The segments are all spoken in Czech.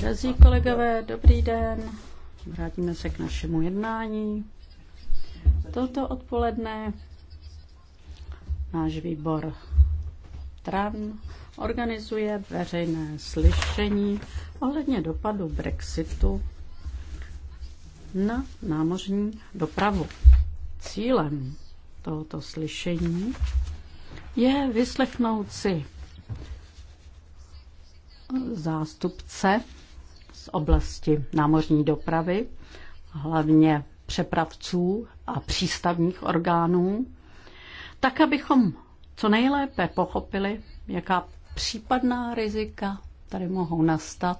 Drazí kolegové, dobrý den. Vrátíme se k našemu jednání. Toto odpoledne náš výbor TRAN organizuje veřejné slyšení ohledně dopadu Brexitu na námořní dopravu. Cílem tohoto slyšení je vyslechnout si zástupce z oblasti námořní dopravy, hlavně přepravců a přístavních orgánů, tak abychom co nejlépe pochopili, jaká případná rizika tady mohou nastat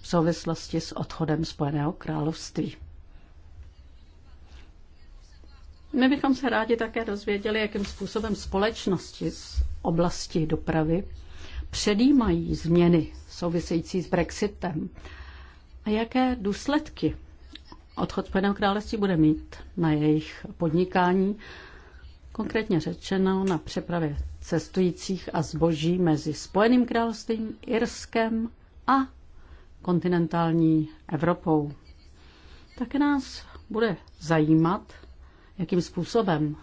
v souvislosti s odchodem Spojeného království. My bychom se rádi také dozvěděli, jakým způsobem společnosti z oblasti dopravy předjímají změny související s Brexitem a jaké důsledky odchod Spojeného království bude mít na jejich podnikání, konkrétně řečeno na přepravě cestujících a zboží mezi Spojeným královstvím, Irskem a kontinentální Evropou. Také nás bude zajímat, jakým způsobem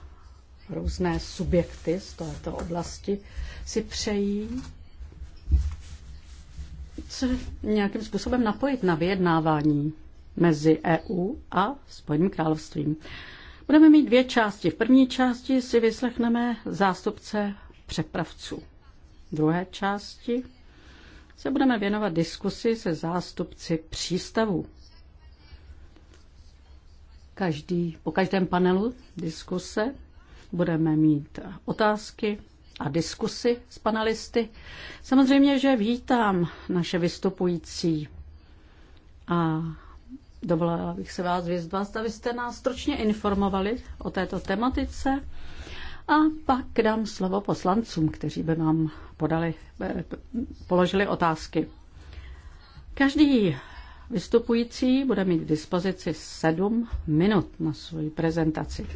různé subjekty z této oblasti si přejí se nějakým způsobem napojit na vyjednávání mezi EU a Spojeným královstvím. Budeme mít dvě části. V první části si vyslechneme zástupce přepravců. V druhé části se budeme věnovat diskusi se zástupci přístavů. Každý, po každém panelu diskuse budeme mít otázky a diskusy s panelisty. Samozřejmě, že vítám naše vystupující a dovolila bych se vás vyzvat, abyste nás stručně informovali o této tematice a pak dám slovo poslancům, kteří by nám podali, eh, položili otázky. Každý vystupující bude mít k dispozici sedm minut na svoji prezentaci.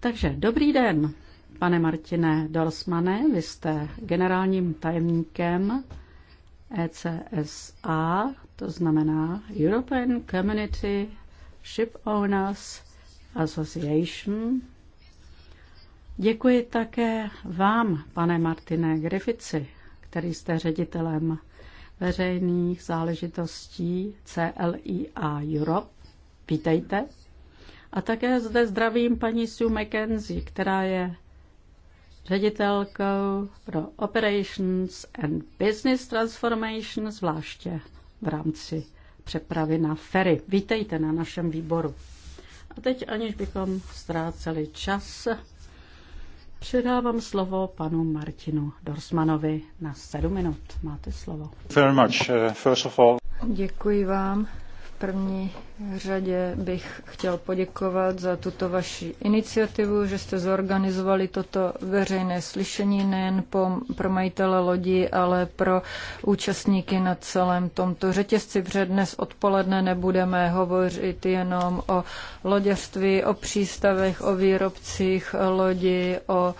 Takže dobrý den. Pane Martine Dorsmane, vy jste generálním tajemníkem ECSA, to znamená European Community Ship Owners Association. Děkuji také vám, pane Martine Grifici, který jste ředitelem veřejných záležitostí CLIA Europe. Vítejte. A také zde zdravím paní Sue McKenzie, která je ředitelkou pro Operations and Business Transformation, zvláště v rámci přepravy na ferry. Vítejte na našem výboru. A teď, aniž bychom ztráceli čas, předávám slovo panu Martinu Dorsmanovi na sedm minut. Máte slovo. Very much. Uh, first of all... Děkuji vám první řadě bych chtěl poděkovat za tuto vaši iniciativu, že jste zorganizovali toto veřejné slyšení nejen po, pro majitele lodí, ale pro účastníky na celém tomto řetězci, protože dnes odpoledne nebudeme hovořit jenom o loděřství, o přístavech, o výrobcích lodi, o uh,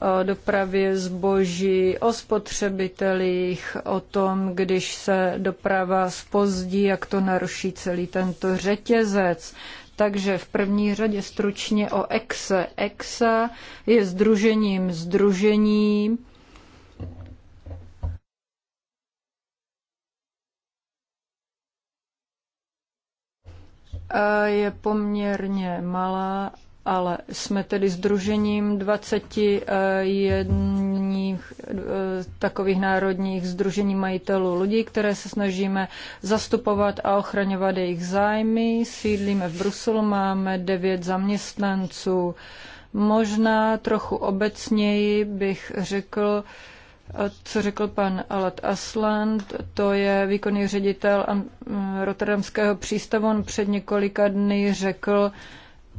o dopravě zboží, o spotřebitelích, o tom, když se doprava spozdí, jak to naruší celý tento řetězec. Takže v první řadě stručně o EXE. EXE je združením združení je poměrně malá ale jsme tedy združením 21 eh, takových národních združení majitelů lidí, které se snažíme zastupovat a ochraňovat jejich zájmy. Sídlíme v Bruselu, máme 9 zaměstnanců. Možná trochu obecněji bych řekl, eh, co řekl pan Alat Asland, to je výkonný ředitel eh, Rotterdamského přístavu. On před několika dny řekl,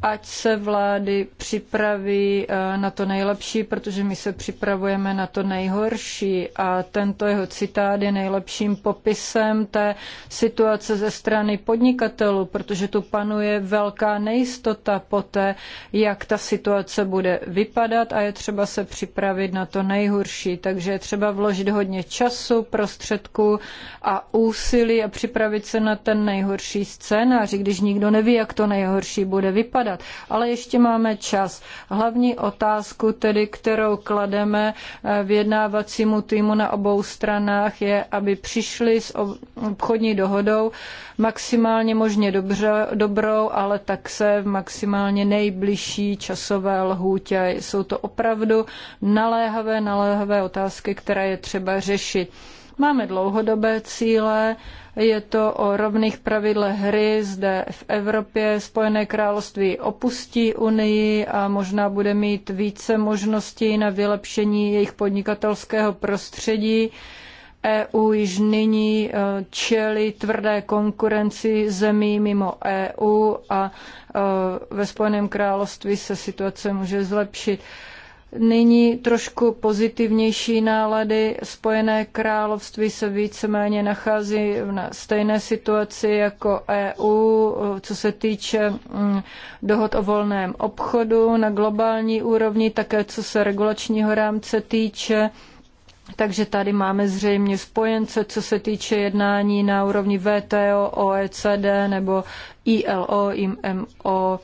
ať se vlády připraví eh, na to nejlepší, protože my se připravujeme na to nejhorší. A tento jeho citát je nejlepším popisem té situace ze strany podnikatelů, protože tu panuje velká nejistota po té, jak ta situace bude vypadat a je třeba se připravit na to nejhorší. Takže je třeba vložit hodně času, prostředků a úsilí a připravit se na ten nejhorší scénář, když nikdo neví, jak to nejhorší bude vypadat vypadat. Ale ještě máme čas. Hlavní otázku tedy, kterou klademe eh, vyjednávacímu týmu na obou stranách, je, aby přišli s obchodní dohodou maximálně možně dobře, dobrou, ale tak se v maximálně nejbližší časové lhůtě. Jsou to opravdu naléhavé, naléhavé otázky, které je třeba řešit. Máme dlouhodobé cíle, je to o rovných pravidlech hry zde v Evropě. Spojené království opustí Unii a možná bude mít více možností na vylepšení jejich podnikatelského prostředí. EU již nyní e, čelí tvrdé konkurenci zemí mimo EU a e, ve Spojeném království se situace může zlepšit. Nyní trošku pozitivnější nálady. Spojené království se víceméně nachází na stejné situaci jako EU, co se týče mm, dohod o volném obchodu na globální úrovni, také co se regulačního rámce týče. Takže tady máme zřejmě spojence, co se týče jednání na úrovni VTO, OECD nebo ILO, IMO.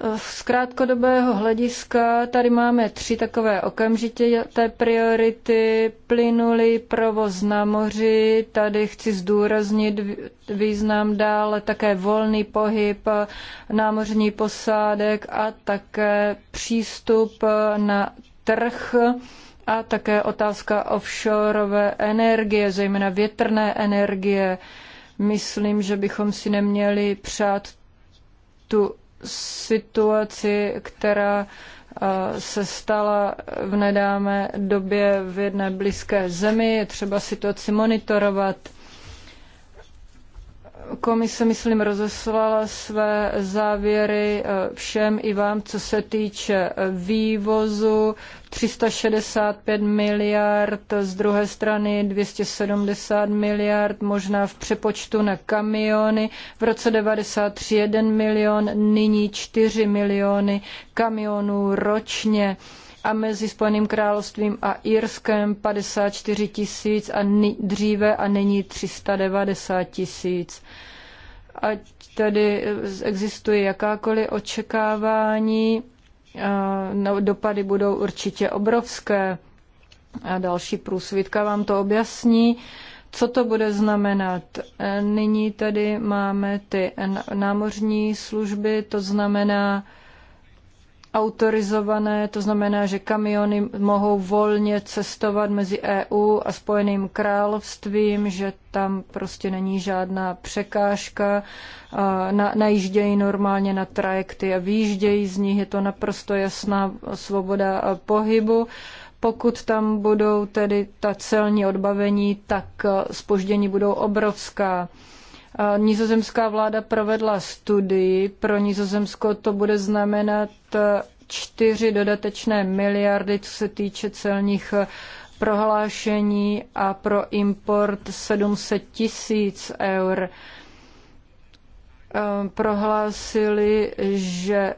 Eh, z krátkodobého hlediska tady máme tři takové okamžitě té priority. Plynulý provoz na moři, tady chci zdůraznit význam dále, také volný pohyb námořní posádek a také přístup eh, na trh a také otázka offshoreové energie, zejména větrné energie. Myslím, že bychom si neměli přát tu situaci, která eh, se stala v nedávné době v jedné blízké zemi. Je třeba situaci monitorovat komise, myslím, rozeslala své závěry eh, všem i vám, co se týče eh, vývozu 365 miliard, z druhé strany 270 miliard, možná v přepočtu na kamiony. V roce 93 1 milion, nyní 4 miliony kamionů ročně a mezi Spojeným královstvím a Irskem 54 tisíc a dříve a nyní 390 tisíc. Ať tedy e, existuje jakákoliv očekávání, no, dopady budou určitě obrovské. A další průsvitka vám to objasní. Co to bude znamenat? E, nyní tedy máme ty námořní služby, to znamená, autorizované, to znamená, že kamiony mohou volně cestovat mezi EU a Spojeným královstvím, že tam prostě není žádná překážka, na, najíždějí normálně na trajekty a výjíždějí z nich, je to naprosto jasná svoboda pohybu. Pokud tam budou tedy ta celní odbavení, tak spoždění budou obrovská. Nizozemská vláda provedla studii, pro Nizozemsko to bude znamenat e, čtyři dodatečné miliardy, co se týče celních e, prohlášení a pro import 700 tisíc eur. E, prohlásili, že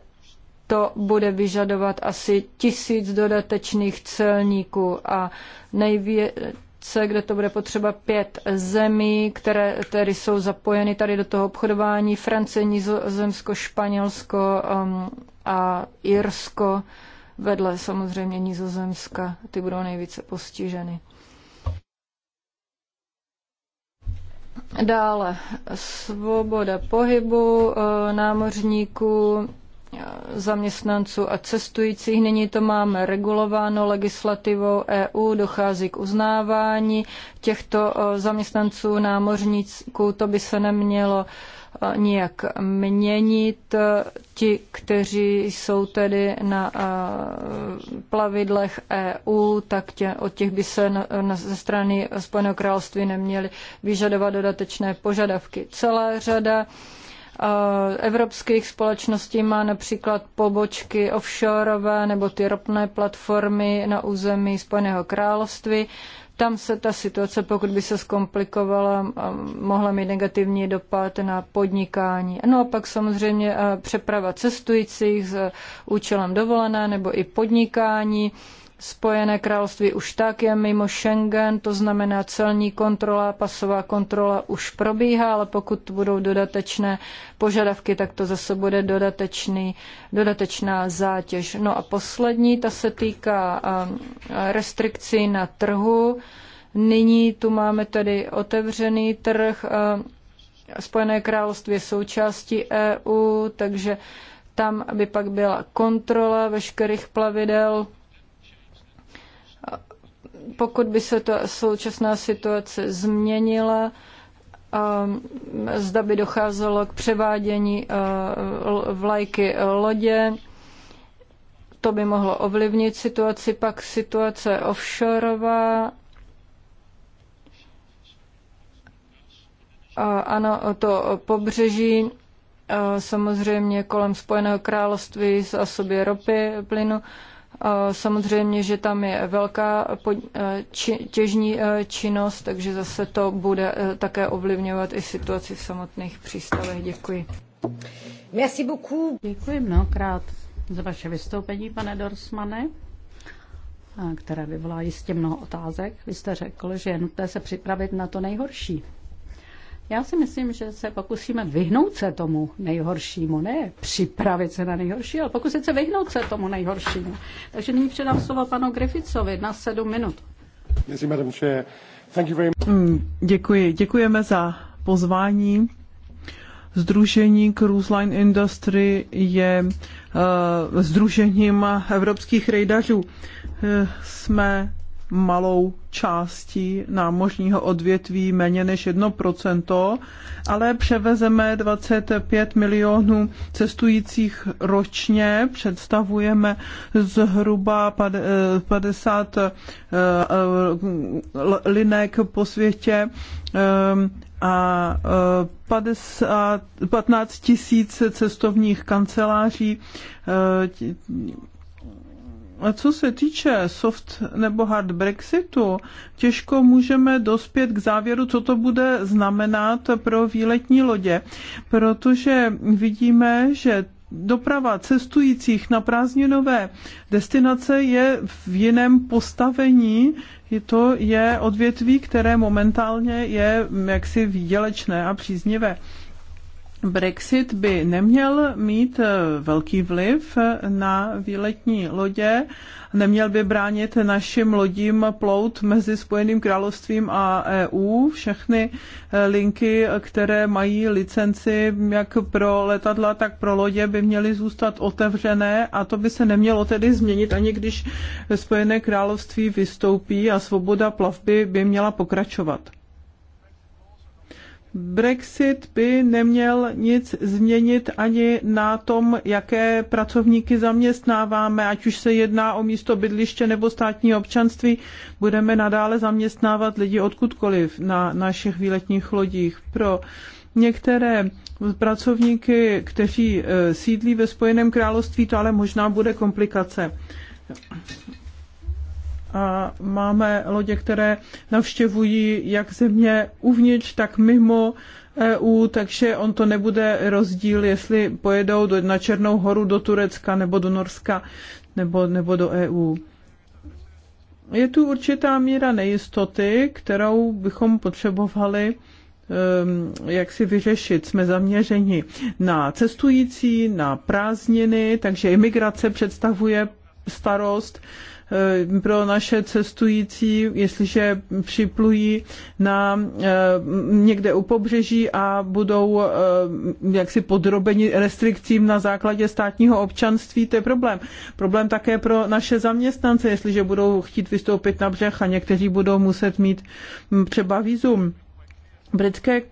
to bude vyžadovat asi tisíc dodatečných celníků a nejvě- dohodce, kde to bude potřeba pět zemí, které tedy jsou zapojeny tady do toho obchodování. Francie, Nizozemsko, Španělsko um, a Irsko vedle samozřejmě Nizozemska. Ty budou nejvíce postiženy. Dále svoboda pohybu uh, námořníků zaměstnanců a cestujících. Nyní to máme regulováno legislativou EU, dochází k uznávání těchto eh, zaměstnanců námořníků, to by se nemělo eh, nijak měnit. Ti, kteří jsou tedy na eh, plavidlech EU, tak tě, od těch by se na, na, ze strany Spojeného království neměly vyžadovat dodatečné požadavky. Celá řada uh, evropských společností má například pobočky offshoreové nebo ty ropné platformy na území Spojeného království. Tam se ta situace, pokud by se zkomplikovala, mohla mít negativní dopad na podnikání. No a pak samozřejmě e, přeprava cestujících s účelem dovolené nebo i podnikání Spojené království už tak je mimo Schengen, to znamená celní kontrola, pasová kontrola už probíhá, ale pokud budou dodatečné požadavky, tak to zase bude dodatečný, dodatečná zátěž. No a poslední, ta se týká um, restrikcí na trhu. Nyní tu máme tedy otevřený trh. Um, Spojené království je součástí EU, takže tam by pak byla kontrola veškerých plavidel pokud by se ta současná situace změnila, um, zda by docházelo k převádění uh, vlajky lodě, to by mohlo ovlivnit situaci, pak situace offshoreová, ano, to pobřeží, uh, samozřejmě kolem Spojeného království zásoby ropy, plynu, Samozřejmě, že tam je velká eh, těžní eh, činnost, takže zase to bude eh, také ovlivňovat i situaci v samotných přístavech. Děkuji. Merci beaucoup. Děkuji mnohokrát za vaše vystoupení, pane Dorsmane, které vyvolá jistě mnoho otázek. Vy jste řekl, že je nutné se připravit na to nejhorší. Já si myslím, že se pokusíme vyhnout se tomu nejhoršímu, ne připravit se na nejhorší, ale pokusit se vyhnout se tomu nejhoršímu. Takže nyní předám slovo panu Grificovi na sedm minut. Mm, děkuji. Děkujeme za pozvání. Združení Cruise Line Industry je uh, združením evropských rejdařů. Uh, jsme malou částí námořního odvětví méně než 1%, ale převezeme 25 milionů cestujících ročně, představujeme zhruba 50 eh, eh, eh, linek po světě a 50, 15 tisíc cestovních kanceláří co se týče soft nebo hard Brexitu, těžko můžeme dospět k závěru, co to bude znamenat pro výletní lodě, protože vidíme, že doprava cestujících na prázdninové destinace je v jiném postavení. To je odvětví, které momentálně je jaksi výdělečné a příznivé. Brexit by neměl mít eh, velký vliv na výletní lodě, neměl by bránit našim lodím plout mezi Spojeným královstvím a EU. Všechny eh, linky, které mají licenci jak pro letadla, tak pro lodě, by měly zůstat otevřené a to by se nemělo tedy změnit, ani když Spojené království vystoupí a svoboda plavby by měla pokračovat. Brexit by neměl nic změnit ani na tom, jaké pracovníky zaměstnáváme, ať už se jedná o místo bydliště nebo státní občanství. Budeme nadále zaměstnávat lidi odkudkoliv na našich výletních lodích. Pro některé pracovníky, kteří eh, sídlí ve Spojeném království, to ale možná bude komplikace a máme lodě, které navštěvují jak země uvnitř, tak mimo EU, takže on to nebude rozdíl, jestli pojedou do, na Černou horu, do Turecka nebo do Norska nebo, nebo do EU. Je tu určitá míra nejistoty, kterou bychom potřebovali ehm, jak si vyřešit. Jsme zaměřeni na cestující, na prázdniny, takže imigrace představuje starost Eh, pro naše cestující, jestliže připlují na eh, někde u pobřeží a budou eh, jaksi podrobeni restrikcím na základě státního občanství, to je problém. Problém také pro naše zaměstnance, jestliže budou chtít vystoupit na břeh a někteří budou muset mít hm, třeba výzum. Britské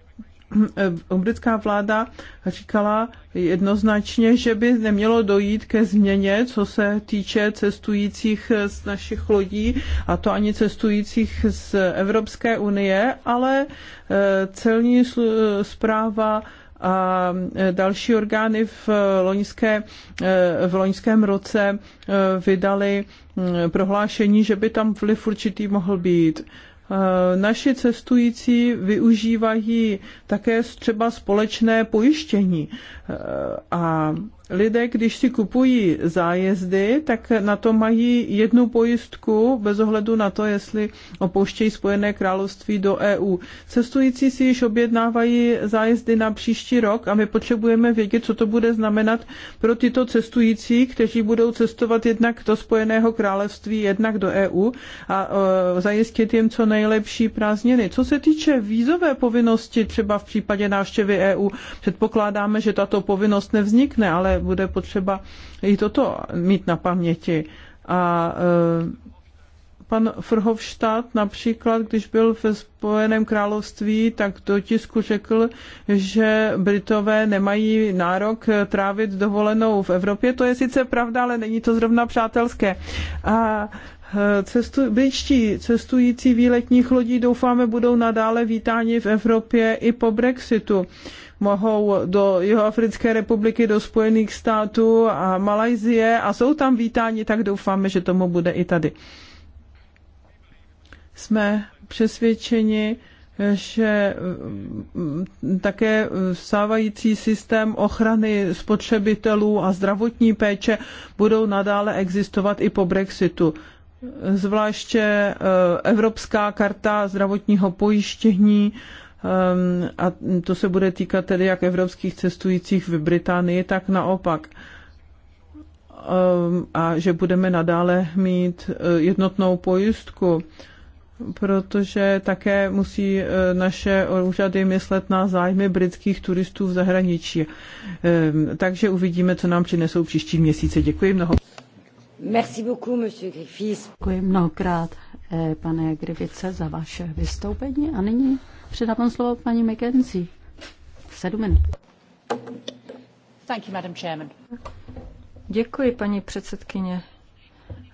Eh, britská vláda říkala jednoznačně, že by nemělo dojít ke změně, co se týče cestujících z našich lodí, a to ani cestujících z Evropské unie, ale eh, celní zpráva a eh, další orgány v, loňské, v loňském roce vydali hm, prohlášení, že by tam vliv určitý mohl být. Eh, naši cestující využívají také třeba společné pojištění eh, a lidé, když si kupují zájezdy, tak na to mají jednu pojistku bez ohledu na to, jestli opouštějí Spojené království do EU. Cestující si již objednávají zájezdy na příští rok a my potřebujeme vědět, co to bude znamenat pro tyto cestující, kteří budou cestovat jednak do Spojeného království, jednak do EU a uh, zajistit jim co nejlepší prázdniny. Co se týče vízové povinnosti, třeba v případě návštěvy EU, předpokládáme, že tato povinnost nevznikne, ale bude potřeba i toto mít na paměti. A e, pan Frhovštát například, když byl ve Spojeném království, tak do tisku řekl, že Britové nemají nárok trávit dovolenou v Evropě. To je sice pravda, ale není to zrovna přátelské. A e, Cestu, britští cestující výletních lodí doufáme budou nadále vítáni v Evropě i po Brexitu mohou do Jihoafrické republiky, do Spojených států a Malajzie a jsou tam vítáni, tak doufáme, že tomu bude i tady. Jsme přesvědčeni, že mm, také vstávající systém ochrany spotřebitelů a zdravotní péče budou nadále existovat i po Brexitu. Zvláště eh, Evropská karta zdravotního pojištění um, a to se bude týkat tedy jak evropských cestujících v Británii, tak naopak Um, a že budeme nadále mít uh, jednotnou pojistku, protože také musí uh, naše úřady myslet na zájmy britských turistů v zahraničí. Um, Takže uvidíme, co nám přinesou příští měsíce. Děkuji mnoho. Merci beaucoup, monsieur Griffiths. Děkuji mnohokrát, eh, pane Grivice, za vaše vystoupení a nyní Předávám slovo paní McKenzie. Sedm minut. Thank you, Madam Chairman. Děkuji, paní předsedkyně.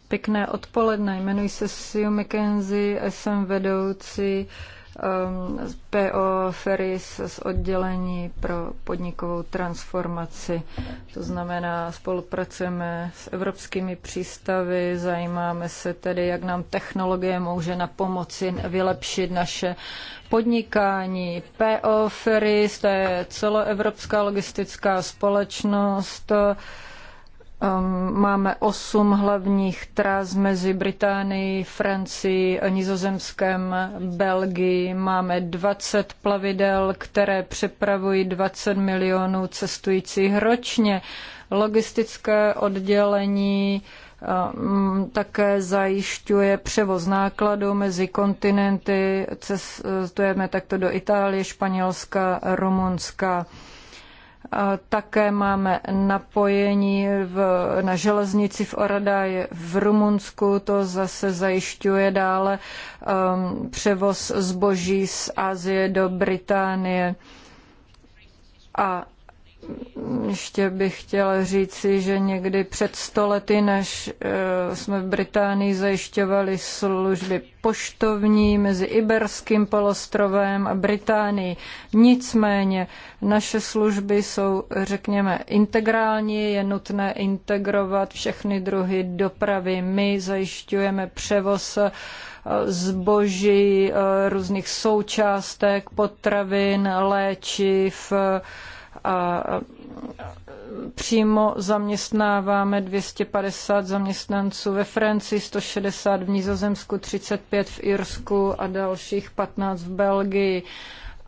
Pěkné odpoledne. Jmenuji se Sue McKenzie a jsem vedoucí uh, PO ehm, Ferris z oddělení pro podnikovou transformaci. To znamená, spolupracujeme s evropskými přístavy, zajímáme se tedy, jak nám technologie může na pomoci vylepšit naše podnikání. PO Ferris, to je celoevropská logistická společnost, Ehm, máme osm hlavních tras mezi Británií, Francií, Nizozemskem, Belgii. Máme 20 plavidel, které přepravují 20 milionů cestujících ročně. Logistické oddělení ehm, také zajišťuje převoz nákladu mezi kontinenty. Cestujeme takto do Itálie, Španělska, Rumunska. Také máme napojení v, na železnici v Oradaje v Rumunsku, to zase zajišťuje dále um, převoz zboží z Asie do Británie. A ještě bych chtěl říci, že někdy před stolety, než eh, jsme v Británii zajišťovali služby poštovní mezi Iberským polostrovem a Británií. Nicméně naše služby jsou, řekněme, integrální, je nutné integrovat všechny druhy dopravy. My zajišťujeme převoz eh, zboží, eh, různých součástek, potravin, léčiv, a přímo zaměstnáváme 250 zaměstnanců ve Francii, 160 v Nizozemsku, 35 v Irsku a dalších 15 v Belgii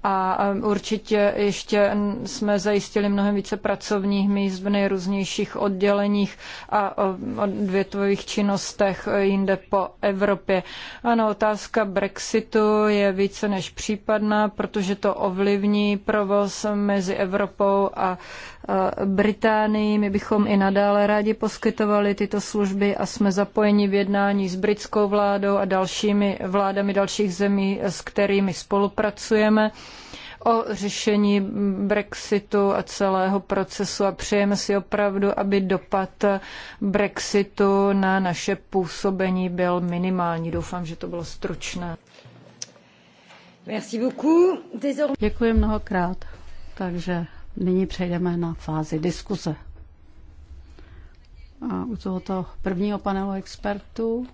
a určitě ještě jsme zajistili mnohem více pracovních míst v nejrůznějších odděleních a odvětvových činnostech jinde po Evropě. Ano, otázka Brexitu je více než případná, protože to ovlivní provoz mezi Evropou a Eh, Británii. My bychom i nadále rádi poskytovali tyto služby a jsme zapojeni v jednání s britskou vládou a dalšími vládami dalších zemí, eh, s kterými spolupracujeme o řešení Brexitu a celého procesu a přejeme si opravdu, aby dopad Brexitu na naše působení byl minimální. Doufám, že to bylo stručné. Děkuji mnohokrát. Takže Nyní přejdeme na fázi diskuze. A u tohoto prvního panelu expertů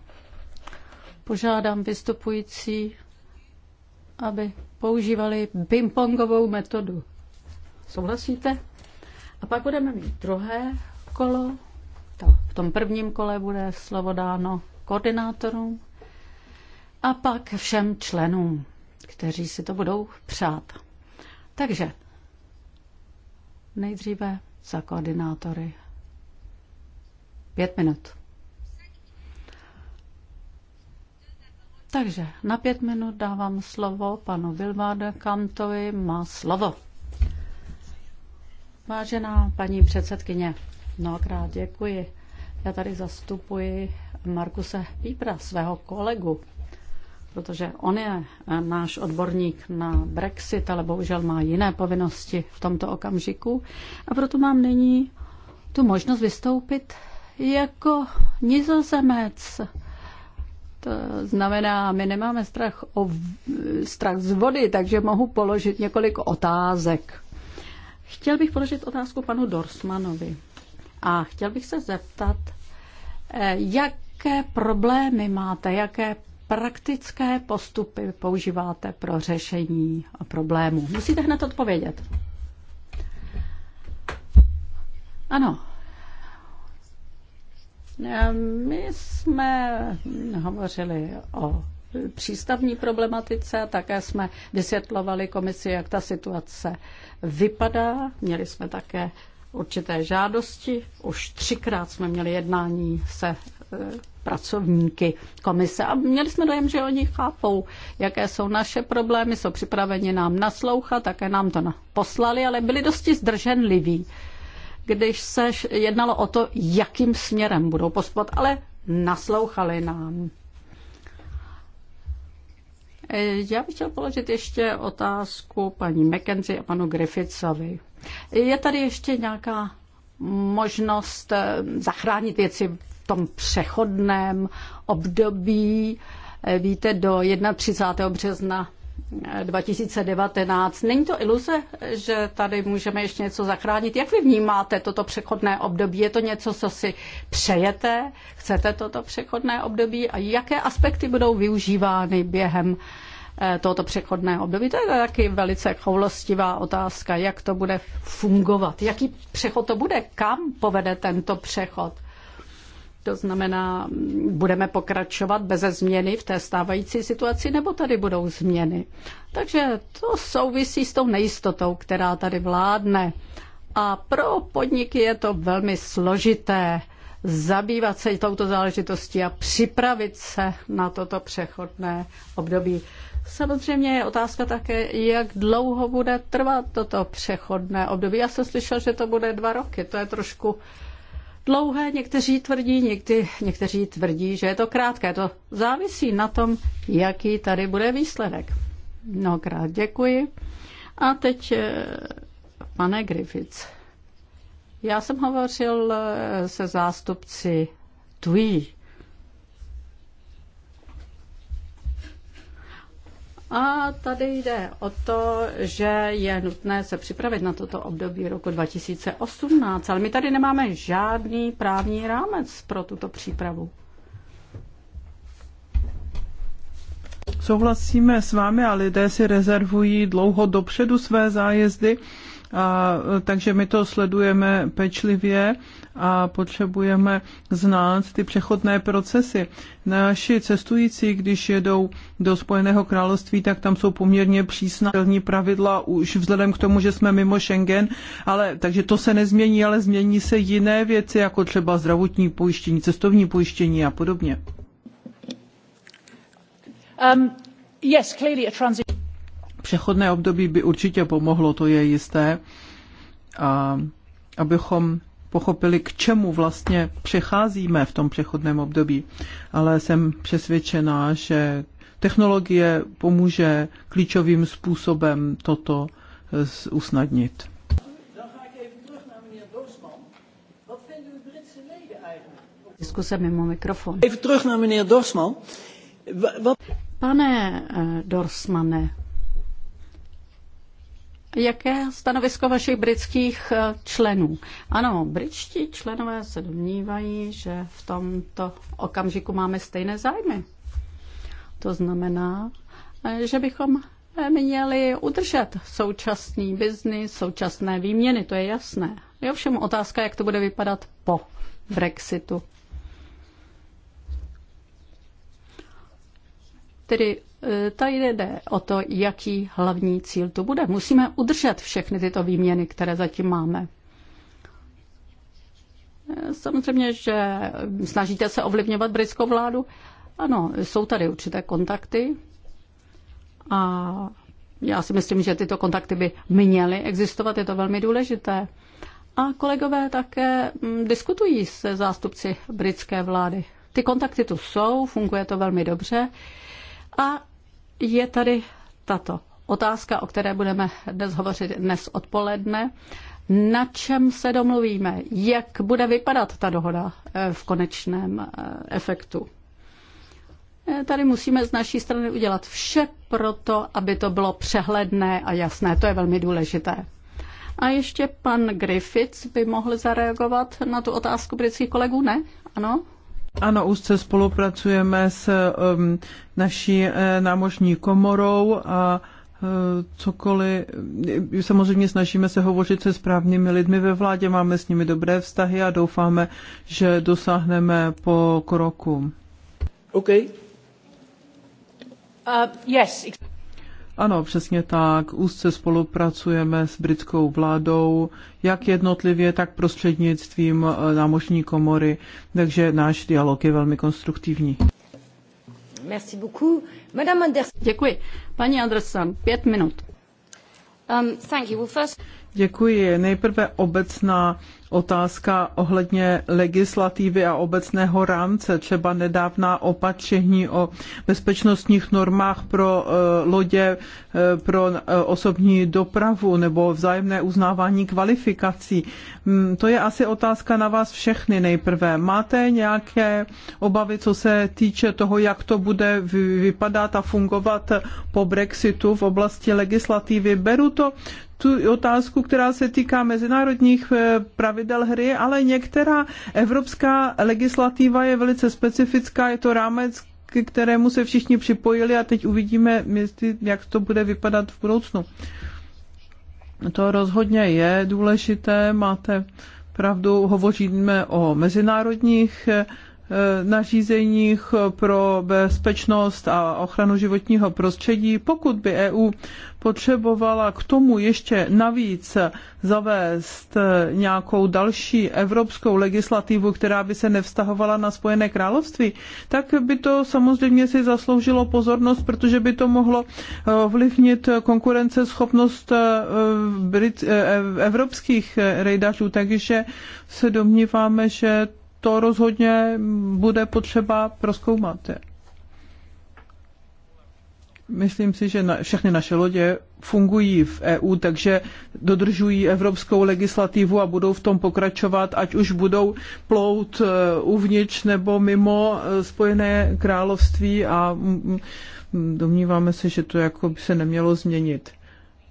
požádám vystupující, aby používali pingpongovou metodu. Souhlasíte? A pak budeme mít druhé kolo. To v tom prvním kole bude slovo dáno koordinátorům a pak všem členům, kteří si to budou přát. Takže Nejdříve za koordinátory. Pět minut. Takže na pět minut dávám slovo panu Vilváde Kantovi. Má slovo. Vážená paní předsedkyně, mnohokrát děkuji. Já tady zastupuji Markuse Pípra, svého kolegu, protože on je eh, náš odborník na Brexit, ale bohužel má jiné povinnosti v tomto okamžiku. A proto mám nyní tu možnost vystoupit jako nizozemec. To znamená, my nemáme strach, o, strach z vody, takže mohu položit několik otázek. Chtěl bych položit otázku panu Dorsmanovi a chtěl bych se zeptat, eh, jaké problémy máte, jaké praktické postupy používáte pro řešení problémů? Musíte hned odpovědět. Ano. Ehm, my jsme hovořili o přístavní problematice, také jsme vysvětlovali komisi, jak ta situace vypadá. Měli jsme také určité žádosti. Už třikrát jsme měli jednání se eh, pracovníky komise a měli jsme dojem, že oni chápou, jaké jsou naše problémy, jsou připraveni nám naslouchat, také nám to poslali, ale byli dosti zdrženliví, když se jednalo o to, jakým směrem budou postupovat, ale naslouchali nám. Já bych chtěl položit ještě otázku paní McKenzie a panu Griffithsovi. Je tady ještě nějaká možnost eh, zachránit věci tom přechodném období, eh, víte, do 31. března 2019. Eh, Není to iluze, že tady můžeme ještě něco zachránit? Jak vy vnímáte toto přechodné období? Je to něco, co si přejete? Chcete toto přechodné období? A jaké aspekty budou využívány během eh, tohoto přechodného období? To je taky velice choulostivá otázka, jak to bude fungovat. Jaký přechod to bude? Kam povede tento přechod? To znamená, budeme pokračovat beze změny v té stávající situaci, nebo tady budou změny. Takže to souvisí s tou nejistotou, která tady vládne. A pro podniky je to velmi složité zabývat se touto záležitostí a připravit se na toto přechodné období. Samozřejmě je otázka také, jak dlouho bude trvat toto přechodné období. Já jsem slyšel, že to bude dva roky. To je trošku dlouhé, někteří tvrdí, někdy, někteří tvrdí, že je to krátké. To závisí na tom, jaký tady bude výsledek. Mnohokrát děkuji. A teď, eh, pane Griffiths, já jsem hovořil eh, se zástupci TUI A tady jde o to, že je nutné se připravit na toto období roku 2018, ale my tady nemáme žádný právní rámec pro tuto přípravu. Souhlasíme s vámi a lidé si rezervují dlouho dopředu své zájezdy, a, takže my to sledujeme pečlivě a potřebujeme znát ty přechodné procesy. Naši cestující, když jedou do Spojeného království, tak tam jsou poměrně přísná pravidla už vzhledem k tomu, že jsme mimo Schengen, ale takže to se nezmění, ale změní se jiné věci, jako třeba zdravotní pojištění, cestovní pojištění a podobně. Um, yes, clearly a transition. Přechodné období by určitě pomohlo, to je jisté. A abychom pochopili, k čemu vlastně přecházíme v tom přechodném období. Ale jsem přesvědčená, že technologie pomůže klíčovým způsobem toto eh, usnadnit. Diskuse mimo mikrofon. Pane eh, Dorsmane, Jaké stanovisko vašich britských eh, členů? Ano, britští členové se domnívají, že v tomto okamžiku máme stejné zájmy. To znamená, eh, že bychom eh, měli udržet současný biznis, současné výměny, to je jasné. Je ovšem otázka, jak to bude vypadat po Brexitu. Tedy e, tady jde o to, jaký hlavní cíl to bude. Musíme udržet všechny tyto výměny, které zatím máme. E, samozřejmě, že snažíte se ovlivňovat britskou vládu. Ano, jsou tady určité kontakty a já si myslím, že tyto kontakty by měly existovat, je to velmi důležité. A kolegové také mm, diskutují se zástupci britské vlády. Ty kontakty tu jsou, funguje to velmi dobře. A je tady tato otázka, o které budeme dnes hovořit dnes odpoledne. Na čem se domluvíme? Jak bude vypadat ta dohoda eh, v konečném eh, efektu? Eh, tady musíme z naší strany udělat vše pro to, aby to bylo přehledné a jasné. To je velmi důležité. A ještě pan Griffiths by mohl zareagovat na tu otázku britských kolegů, ne? Ano? Ano, úzce spolupracujeme s um, naší uh, námořní komorou a eh, cokoliv. Samozřejmě snažíme se hovořit se správnými lidmi ve vládě, máme s nimi dobré vztahy a doufáme, že dosáhneme po kroku. OK. Uh, yes. Ano, přesně tak. Úzce spolupracujeme s britskou vládou, jak jednotlivě, tak prostřednictvím eh, námořní komory, takže náš dialog je velmi konstruktivní. Merci beaucoup. Madame Anderson. Děkuji. Paní Anderson, pět minut. Um, thank you. Well, first... Děkuji. Nejprve obecná otázka ohledně legislativy a obecného rámce, třeba nedávná opatření o bezpečnostních normách pro eh, lodě, eh, pro eh, osobní dopravu nebo vzájemné uznávání kvalifikací. Hmm, to je asi otázka na vás všechny nejprve. Máte nějaké obavy, co se týče toho, jak to bude vypadat a fungovat po Brexitu v oblasti legislativy? Beru to tu otázku, která se týká mezinárodních eh, pravidel hry, ale některá evropská legislativa je velice specifická, je to rámec, k kterému se všichni připojili a teď uvidíme, jak to bude vypadat v budoucnu. To rozhodně je důležité, máte pravdu, hovoříme o mezinárodních eh, Eh, nařízeních pro bezpečnost a ochranu životního prostředí. Pokud by EU potřebovala k tomu ještě navíc zavést eh, nějakou další evropskou legislativu, která by se nevztahovala na Spojené království, tak by to samozřejmě si zasloužilo pozornost, protože by to mohlo eh, ovlivnit konkurenceschopnost evropských rejdařů. Takže se domníváme, že to rozhodně bude potřeba proskoumat. Myslím si, že na, všechny naše lodě fungují v EU, takže dodržují evropskou legislativu a budou v tom pokračovat, ať už budou plout e, uvnitř nebo mimo e, Spojené království a domníváme se, že to jako by se nemělo změnit.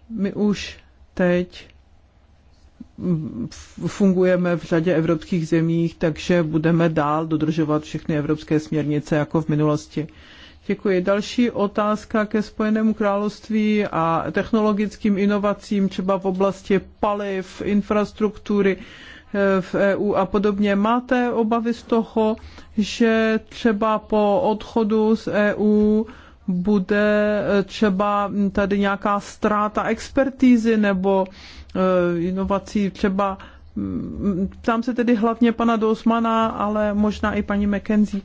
My už teď fungujeme v řadě evropských zemích, takže budeme dál dodržovat všechny evropské směrnice jako v minulosti. Děkuji. Další otázka ke Spojenému království a technologickým inovacím, třeba v oblasti paliv, infrastruktury eh, v EU a podobně. Máte obavy z toho, že třeba po odchodu z EU bude eh, třeba tady nějaká ztráta expertízy nebo Eh, inovací třeba mm, Ptám se tedy hlavně pana Dousmana, ale možná i paní McKenzie.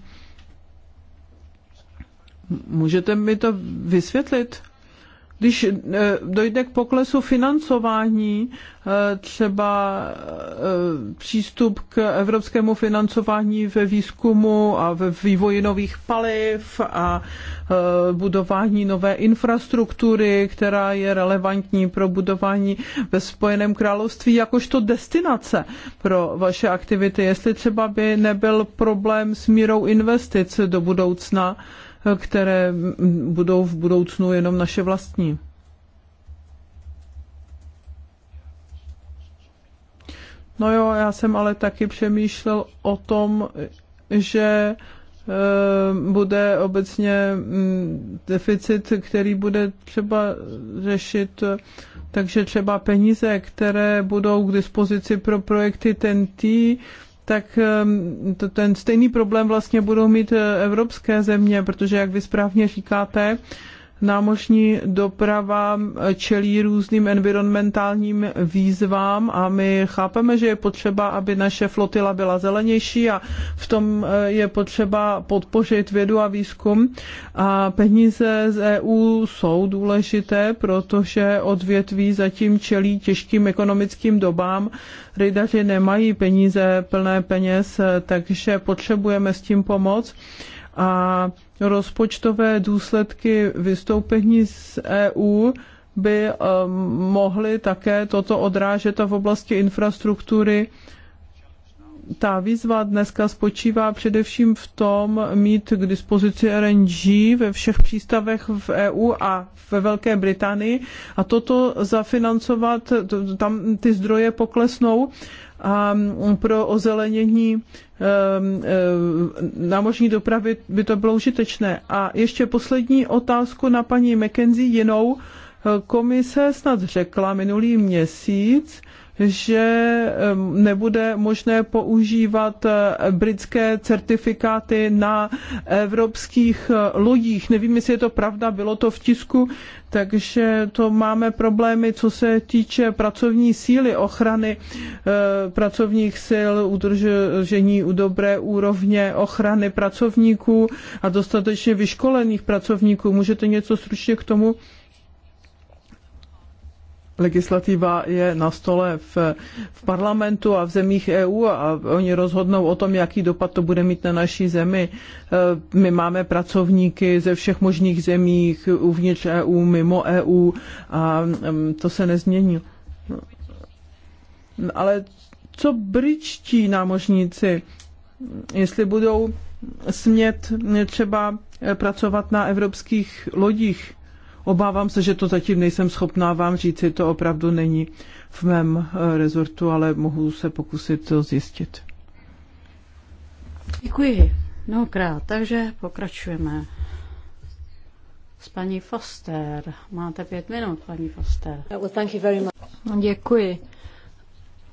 Můžete mi to vysvětlit? když eh, dojde k poklesu financování, eh, třeba eh, přístup k evropskému financování ve výzkumu a ve vývoji nových paliv a budování nové infrastruktury, která je relevantní pro budování ve Spojeném království jakožto destinace pro vaše aktivity. Jestli třeba by nebyl problém s mírou investic do budoucna, které budou v budoucnu jenom naše vlastní. No jo, já jsem ale taky přemýšlel o tom, že eh, bude obecně mm, deficit, který bude třeba řešit, takže třeba peníze, které budou k dispozici pro projekty TNT, tak ehm, to, ten stejný problém vlastně budou mít eh, evropské země, protože, jak vy správně říkáte, námořní doprava čelí různým environmentálním výzvám a my chápeme, že je potřeba, aby naše flotila byla zelenější a v tom eh, je potřeba podpořit vědu a výzkum. A peníze z EU jsou důležité, protože odvětví zatím čelí těžkým ekonomickým dobám. Rydaři nemají peníze plné peněz, eh, takže potřebujeme s tím pomoc. A rozpočtové důsledky vystoupení z EU by eh, mohly také toto odrážet a v oblasti infrastruktury ta výzva dneska spočívá především v tom mít k dispozici RNG ve všech přístavech v EU a ve Velké Británii a toto zafinancovat, tam ty zdroje poklesnou a pro ozelenění e, e, námořní dopravy by to bylo užitečné. A ještě poslední otázku na paní McKenzie jinou. E, komise snad řekla minulý měsíc, že nebude možné používat eh, britské certifikáty na evropských eh, lodích. Nevím, jestli je to pravda, bylo to v tisku, takže to máme problémy, co se týče pracovní síly, ochrany eh, pracovních sil, udržení u dobré úrovně ochrany pracovníků a dostatečně vyškolených pracovníků. Můžete něco stručně k tomu legislativa je na stole v, v parlamentu a v zemích EU a oni rozhodnou o tom, jaký dopad to bude mít na naší zemi. E, my máme pracovníky ze všech možných zemích uvnitř EU, mimo EU a to se nezmění. Ale co britští námožníci, jestli budou smět třeba pracovat na evropských lodích? Obávám se, že to zatím nejsem schopná vám říci, to opravdu není v mém eh, rezortu, ale mohu se pokusit to zjistit. Děkuji mnohokrát, takže pokračujeme s paní Foster. Máte pět minut, paní Foster. Děkuji.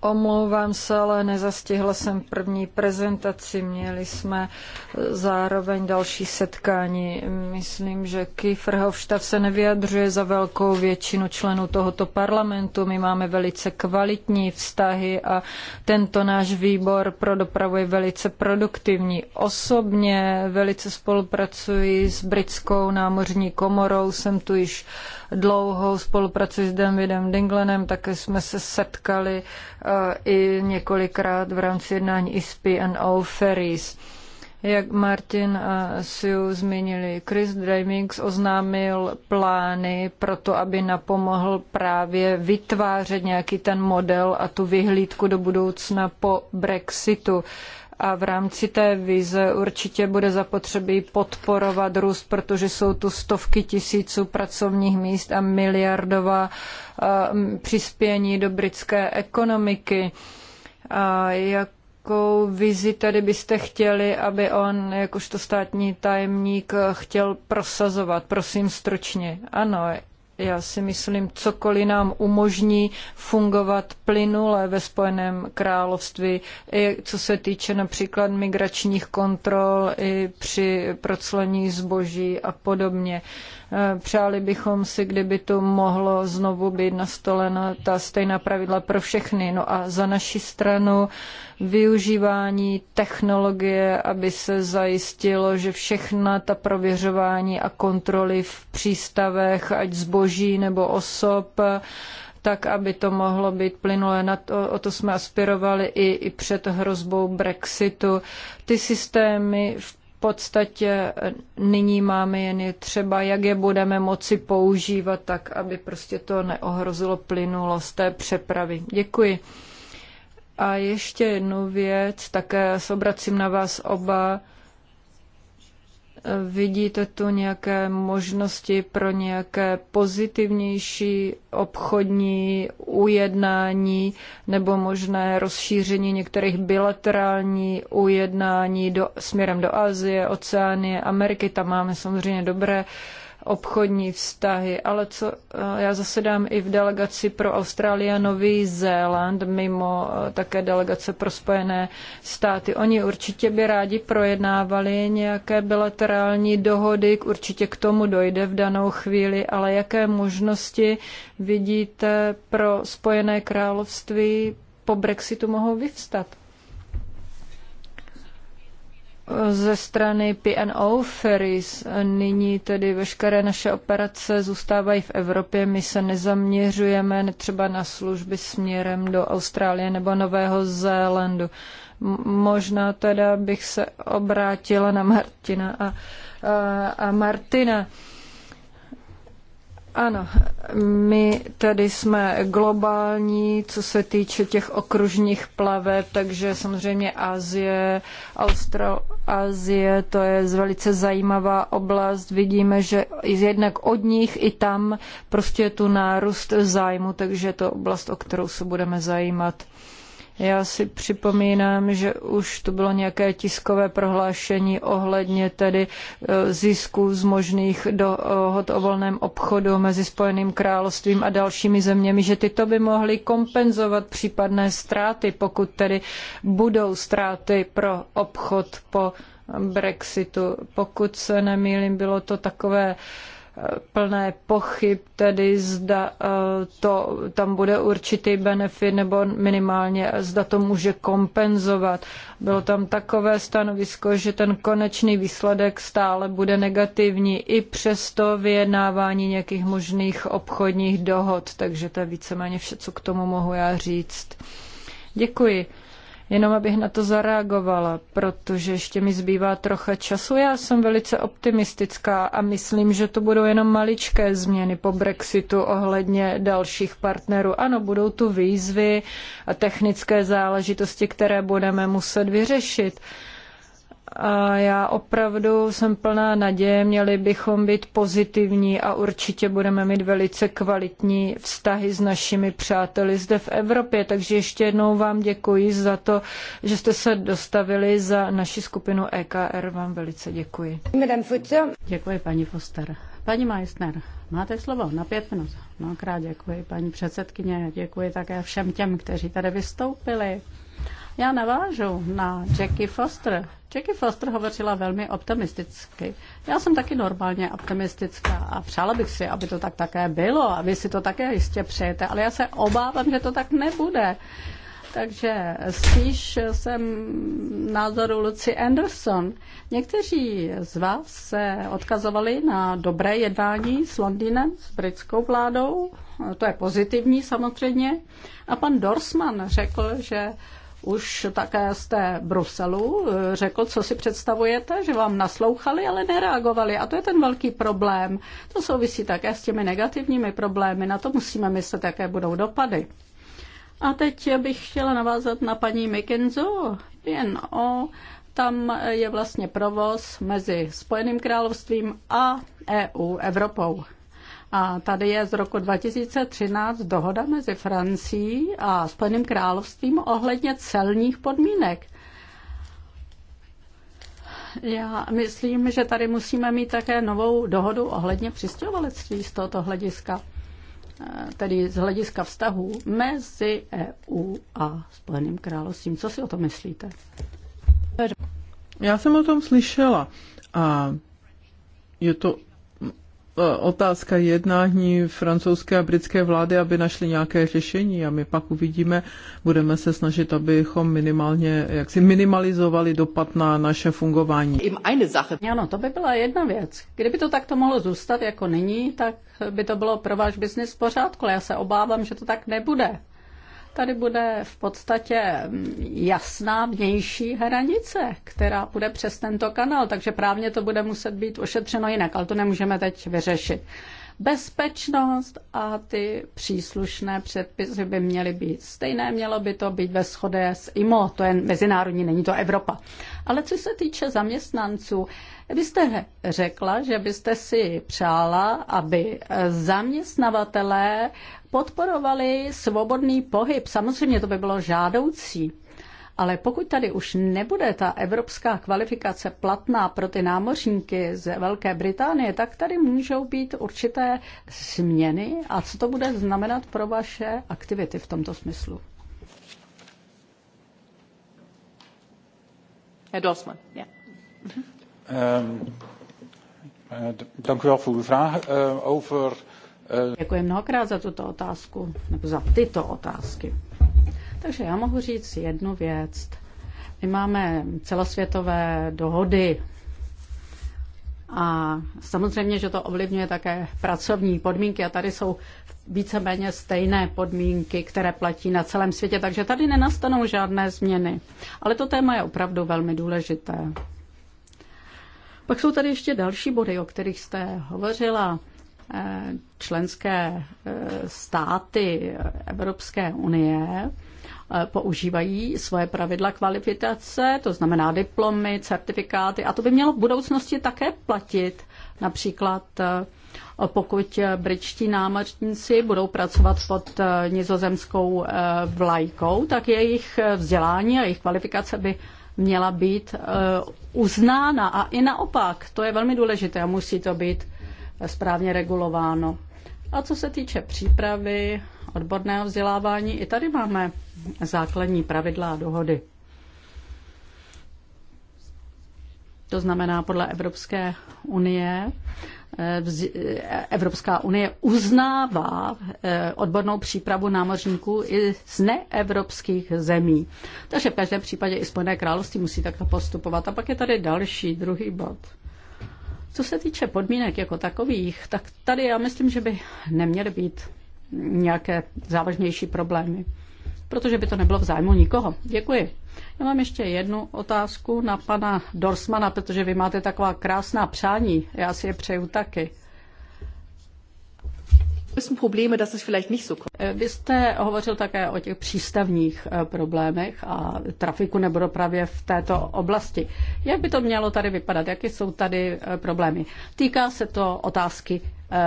Omlouvám se, ale nezastihla jsem první prezentaci. Měli jsme eh, zároveň další setkání. Myslím, že Kiefer Hofstadt se nevyjadřuje za velkou většinu členů tohoto parlamentu. My máme velice kvalitní vztahy a tento náš výbor pro dopravu je velice produktivní. Osobně velice spolupracuji s britskou námořní komorou. Jsem tu již Dlouho spolupracuji s Davidem Dinglenem, také jsme se setkali eh, i několikrát v rámci jednání ISPI and Ferries. Jak Martin a Sue zmínili, Chris Dreamings oznámil plány pro to, aby napomohl právě vytvářet nějaký ten model a tu vyhlídku do budoucna po Brexitu a v rámci té vize určitě bude zapotřebí podporovat růst, protože jsou tu stovky tisíců pracovních míst a miliardová přispění do britské ekonomiky. A jak jakou vizi tady byste chtěli, aby on, jakožto státní tajemník, chtěl prosazovat? Prosím, stručně. Ano, já si myslím, cokoliv nám umožní fungovat plynule ve Spojeném království, i co se týče například migračních kontrol, i při proclení zboží a podobně. Eh, přáli bychom si, kdyby tu mohlo znovu být nastolena no, ta stejná pravidla pro všechny. No a za naši stranu využívání technologie, aby se zajistilo, že všechna ta prověřování a kontroly v přístavech, ať zboží nebo osob, tak, aby to mohlo být plynulé. Na to, o to jsme aspirovali i, i před hrozbou Brexitu. Ty systémy v podstatě nyní máme jen je třeba, jak je budeme moci používat tak, aby prostě to neohrozilo plynulost té přepravy. Děkuji. A ještě jednu věc, také eh, se obracím na vás oba. Vidíte tu nějaké možnosti pro nějaké pozitivnější obchodní ujednání nebo možné rozšíření některých bilaterální ujednání do, směrem do Asie, Oceánie, Ameriky? Tam máme samozřejmě dobré uh, obchodní vztahy, ale co eh, já zasedám i v delegaci pro Austrálii a Nový Zéland, mimo eh, také delegace pro Spojené státy. Oni určitě by rádi projednávali nějaké bilaterální dohody, určitě k tomu dojde v danou chvíli, ale jaké možnosti vidíte pro Spojené království po Brexitu mohou vyvstat? ze strany PNO Ferries. Nyní tedy veškeré naše operace zůstávají v Evropě. My se nezaměřujeme třeba na služby směrem do Austrálie nebo Nového Zélandu. Možná teda bych se obrátila na Martina a, a, a Martina. Ano, my tady jsme globální, co se týče těch okružních plaveb, takže samozřejmě Asie, Austroazie, to je velice zajímavá oblast. Vidíme, že jednak od nich i tam prostě je tu nárůst zájmu, takže je to oblast, o kterou se budeme zajímat. Já si připomínám, že už tu bylo nějaké tiskové prohlášení ohledně tedy e, zisků z možných dohod o volném obchodu mezi Spojeným královstvím a dalšími zeměmi, že tyto by mohly kompenzovat případné ztráty, pokud tedy budou ztráty pro obchod po Brexitu. Pokud se nemýlím, bylo to takové uh, plné pochyb, tedy zda eh, to, tam bude určitý benefit nebo minimálně zda to může kompenzovat. Bylo tam takové stanovisko, že ten konečný výsledek stále bude negativní i přesto vyjednávání nějakých možných obchodních dohod, takže to je víceméně vše, co k tomu mohu já říct. Děkuji. Jenom abych na to zareagovala, protože ještě mi zbývá trocha času. Já jsem velice optimistická a myslím, že to budou jenom maličké změny po Brexitu ohledně dalších partnerů. Ano, budou tu výzvy a technické záležitosti, které budeme muset vyřešit. A já opravdu jsem plná naděje, měli bychom být pozitivní a určitě budeme mít velice kvalitní vztahy s našimi přáteli zde v Evropě. Takže ještě jednou vám děkuji za to, že jste se dostavili za naši skupinu EKR. Vám velice děkuji. Děkuji, paní Foster. Paní Meissner, máte slovo na pět minut. Mnohokrát děkuji, paní předsedkyně. Děkuji také všem těm, kteří tady vystoupili. Já navážu na Jackie Foster. Jackie Foster hovořila velmi optimisticky. Já jsem taky normálně optimistická a přála bych si, aby to tak také bylo a vy si to také jistě přejete, ale já se obávám, že to tak nebude. Takže spíš jsem názoru Lucy Anderson. Někteří z vás se odkazovali na dobré jednání s Londýnem, s britskou vládou. To je pozitivní samozřejmě. A pan Dorsman řekl, že už také té Bruselu eh, řekl, co si představujete, že vám naslouchali, ale nereagovali. A to je ten velký problém. To souvisí také s těmi negativními problémy. Na to musíme myslet, jaké budou dopady. A teď bych chtěla navázat na paní McKenzo, o, Tam je vlastně provoz mezi Spojeným královstvím a EU, Evropou. A tady je z roku 2013 dohoda mezi Francií a Spojeným královstvím ohledně celních podmínek. Já myslím, že tady musíme mít také novou dohodu ohledně přistěhovalectví z tohoto hlediska, eh, tedy z hlediska vztahů mezi EU a Spojeným královstvím. Co si o tom myslíte? Já jsem o tom slyšela a je to E, otázka jednání francouzské a britské vlády, aby našli nějaké řešení a my pak uvidíme, budeme se snažit, abychom minimálně, jak si minimalizovali dopad na naše fungování. Ano, to by byla jedna věc. Kdyby to takto mohlo zůstat jako nyní, tak by to bylo pro váš biznis v pořádku, ale já se obávám, že to tak nebude. Tady bude v podstatě mm, jasná vnější hranice, která bude přes tento kanál, takže právně to bude muset být ošetřeno jinak, ale to nemůžeme teď vyřešit. Bezpečnost a ty příslušné předpisy by měly být stejné, mělo by to být ve shodě s IMO, to je mezinárodní, není to Evropa. Ale co se týče zaměstnanců, vy jste řekla, že byste si přála, aby zaměstnavatelé podporovali svobodný pohyb. Samozřejmě to by bylo žádoucí. Ale pokud tady už nebude ta evropská kvalifikace platná pro ty námořníky z Velké Británie, tak tady můžou být určité změny. A co to bude znamenat pro vaše aktivity v tomto smyslu? Herr Dorsman, ja. Um, dank u wel voor uw vraag. Uh, over, uh... Děkuji mnohokrát za tuto otázku, nebo za tyto otázky. Takže já mohu říct jednu věc. My máme celosvětové dohody a samozřejmě, že to ovlivňuje také pracovní podmínky a tady jsou víceméně stejné podmínky, které platí na celém světě, takže tady nenastanou žádné změny. Ale to téma je opravdu velmi důležité. Pak jsou tady ještě další body, o kterých jste hovořila. Eh, členské eh, státy Evropské unie Eh, používají svoje pravidla kvalifikace, to znamená diplomy, certifikáty a to by mělo v budoucnosti také platit. Například eh, pokud britští námořníci budou pracovat pod eh, nizozemskou vlajkou, tak jejich vzdělání a jejich kvalifikace by měla být uznána. A i naopak, to je velmi důležité a musí to být správně regulováno. A co se týče přípravy, odborného vzdělávání, i tady máme základní pravidla a dohody. To znamená, podle Evropské unie, eh, eh, Evropská unie uznává eh, odbornou přípravu námořníků i z neevropských zemí. Takže v každém případě i Spojené království musí takto postupovat. A pak je tady další, druhý bod. Co se týče podmínek jako takových, tak tady já myslím, že by neměly být nějaké závažnější problémy, protože by to nebylo v zájmu nikoho. Děkuji. Já mám ještě jednu otázku na pana Dorsmana, protože vy máte taková krásná přání. Já si je přeju taky. Eh, vy jste hovořil také o těch přístavních eh, problémech a trafiku nebo dopravě v této oblasti. Jak by to mělo tady vypadat? Jaké jsou tady eh, problémy? Týká se to otázky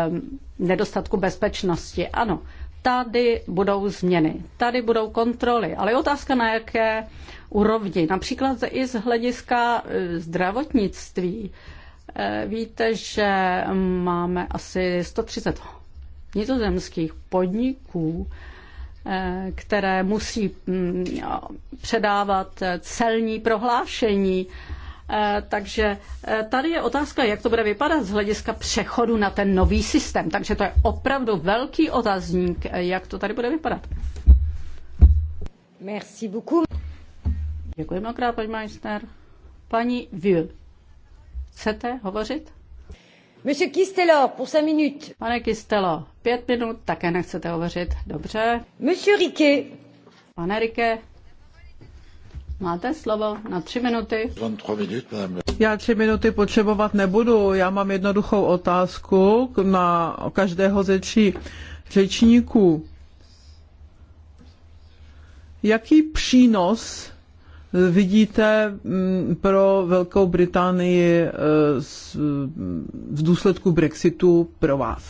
Um, nedostatku bezpečnosti. Ano, tady budou změny, tady budou kontroly, ale je otázka na jaké úrovni. Například i z hlediska eh, zdravotnictví. Eh, víte, že máme asi 130 nizozemských podniků, eh, které musí mm, předávat celní prohlášení Eh, takže eh, tady je otázka, jak to bude vypadat z hlediska přechodu na ten nový systém. Takže to je opravdu velký otazník, eh, jak to tady bude vypadat. Merci beaucoup. Děkuji mnohokrát, paní Majster. Paní Vieux, chcete hovořit? Monsieur Kistelor, pour 5 minutes. Pane Kistelo, pět minut, také nechcete hovořit. Dobře. Monsieur Riquet. Pane Riquet. Máte slovo na tři minuty. Já tři minuty potřebovat nebudu. Já mám jednoduchou otázku na každého ze tří řečníků. Jaký přínos vidíte mm, pro Velkou Británii e, v důsledku Brexitu pro vás?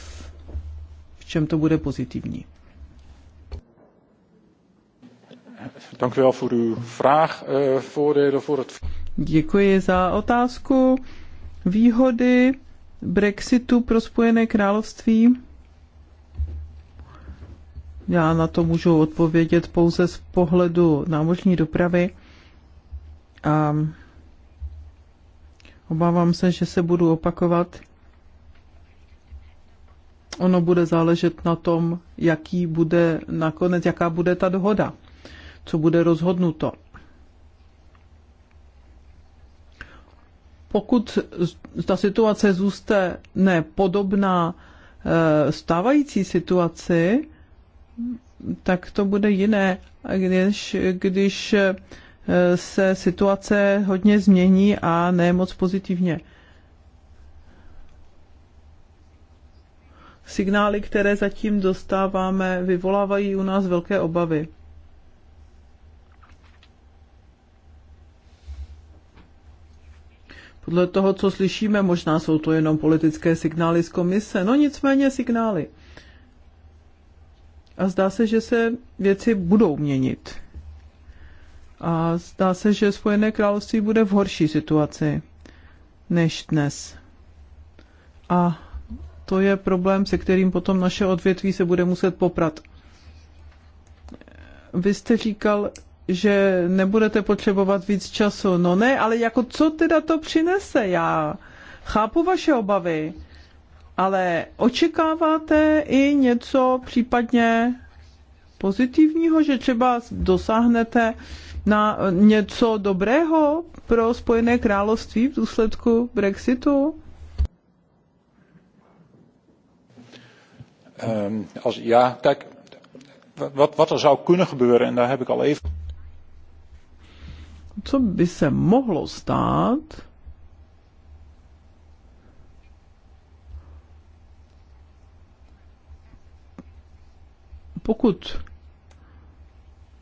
V čem to bude pozitivní? Eh, Děkuji za otázku. Výhody Brexitu pro Spojené království? Já na to můžu odpovědět pouze z pohledu námořní dopravy. A obávám se, že se budu opakovat. Ono bude záležet na tom, jaký bude nakonec, jaká bude ta dohoda co bude rozhodnuto. Pokud ta situace zůstane podobná eh, stávající situaci, tak to bude jiné, když, když eh, se situace hodně změní a ne moc pozitivně. Signály, které zatím dostáváme, vyvolávají u nás velké obavy. Podle toho, co slyšíme, možná jsou to jenom politické signály z komise, no nicméně signály. A zdá se, že se věci budou měnit. A zdá se, že Spojené království bude v horší situaci než dnes. A to je problém, se kterým potom naše odvětví se bude muset poprat. Vy jste říkal, že nebudete potřebovat víc času. No ne, ale jako co teda to přinese? Já chápu vaše obavy, ale očekáváte i něco případně pozitivního, že třeba dosáhnete na něco dobrého pro Spojené království v důsledku Brexitu? Um, als, ja, kijk, wat, wat er zou kunnen gebeuren, en daar heb ik al even co by se mohlo stát, pokud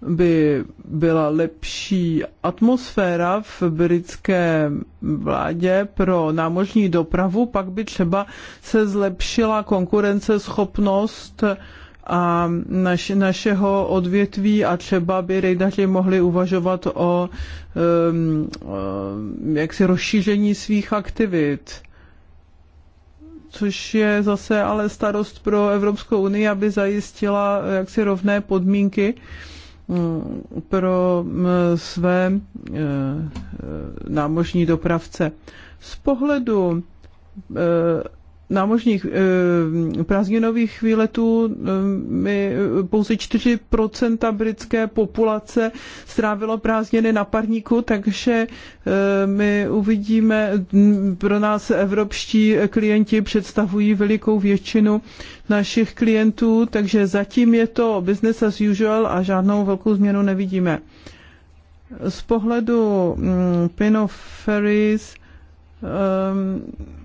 by byla lepší atmosféra v britské vládě pro námořní dopravu, pak by třeba se zlepšila konkurenceschopnost schopnost a naš, našeho odvětví a třeba by rejdaři mohli uvažovat o um, um, jaksi rozšíření svých aktivit což je zase ale starost pro Evropskou unii, aby zajistila jaksi rovné podmínky mm, pro mm, své mm, e, e, námožní dopravce. Z pohledu e, námožních eh, prázdninových výletů eh, my eh, pouze 4% britské populace strávilo prázdniny na parníku, takže my uvidíme, hm, pro nás evropští klienti představují velikou většinu našich klientů, takže zatím je to business as usual a žádnou velkou změnu nevidíme. Z pohledu hm, Pino Ferries um, hm,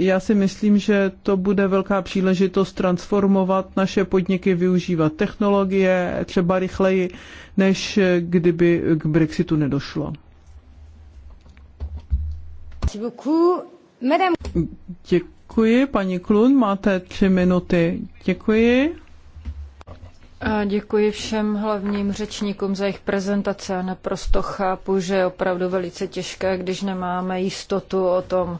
já si myslím, že to bude velká příležitost transformovat naše podniky, využívat technologie třeba rychleji, než kdyby k Brexitu nedošlo. Děkuji, paní Klun, máte tři minuty. Děkuji. A děkuji všem hlavním řečníkům za jejich prezentace. naprosto chápu, že je opravdu velice těžké, když nemáme jistotu o tom,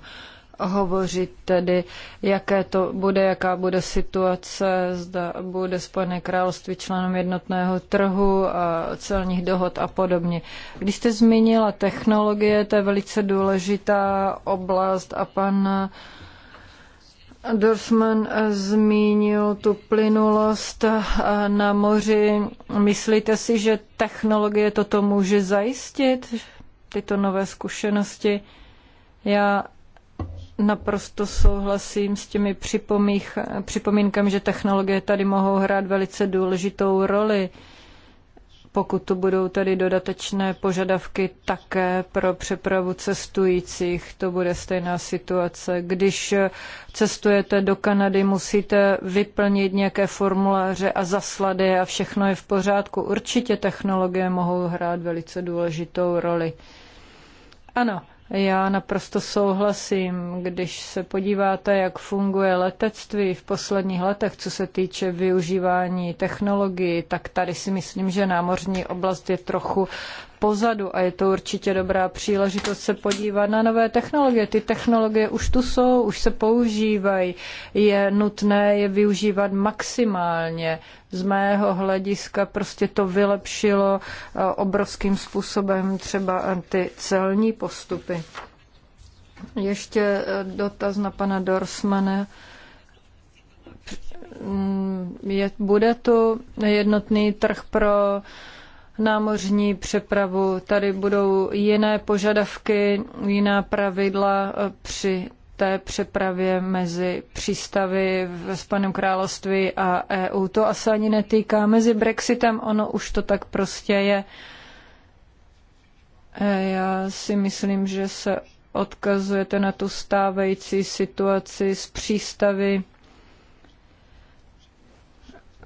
hovořit tedy, jaké to bude, jaká bude situace, zda bude Spojené království členem jednotného trhu a celních dohod a podobně. Když jste zmínila technologie, to je velice důležitá oblast a pan Dorsman zmínil tu plynulost na moři. Myslíte si, že technologie toto může zajistit, tyto nové zkušenosti? Já Naprosto souhlasím s těmi připomínkami, že technologie tady mohou hrát velice důležitou roli, pokud tu budou tady dodatečné požadavky také pro přepravu cestujících. To bude stejná situace. Když cestujete do Kanady, musíte vyplnit nějaké formuláře a zaslat je a všechno je v pořádku. Určitě technologie mohou hrát velice důležitou roli. Ano, já naprosto souhlasím, když se podíváte, jak funguje letectví v posledních letech, co se týče využívání technologií, tak tady si myslím, že námořní oblast je trochu pozadu a je to určitě dobrá příležitost se podívat na nové technologie. Ty technologie už tu jsou, už se používají. Je nutné je využívat maximálně. Z mého hlediska prostě to vylepšilo eh, obrovským způsobem třeba ty celní postupy. Ještě eh, dotaz na pana Dorsmana mm, je, bude tu jednotný trh pro námořní přepravu. Tady budou jiné požadavky, jiná pravidla e, při té přepravě mezi přístavy ve Spaném království a EU. To asi ani netýká. Mezi Brexitem ono už to tak prostě je. E, já si myslím, že se odkazujete na tu stávající situaci s přístavy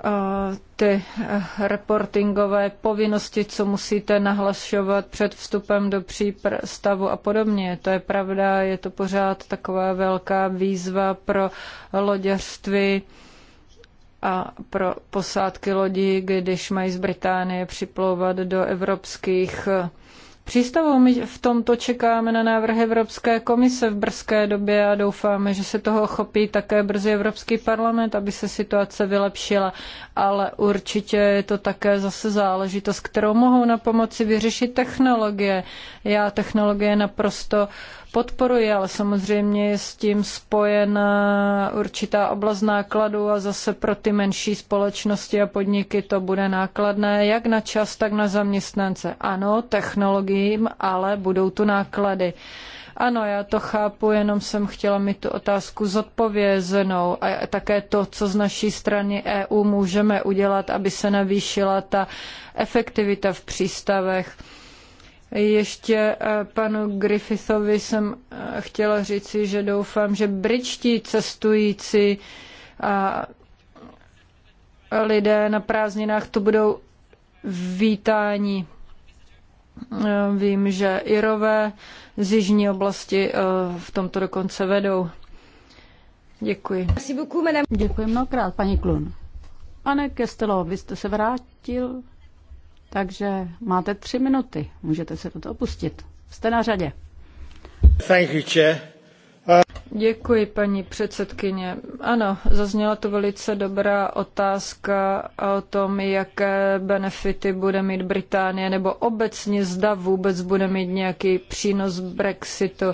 Eh, ty eh, reportingové povinnosti, co musíte nahlašovat před vstupem do přístavu a podobně. To je pravda, je to pořád taková velká výzva pro loděřství a pro posádky lodí, když mají z Británie připlouvat do evropských eh, přístavu. My v tomto čekáme na návrh Evropské komise v brzké době a doufáme, že se toho chopí také brzy Evropský parlament, aby se situace vylepšila. Ale určitě je to také zase záležitost, kterou mohou na pomoci vyřešit technologie. Já technologie naprosto podporuji, ale samozřejmě je s tím spojena určitá oblast nákladů a zase pro ty menší společnosti a podniky to bude nákladné jak na čas, tak na zaměstnance. Ano, technologie technologiím, ale budou tu náklady. Ano, já to chápu, jenom jsem chtěla mít tu otázku zodpovězenou a také to, co z naší strany EU můžeme udělat, aby se navýšila ta efektivita v přístavech. Ještě eh, panu Griffithovi jsem eh, chtěla říci, že doufám, že britští cestující a lidé na prázdninách to budou vítání. Eh, vím, že Irové z jižní oblasti eh, v tomto dokonce vedou. Děkuji. Děkuji mnohokrát, paní Klun. Pane Kestelo, vy jste se vrátil, takže máte tři minuty. Můžete se do toho pustit. Jste na řadě. Thank you, chair. Děkuji, paní předsedkyně. Ano, zazněla to velice dobrá otázka o tom, jaké benefity bude mít Británie, nebo obecně zda vůbec bude mít nějaký přínos Brexitu.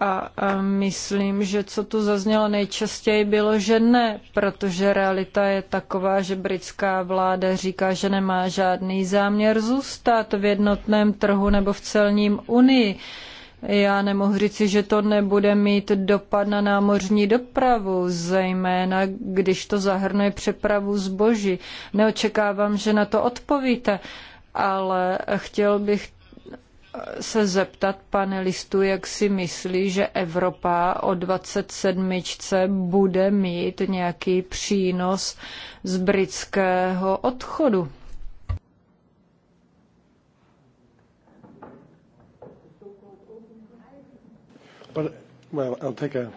A, a myslím, že co tu zaznělo nejčastěji bylo, že ne, protože realita je taková, že britská vláda říká, že nemá žádný záměr zůstat v jednotném trhu nebo v celním unii. Já nemohu říci, že to nebude mít dopad na námořní dopravu, zejména když to zahrnuje přepravu zboží. Neočekávám, že na to odpovíte, ale chtěl bych se zeptat panelistů, jak si myslí, že Evropa o 27. bude mít nějaký přínos z britského odchodu. But, well, I'll take a...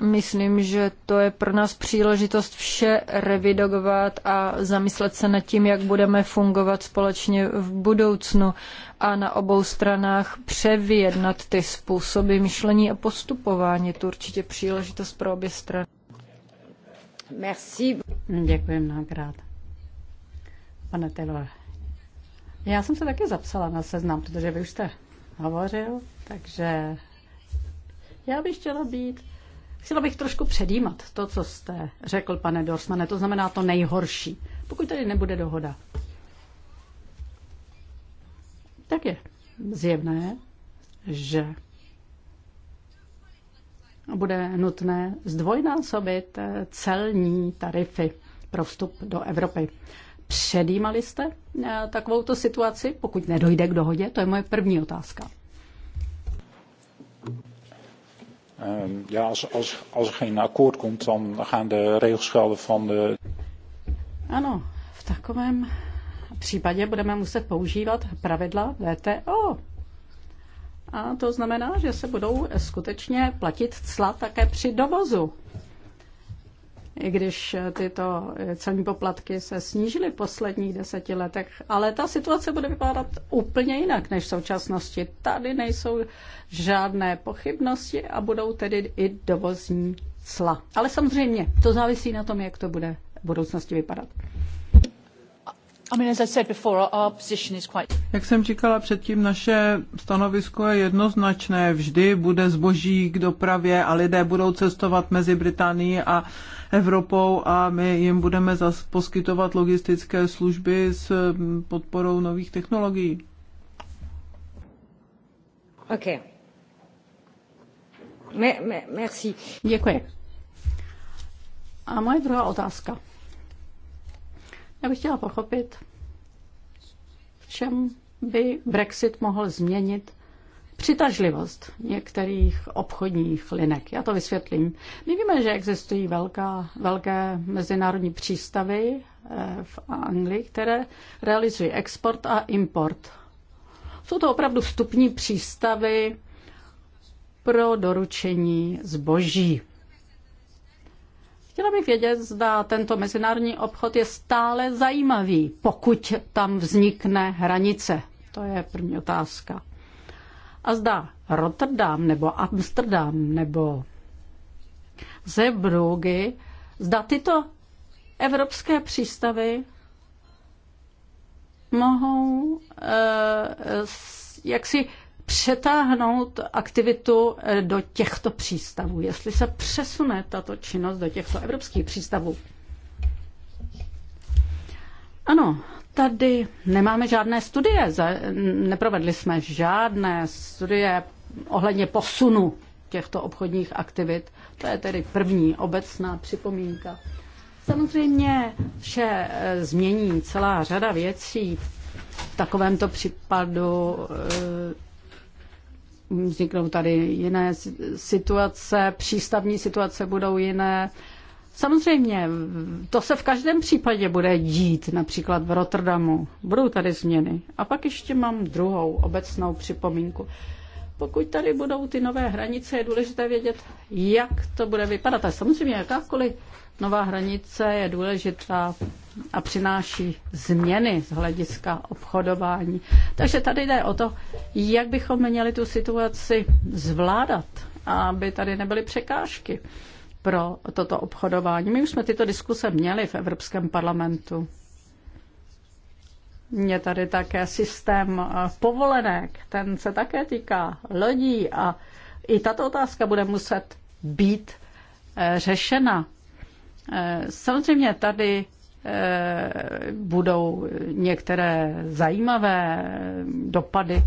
Myslím, že to je pro nás příležitost vše revidovat a zamyslet se nad tím, jak budeme fungovat společně v budoucnu a na obou stranách převyjednat ty způsoby myšlení a postupování. Je to určitě příležitost pro obě strany. Merci. Děkuji mnohokrát. Pane Taylor, já jsem se také zapsala na seznam, protože vy už jste hovořil, takže já bych chtěla být, chtěla bych trošku předjímat to, co jste řekl, pane Dorsmane, to znamená to nejhorší, pokud tady nebude dohoda. Tak je zjevné, že bude nutné zdvojnásobit celní tarify pro vstup do Evropy. Předjímali jste eh, takovouto situaci, pokud nedojde k dohodě? To je moje první otázka. Ehm, ja, als, als, als er geen akkoord komt, dan gaan de regels gelden van de. Ano, v takovém případě budeme muset používat pravidla VTO. A to znamená, že se budou skutečně platit cla také při dovozu i když tyto celní poplatky se snížily v posledních deseti letech, ale ta situace bude vypadat úplně jinak než v současnosti. Tady nejsou žádné pochybnosti a budou tedy i dovozní cla. Ale samozřejmě to závisí na tom, jak to bude v budoucnosti vypadat. Jak jsem říkala předtím, naše stanovisko je jednoznačné. Vždy bude zboží k dopravě a lidé budou cestovat mezi Británií a Evropou a my jim budeme zas poskytovat logistické služby s mm, podporou nových technologií. OK. Me, me, merci. Děkuji. A moje druhá otázka. Já bych chtěla pochopit, v čem by Brexit mohl změnit přitažlivost některých obchodních linek. Já to vysvětlím. My víme, že existují velká, velké mezinárodní přístavy eh, v Anglii, které realizují export a import. Jsou to opravdu vstupní přístavy pro doručení zboží. Chtěla bych vědět, zda tento mezinárodní obchod je stále zajímavý, pokud tam vznikne hranice. To je první otázka. A zda Rotterdam nebo Amsterdam nebo Zebrugy, zda tyto evropské přístavy mohou eh, jaksi přetáhnout aktivitu eh, do těchto přístavů, jestli se přesune tato činnost do těchto evropských přístavů. Ano, tady nemáme žádné studie, neprovedli jsme žádné studie ohledně posunu těchto obchodních aktivit. To je tedy první obecná připomínka. Samozřejmě vše eh, změní celá řada věcí. V takovémto případu eh, vzniknou tady jiné situace, přístavní situace budou jiné, Samozřejmě, to se v každém případě bude dít, například v Rotterdamu. Budou tady změny. A pak ještě mám druhou obecnou připomínku. Pokud tady budou ty nové hranice, je důležité vědět, jak to bude vypadat. A samozřejmě jakákoliv nová hranice je důležitá a přináší změny z hlediska obchodování. Takže tady jde o to, jak bychom měli tu situaci zvládat, aby tady nebyly překážky pro toto obchodování. My už jsme tyto diskuse měli v Evropském parlamentu. Je tady také systém eh, povolenek, ten se také týká lodí a i tato otázka bude muset být eh, řešena. Eh, samozřejmě tady budou některé zajímavé dopady,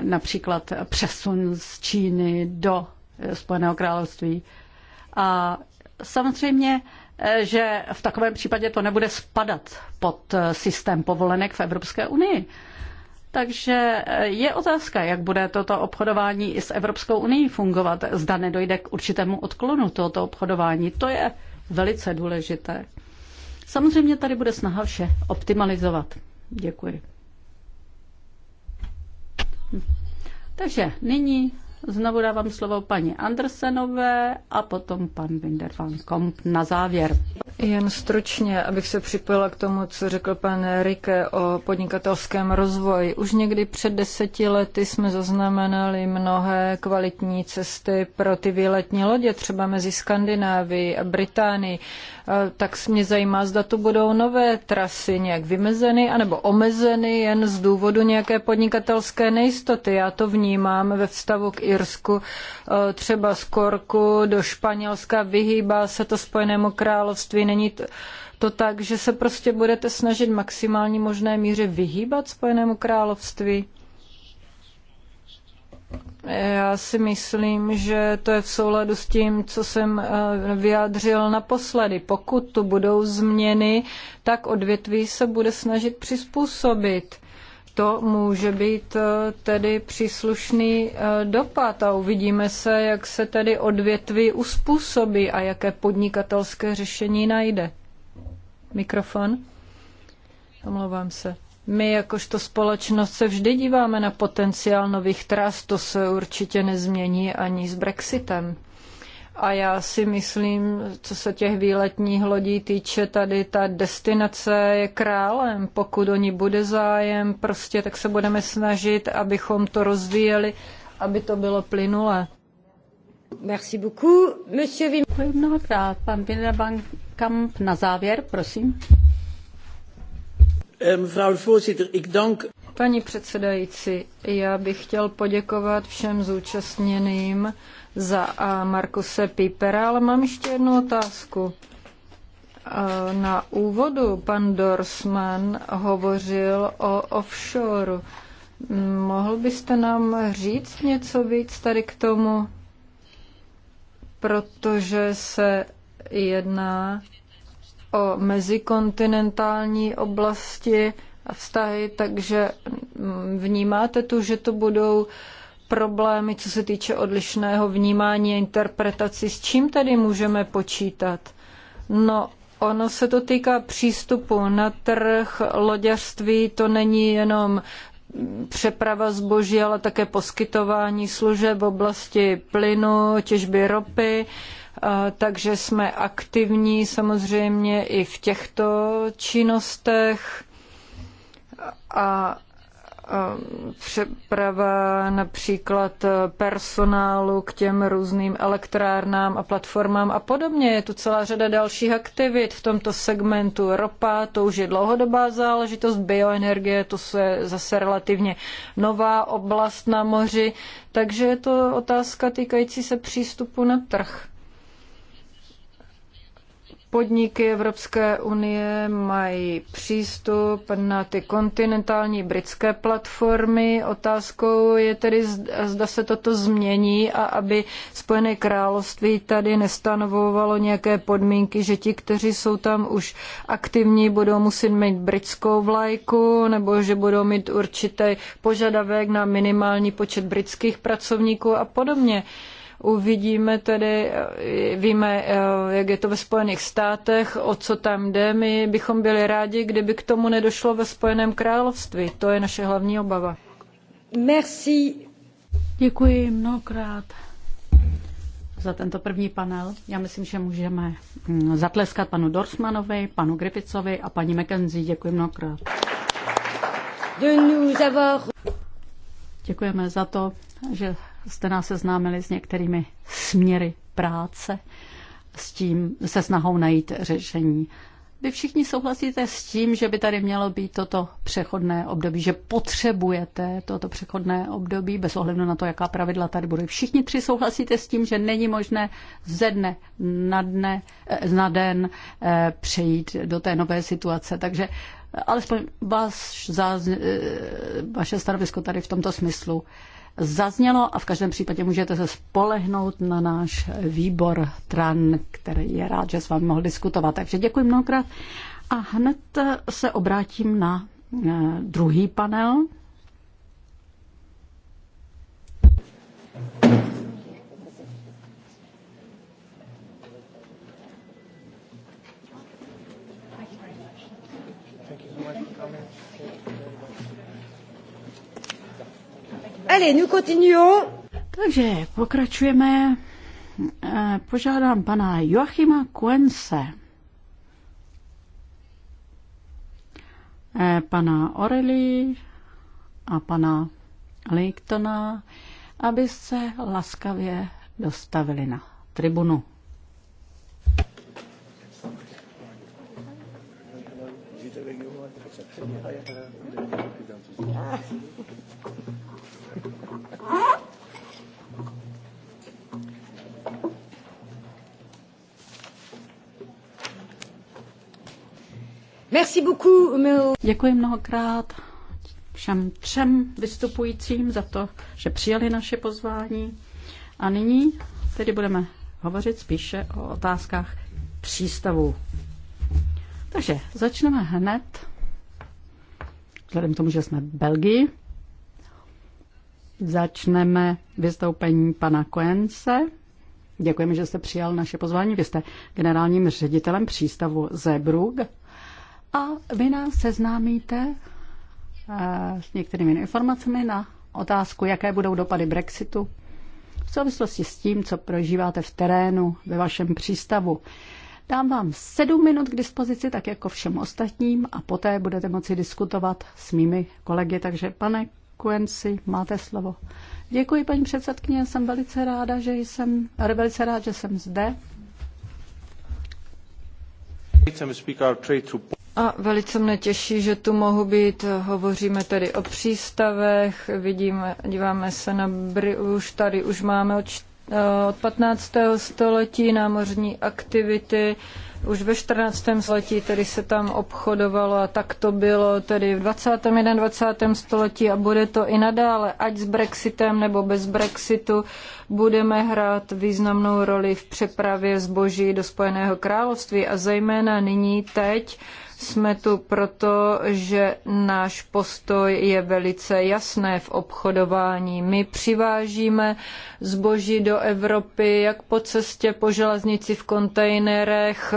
například přesun z Číny do Spojeného království. A samozřejmě, eh, že v takovém případě to nebude spadat pod eh, systém povolenek v Evropské unii. Takže eh, je otázka, jak bude toto obchodování i s Evropskou unii fungovat. Zda nedojde k určitému odklonu tohoto obchodování. To je velice důležité. Samozřejmě tady bude snaha vše optimalizovat. Děkuji. Hm. Takže nyní Znovu dávám slovo paní Andersenové a potom pan Binder van Komp na závěr. Jen stručně, abych se připojila k tomu, co řekl pan Rike o podnikatelském rozvoji. Už někdy před deseti lety jsme zaznamenali mnohé kvalitní cesty pro ty výletní lodě, třeba mezi Skandinávii a Británii. Tak mě zajímá, zda tu budou nové trasy nějak vymezeny anebo omezeny jen z důvodu nějaké podnikatelské nejistoty. Já to vnímám ve vztavu k Irsku, e, třeba z Korku do Španělska, vyhýbá se to Spojenému království. Není to, to tak, že se prostě budete snažit maximální možné míře vyhýbat Spojenému království? Já si myslím, že to je v souladu s tím, co jsem e, vyjádřil naposledy. Pokud tu budou změny, tak odvětví se bude snažit přizpůsobit to může být eh, tedy příslušný eh, dopad a uvidíme se, jak se tedy odvětví uspůsobí a jaké podnikatelské řešení najde. Mikrofon. Omlouvám se. My jakožto společnost se vždy díváme na potenciál nových tras, to se určitě nezmění ani s Brexitem. A já si myslím, co se těch výletních lodí týče, tady ta destinace je králem. Pokud o ní bude zájem, prostě tak se budeme snažit, abychom to rozvíjeli, aby to bylo plynulé. Merci beaucoup, monsieur Vim. mnohokrát. Pan Kamp na závěr, prosím. Ehm, Paní předsedající, já bych chtěl poděkovat všem zúčastněným za Markuse Pípera, ale mám ještě jednu otázku. Na úvodu pan Dorsman hovořil o offshore. Mohl byste nám říct něco víc tady k tomu? Protože se jedná o mezikontinentální oblasti a vztahy, takže vnímáte tu, že to budou uh, problémy, co se týče odlišného vnímání a interpretaci. S čím tady můžeme počítat? No, Ono se to týká přístupu na trh, loďařství, to není jenom přeprava zboží, ale také poskytování služeb v oblasti plynu, těžby ropy, takže jsme aktivní samozřejmě i v těchto činnostech a přeprava například personálu k těm různým elektrárnám a platformám a podobně. Je tu celá řada dalších aktivit v tomto segmentu. Ropa, to už je dlouhodobá záležitost, bioenergie, to je zase relativně nová oblast na moři, takže je to otázka týkající se přístupu na trh podniky Evropské unie mají přístup na ty kontinentální britské platformy. Otázkou je tedy, zda se toto změní a aby Spojené království tady nestanovovalo nějaké podmínky, že ti, kteří jsou tam už aktivní, budou muset mít britskou vlajku nebo že budou mít určitý požadavek na minimální počet britských pracovníků a podobně. Uh, Uvidíme tedy, eh, víme, eh, jak je to ve Spojených státech, o co tam jde. My bychom byli rádi, kdyby k tomu nedošlo ve Spojeném království. To je naše hlavní obava. Merci. Děkuji mnohokrát za tento první panel. Já myslím, že můžeme mm, zatleskat panu Dorsmanovi, panu Griffithovi a paní McKenzie. Děkuji mnohokrát. Děkujeme za to, že jste nás seznámili s některými směry práce, s tím se snahou najít řešení. Vy všichni souhlasíte s tím, že by tady mělo být toto přechodné období, že potřebujete toto přechodné období, bez ohledu na to, jaká pravidla tady budou. Všichni tři souhlasíte s tím, že není možné ze dne na, dne, eh, na den eh, přejít do té nové situace. Takže alespoň vás, eh, vaše stanovisko tady v tomto smyslu zaznělo a v každém případě můžete se spolehnout na náš výbor TRAN, který je rád, že s vámi mohl diskutovat. Takže děkuji mnohokrát a hned se obrátím na eh, druhý panel. Allez, nous continuons. Takže pokračujeme. Eh, požádám pana Joachima Kuense, eh, pana Orely a pana Linktona, aby se laskavě dostavili na tribunu. Ah. Merci beaucoup. Děkuji mnohokrát všem třem vystupujícím za to, že přijali naše pozvání. A nyní tedy budeme hovořit spíše o otázkách přístavů. Takže začneme hned, vzhledem k tomu, že jsme v Belgii, začneme vystoupení pana Koence. Děkujeme, že jste přijal naše pozvání. Vy jste generálním ředitelem přístavu Zebrug a vy nás seznámíte eh, s některými informacemi na otázku, jaké budou dopady Brexitu v souvislosti s tím, co prožíváte v terénu ve vašem přístavu. Dám vám sedm minut k dispozici, tak jako všem ostatním, a poté budete moci diskutovat s mými kolegy. Takže, pane Kuenci, máte slovo. Děkuji, paní předsedkyně, jsem velice ráda, že jsem, eh, velice rád, že jsem zde. A velice mne těší, že tu mohu být. Hovoříme tedy o přístavech, vidíme, díváme se na už tady už máme od, eh, od 15. století námořní aktivity. Už ve 14. století tedy se tam obchodovalo a tak to bylo tedy v 21. století a bude to i nadále, ať s Brexitem nebo bez Brexitu, budeme hrát významnou roli v přepravě zboží do Spojeného království a zejména nyní teď, jsme tu proto, že náš postoj je velice jasné v obchodování. My přivážíme zboží do Evropy jak po cestě, po železnici, v kontejnerech,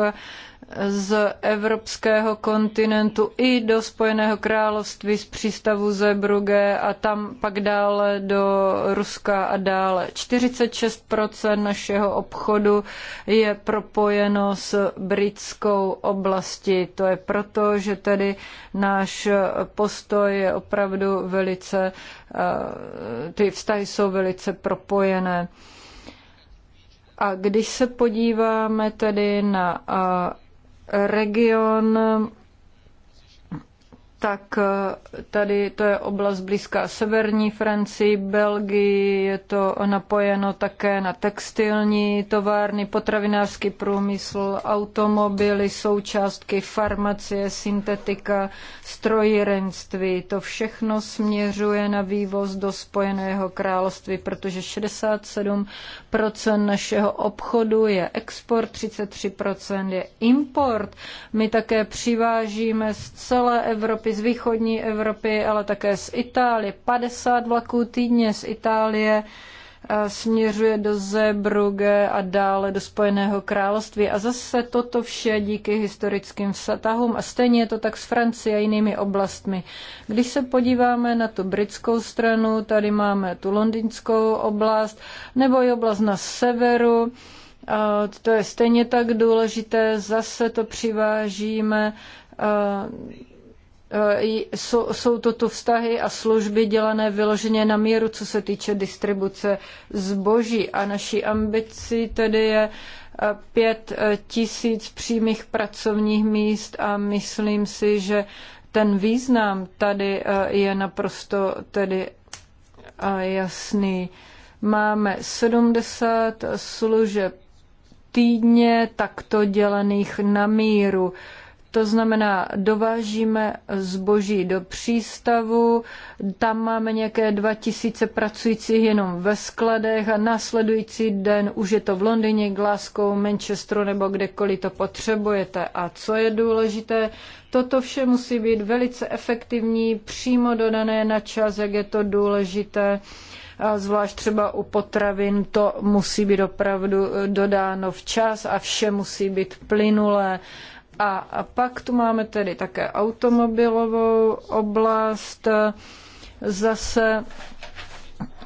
z evropského kontinentu i do Spojeného království z přístavu Zebrugge a tam pak dále do Ruska a dále. 46% našeho obchodu je propojeno s britskou oblastí. To je proto, že tedy náš postoj je opravdu velice, eh, ty vztahy jsou velice propojené. A když se podíváme tedy na eh, region tak eh, tady to je oblast blízká severní Francii, Belgii, je to napojeno také na textilní továrny, potravinářský průmysl, automobily, součástky, farmacie, syntetika, strojírenství. To všechno směřuje na vývoz do Spojeného království, protože 67% našeho obchodu je export, 33% je import. My také přivážíme z celé Evropy z východní Evropy, ale také z Itálie. 50 vlaků týdně z Itálie e, směřuje do Zebruge a dále do Spojeného království. A zase toto vše díky historickým vztahům. A stejně je to tak s Francií a jinými oblastmi. Když se podíváme na tu britskou stranu, tady máme tu londýnskou oblast, nebo i oblast na severu, a to je stejně tak důležité, zase to přivážíme e, Eh, jsou to vztahy a služby dělané vyloženě na míru, co se týče distribuce zboží. A naší ambicí tedy je eh, pět eh, tisíc přímých pracovních míst a myslím si, že ten význam tady je naprosto tedy jasný. Máme 70 služeb týdně takto dělených na míru. To znamená, dovážíme zboží do přístavu, tam máme nějaké 2000 pracujících jenom ve skladech a následující den už je to v Londýně, Glasgow, Manchesteru nebo kdekoliv to potřebujete. A co je důležité, toto vše musí být velice efektivní, přímo dodané na čas, jak je to důležité. A zvlášť třeba u potravin, to musí být opravdu dodáno včas a vše musí být plynulé. A pak tu máme tedy také automobilovou oblast. Zase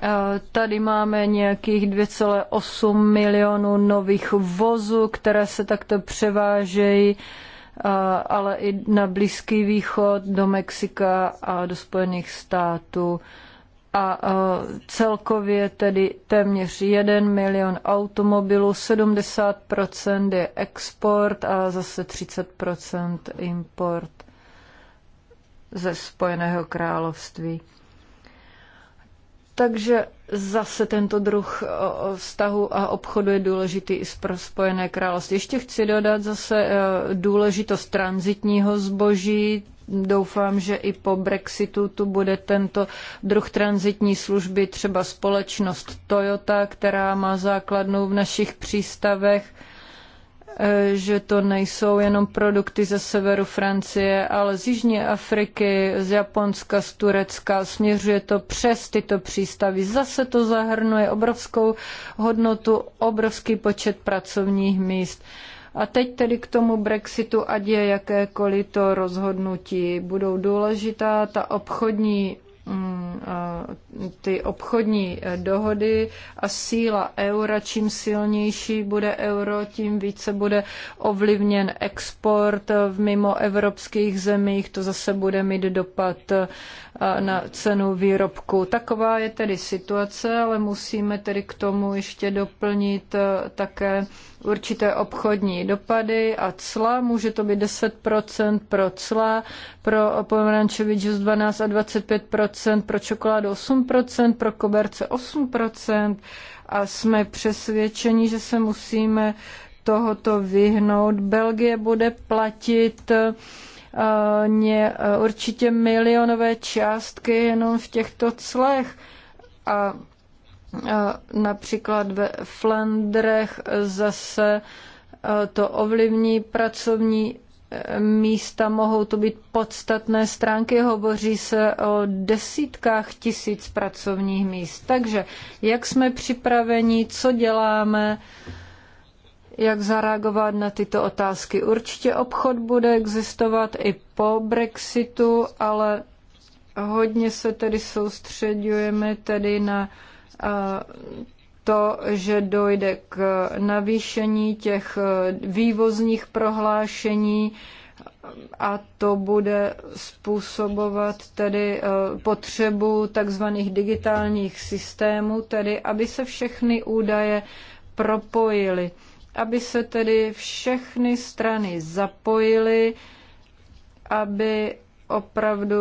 e, Tady máme nějakých 2,8 milionů nových vozů, které se takto převážejí, e, ale i na Blízký východ, do Mexika a do Spojených států a e, celkově tedy téměř 1 milion automobilů, 70% je export a zase 30% import ze Spojeného království. Takže zase tento druh e, vztahu a obchodu je důležitý i pro Spojené království. Ještě chci dodat zase e, důležitost transitního zboží, doufám, že i po Brexitu tu bude tento druh transitní služby, třeba společnost Toyota, která má základnu v našich přístavech eh, že to nejsou jenom produkty ze severu Francie, ale z Jižní Afriky, z Japonska, z Turecka. Směřuje to přes tyto přístavy. Zase to zahrnuje obrovskou hodnotu, obrovský počet pracovních míst. A teď tedy k tomu Brexitu, ať je jakékoliv to rozhodnutí, budou důležitá ta obchodní mm, ty obchodní e, dohody a síla eura, čím silnější bude euro, tím více bude ovlivněn export v mimo evropských zemích, to zase bude mít dopad e, na cenu výrobku. Taková je tedy situace, ale musíme tedy k tomu ještě doplnit e, také určité obchodní dopady a cla. Může to být 10% pro cla, pro pomerančový džus 12 a 25%, pro čokoládu 8%, pro koberce 8% a jsme přesvědčeni, že se musíme tohoto vyhnout. Belgie bude platit eh, eh, určitě milionové částky jenom v těchto clech. A Například ve Flandrech zase e, to ovlivní pracovní e, místa, mohou to být podstatné stránky, hovoří se o desítkách tisíc pracovních míst. Takže jak jsme připraveni, co děláme, jak zareagovat na tyto otázky. Určitě obchod bude existovat i po Brexitu, ale hodně se tedy soustředujeme tedy na uh, to, že dojde k navýšení těch e, vývozních prohlášení a to bude způsobovat tedy e, potřebu takzvaných digitálních systémů, tedy aby se všechny údaje propojily, aby se tedy všechny strany zapojily, aby opravdu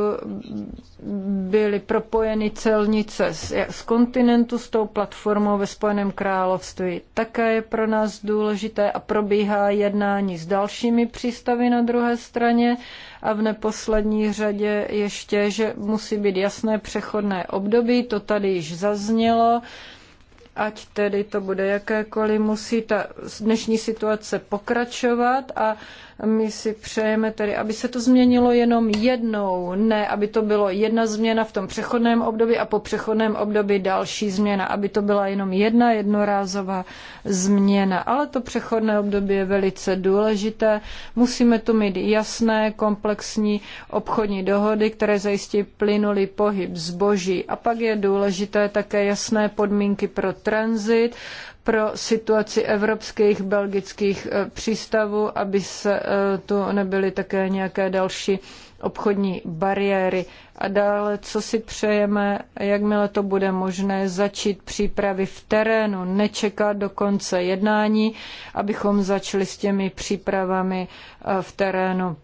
byly propojeny celnice z kontinentu s tou platformou ve Spojeném království. Také je pro nás důležité a probíhá jednání s dalšími přístavy na druhé straně a v neposlední řadě ještě, že musí být jasné přechodné období, to tady již zaznělo ať tedy to bude jakékoliv, musí ta dnešní situace pokračovat a my si přejeme tedy, aby se to změnilo jenom jednou, ne aby to bylo jedna změna v tom přechodném období a po přechodném období další změna, aby to byla jenom jedna jednorázová změna. Ale to přechodné období je velice důležité. Musíme tu mít jasné, komplexní obchodní dohody, které zajistí plynulý pohyb zboží. A pak je důležité také jasné podmínky pro tranzit, pro situaci evropských belgických eh, přístavů, aby se eh, tu nebyly také nějaké další obchodní bariéry. A dále, co si přejeme, jakmile to bude možné, začít přípravy v terénu, nečekat do konce jednání, abychom začali s těmi přípravami eh, v terénu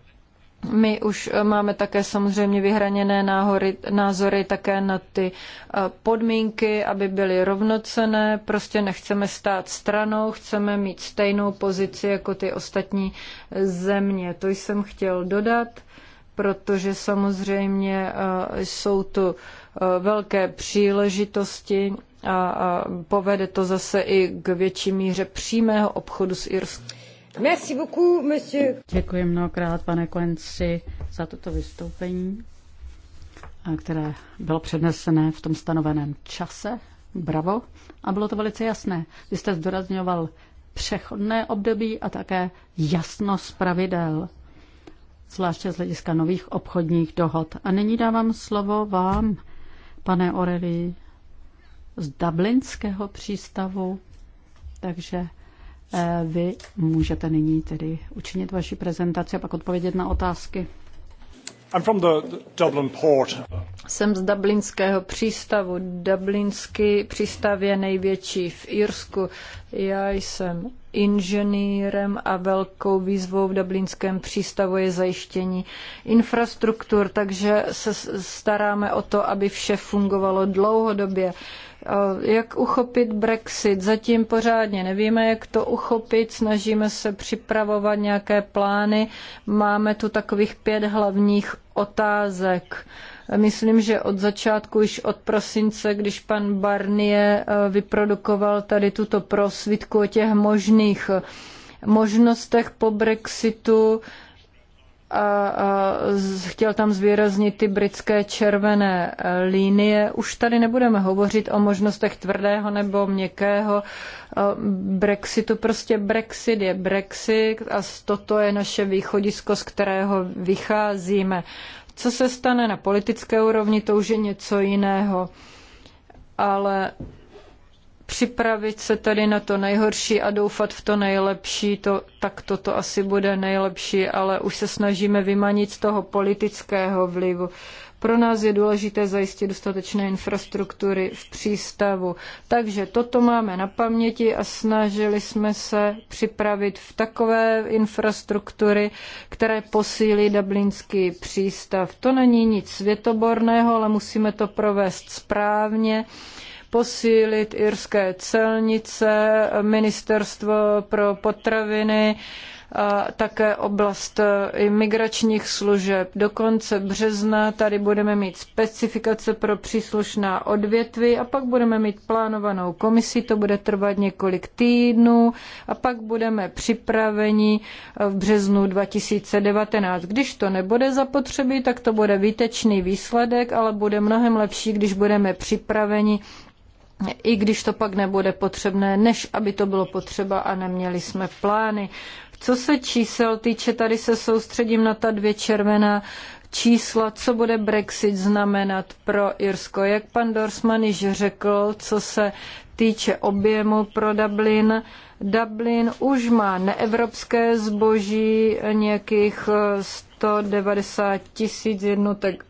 my už eh, máme také samozřejmě vyhraněné náhory, názory také na ty eh, podmínky, aby byly rovnocené. Prostě nechceme stát stranou, chceme mít stejnou pozici jako ty ostatní země. To jsem chtěl dodat, protože samozřejmě eh, jsou tu velké příležitosti a povede to zase i k větší míře přímého obchodu s Irskem. Děkuji mnohokrát, pane Quincy, za toto vystoupení, které bylo přednesené v tom stanoveném čase. Bravo. A bylo to velice jasné. Vy jste zdorazňoval přechodné období a také jasnost pravidel, zvláště z hlediska nových obchodních dohod. A nyní dávám slovo vám, pane Oreli, z dublinského přístavu. Takže Eh, vy můžete nyní tedy učinit vaši prezentaci a pak odpovědět na otázky. I'm from the Dublin port. Jsem z dublinského přístavu. Dublinský přístav je největší v Irsku. Já jsem inženýrem a velkou výzvou v dublinském přístavu je zajištění infrastruktur, takže se staráme o to, aby vše fungovalo dlouhodobě. Jak uchopit Brexit? Zatím pořádně nevíme, jak to uchopit. Snažíme se připravovat nějaké plány. Máme tu takových pět hlavních otázek. Myslím, že od začátku, již od prosince, když pan Barnier eh, vyprodukoval tady tuto prosvitku o těch možných možnostech po Brexitu, a chtěl tam zvýraznit ty britské červené linie. Už tady nebudeme hovořit o možnostech tvrdého nebo měkkého Brexitu. Prostě Brexit je Brexit a toto je naše východisko, z kterého vycházíme. Co se stane na politické úrovni, to už je něco jiného. Ale Připravit se tedy na to nejhorší a doufat v to nejlepší, to, tak toto asi bude nejlepší, ale už se snažíme vymanit z toho politického vlivu. Pro nás je důležité zajistit dostatečné infrastruktury v přístavu. Takže toto máme na paměti a snažili jsme se připravit v takové infrastruktury, které posílí dublinský přístav. To není nic světoborného, ale musíme to provést správně posílit irské celnice, ministerstvo pro potraviny, také oblast e, imigračních služeb. Do konce března tady budeme mít specifikace pro příslušná odvětví a pak budeme mít plánovanou komisi, to bude trvat několik týdnů a pak budeme připraveni e, v březnu 2019. Když to nebude zapotřebí, tak to bude výtečný výsledek, ale bude mnohem lepší, když budeme připraveni i když to pak nebude potřebné, než aby to bylo potřeba a neměli jsme plány. Co se čísel týče, tady se soustředím na ta dvě červená čísla, co bude Brexit znamenat pro Irsko. Jak pan Dorsman již řekl, co se týče objemu pro Dublin, Dublin už má neevropské zboží nějakých 190 tisíc jednotek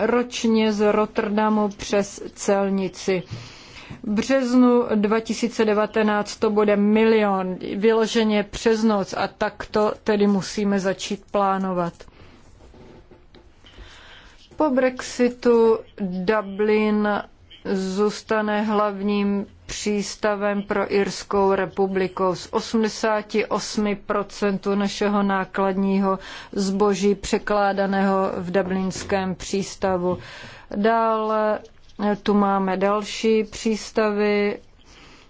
ročně z Rotterdamu přes celnici. V březnu 2019 to bude milion, vyloženě přes noc a to tedy musíme začít plánovat. Po Brexitu Dublin zůstane hlavním přístavem pro Irskou republiku. Z 88% našeho nákladního zboží překládaného v dublinském přístavu. Dále tu máme další přístavy,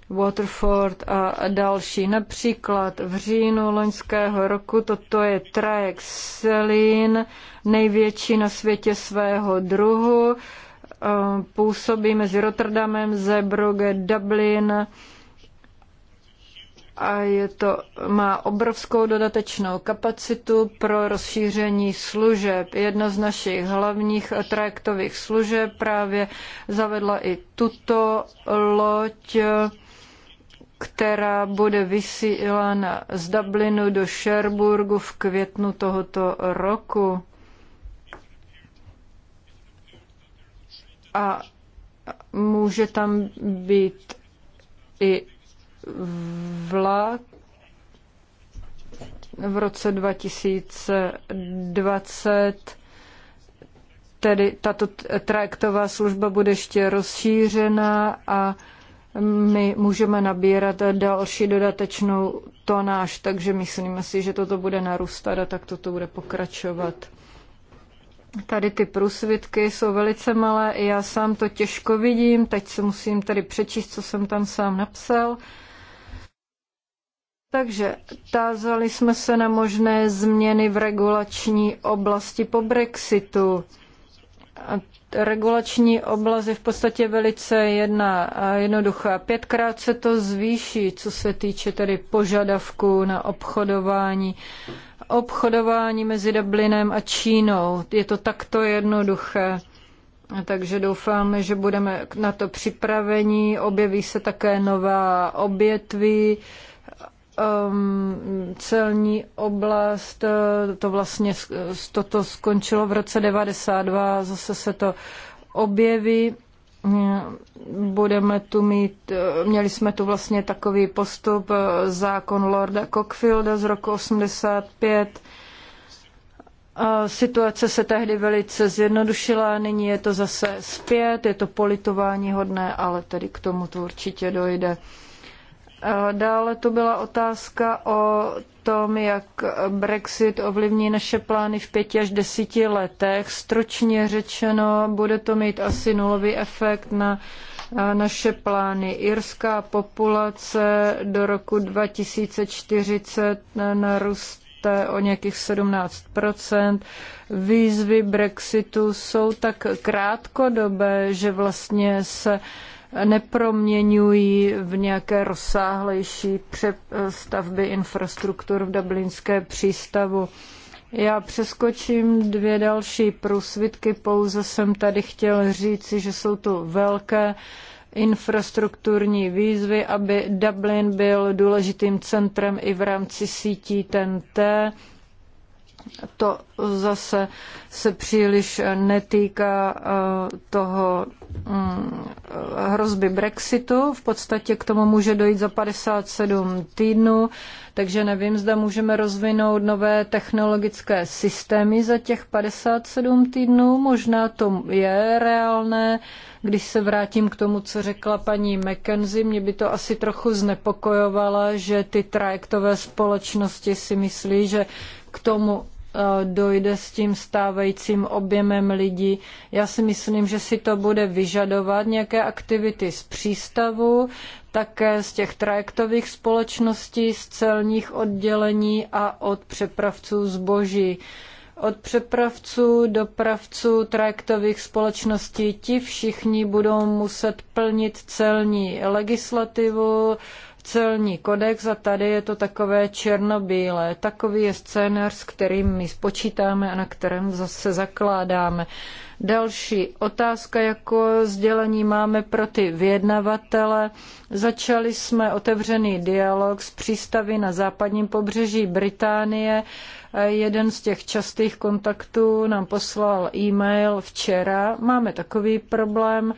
Waterford a další. Například v říjnu loňského roku toto je trajek Selin, největší na světě svého druhu. Působí mezi Rotterdamem, Zebrugge, Dublin, a je to, má obrovskou dodatečnou kapacitu pro rozšíření služeb. Jedna z našich hlavních trajektových služeb právě zavedla i tuto loď, která bude vysílána z Dublinu do Sherburgu v květnu tohoto roku. A může tam být i vlak v roce 2020 tedy tato trajektová služba bude ještě rozšířena a my můžeme nabírat další dodatečnou tonáž, takže myslíme si, že toto bude narůstat a tak toto bude pokračovat. Tady ty průsvitky jsou velice malé, já sám to těžko vidím, teď se musím tady přečíst, co jsem tam sám napsal. Uh, takže tázali jsme se na možné změny v regulační oblasti po Brexitu. A regulační oblast je v podstatě velice jedna a jednoduchá. Pětkrát se to zvýší, co se týče tedy požadavků na obchodování. Obchodování mezi Dublinem a Čínou. Je to takto jednoduché. Takže doufáme, že budeme na to připraveni. Objeví se také nová obětví um, celní oblast, eh, to vlastně toto skončilo v roce 92, zase se to objeví. Hm, budeme tu mít, eh, měli jsme tu vlastně takový postup, eh, zákon Lorda Cockfielda z roku 85, Situace se tehdy velice zjednodušila, nyní je to zase zpět, je to politování hodné, ale tedy k tomu to určitě dojde. Dále to byla otázka o tom, jak Brexit ovlivní naše plány v pěti až desíti letech. Stročně řečeno, bude to mít asi nulový efekt na naše plány. Irská populace do roku 2040 naroste o nějakých 17 Výzvy Brexitu jsou tak krátkodobé, že vlastně se uh, neproměňují v nějaké rozsáhlejší stavby infrastruktur v dublinské přístavu. Já přeskočím dvě další průsvitky, pouze jsem tady chtěl říci, že jsou tu velké infrastrukturní výzvy, aby Dublin byl důležitým centrem i v rámci sítí TNT to zase se příliš netýká eh, toho mm, hrozby Brexitu. V podstatě k tomu může dojít za 57 týdnů, takže nevím, zda můžeme rozvinout nové technologické systémy za těch 57 týdnů. Možná to je reálné. Když se vrátím k tomu, co řekla paní McKenzie, mě by to asi trochu znepokojovala, že ty trajektové společnosti si myslí, že k tomu dojde s tím stávajícím objemem lidí. Já si myslím, že si to bude vyžadovat nějaké aktivity z přístavu, také z těch trajektových společností, z celních oddělení a od přepravců zboží od přepravců, dopravců, trajektových společností, ti všichni budou muset plnit celní legislativu, celní kodex a tady je to takové černobílé. Takový je scénář, s kterým my spočítáme a na kterém zase zakládáme. Další otázka, jako sdělení máme pro ty vyjednavatele. Začali jsme otevřený dialog s přístavy na západním pobřeží Británie. Jeden z těch častých kontaktů nám poslal e-mail včera. Máme takový problém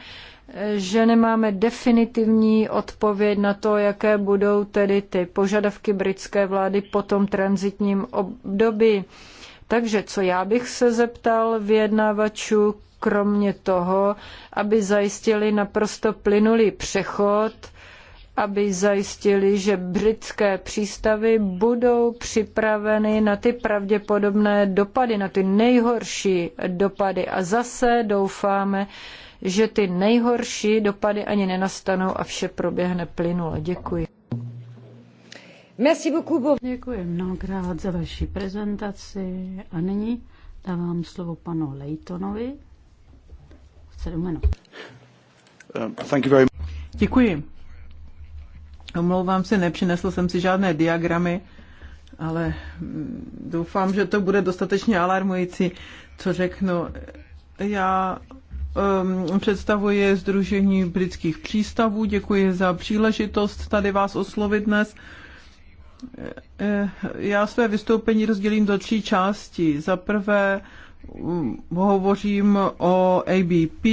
že nemáme definitivní odpověď na to, jaké budou tedy ty požadavky britské vlády po tom transitním období. Takže co já bych se zeptal vyjednávačů, kromě toho, aby zajistili naprosto plynulý přechod, aby zajistili, že britské přístavy budou připraveny na ty pravděpodobné dopady, na ty nejhorší dopady. A zase doufáme, že ty nejhorší dopady ani nenastanou a vše proběhne plynule. Děkuji. Merci beaucoup. Děkuji mnohokrát za vaši prezentaci a nyní dávám slovo panu Lejtonovi. Sedm minut. Um, thank you very much. Děkuji. Omlouvám se, nepřinesl jsem si žádné diagramy, ale mm, doufám, že to bude dostatečně alarmující, co řeknu. Já um, představuje Združení britských přístavů. Děkuji za příležitost tady vás oslovit dnes. Eh, já své vystoupení rozdělím do tří částí. Za prvé um, hovořím o ABP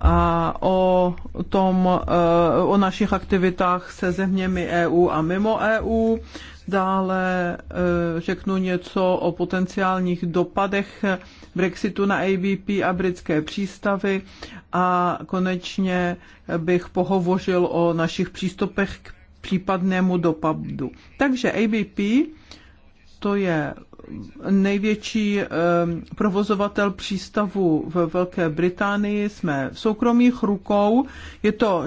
a o, tom, eh, o našich aktivitách se zeměmi EU a mimo EU. Dále eh, řeknu něco o potenciálních dopadech Brexitu na ABP a britské přístavy a konečně bych pohovořil o našich přístupech k případnému dopadu. Takže ABP to je největší eh, provozovatel přístavu ve Velké Británii. Jsme v soukromých rukou. Je to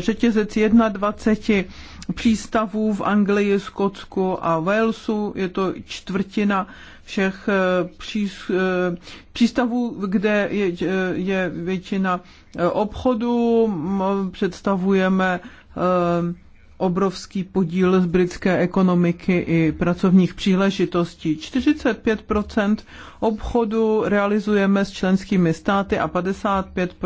řetězec 21 přístavů v Anglii, Skotsku a Walesu. Je to čtvrtina všech eh, eh, přístavů, kde je, eh, je většina obchodu. Představujeme obrovský podíl z britské ekonomiky i pracovních příležitostí. 45 obchodu realizujeme s členskými státy a 55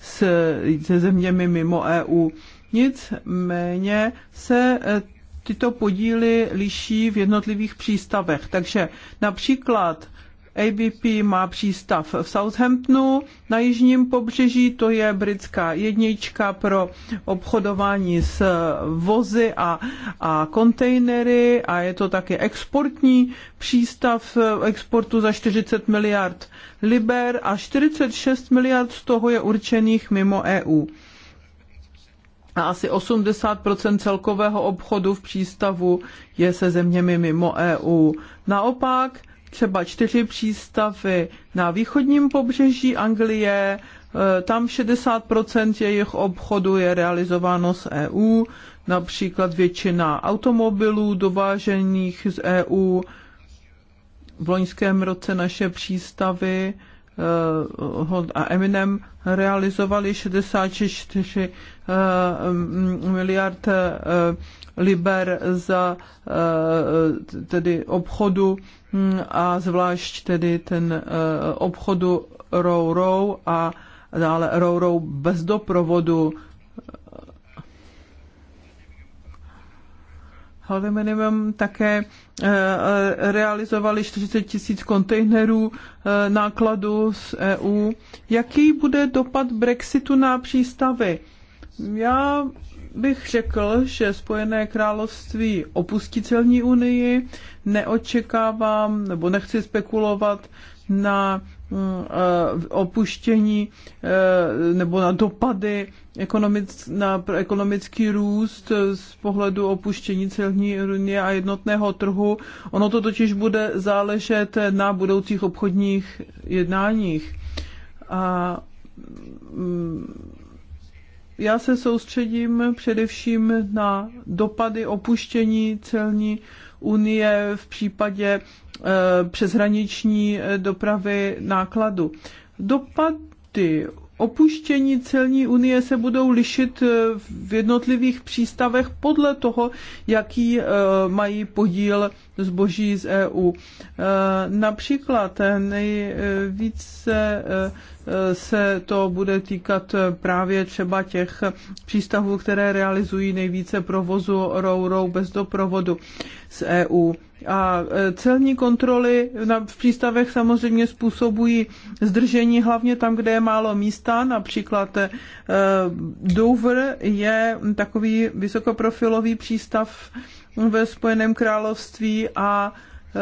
se, se zeměmi mimo EU nicméně se eh, tyto podíly liší v jednotlivých přístavech. Takže například ABP má přístav v Southamptonu na jižním pobřeží, to je britská jednička pro obchodování s eh, vozy a, a kontejnery a je to také exportní přístav eh, exportu za 40 miliard liber a 46 miliard z toho je určených mimo EU a asi 80 celkového obchodu v přístavu je se zeměmi mimo EU. Naopak, třeba čtyři přístavy na východním pobřeží Anglie, e, tam 60 jejich obchodu je realizováno z EU, například většina automobilů dovážených z EU. V loňském roce naše přístavy Eh, Hold a Eminem realizovali 64 eh, miliard eh, liber za tedy obchodu hm, a zvlášť tedy ten obchodu row row a dále row row bez doprovodu Holvy Minimum také eh, eh, realizovali 40 tisíc kontejnerů eh, nákladu z EU. Jaký bude dopad Brexitu na přístavy? Já bych řekl, že Spojené království opustí celní unii. Neočekávám nebo nechci spekulovat na Eh, opuštění eh, nebo na dopady na ekonomický růst eh, z pohledu opuštění celní unie a jednotného trhu. Ono to totiž bude záležet na budoucích obchodních jednáních. A mm, já se soustředím především na dopady opuštění celní unie v případě Eh, přeshraniční eh, dopravy nákladu. Dopady opuštění celní unie se budou lišit eh, v jednotlivých přístavech podle toho, jaký mají podíl zboží z EU. Například nejvíce se to bude týkat právě třeba těch přístavů, které realizují nejvíce provozu rourou bez doprovodu z EU. A e, celní kontroly v přístavech samozřejmě způsobují zdržení hlavně tam, kde je málo místa. Například e, Dover je takový vysokoprofilový přístav ve Spojeném království a e,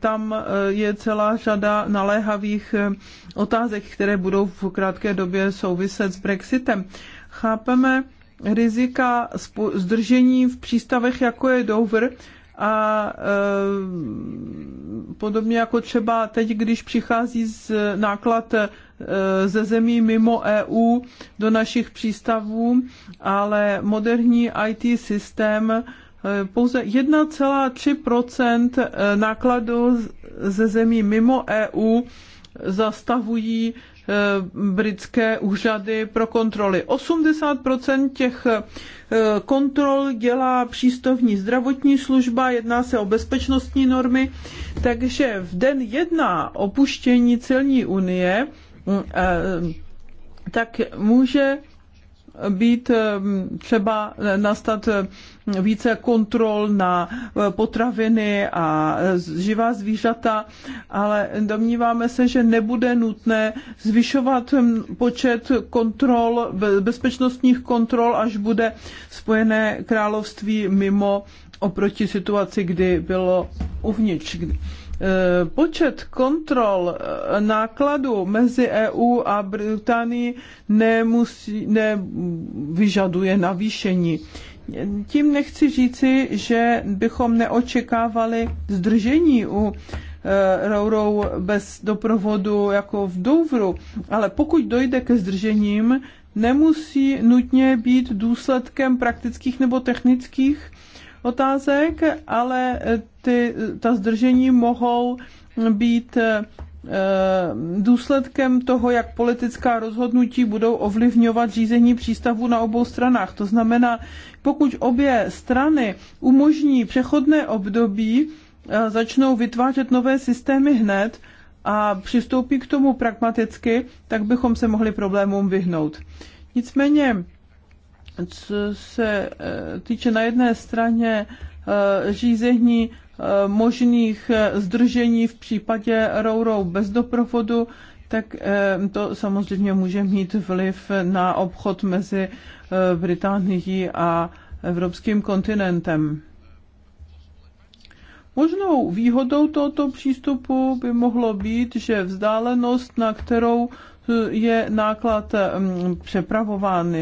tam je celá řada naléhavých otázek, které budou v krátké době souviset s Brexitem. Chápeme rizika zdržení v přístavech, jako je Dover, a e, podobně jako třeba teď, když přichází z náklad e, ze zemí mimo EU do našich přístavů, ale moderní IT systém e, pouze 1,3 nákladů ze zemí mimo EU zastavují Eh, britské úřady pro kontroly. 80% těch eh, kontrol dělá přístavní zdravotní služba, jedná se o bezpečnostní normy, takže v den jedna opuštění celní unie eh, tak může být eh, třeba nastat eh, více kontrol na eh, potraviny a živá zvířata, ale domníváme se, že nebude nutné zvyšovat hm, počet kontrol, bezpečnostních kontrol, až bude Spojené království mimo oproti situaci, kdy bylo uvnitř. Eh, počet kontrol eh, nákladů mezi EU a Británií nemusí, nevyžaduje navýšení. Tím nechci říci, že bychom neočekávali zdržení u eh, rourou bez doprovodu jako v Douvru, ale pokud dojde ke zdržením, nemusí nutně být důsledkem praktických nebo technických otázek, ale eh, ty, ta zdržení mohou být eh, důsledkem toho, jak politická rozhodnutí budou ovlivňovat řízení přístavu na obou stranách. To znamená, pokud obě strany umožní přechodné období, eh, začnou vytvářet nové systémy hned a přistoupí k tomu pragmaticky, tak bychom se mohli problémům vyhnout. Nicméně co se eh, týče na jedné straně eh, řízení eh, možných zdržení v případě rourou bez doprovodu, tak to samozřejmě může mít vliv na obchod mezi Británií a evropským kontinentem. Možnou výhodou tohoto přístupu by mohlo být, že vzdálenost, na kterou je náklad mm, přepravován,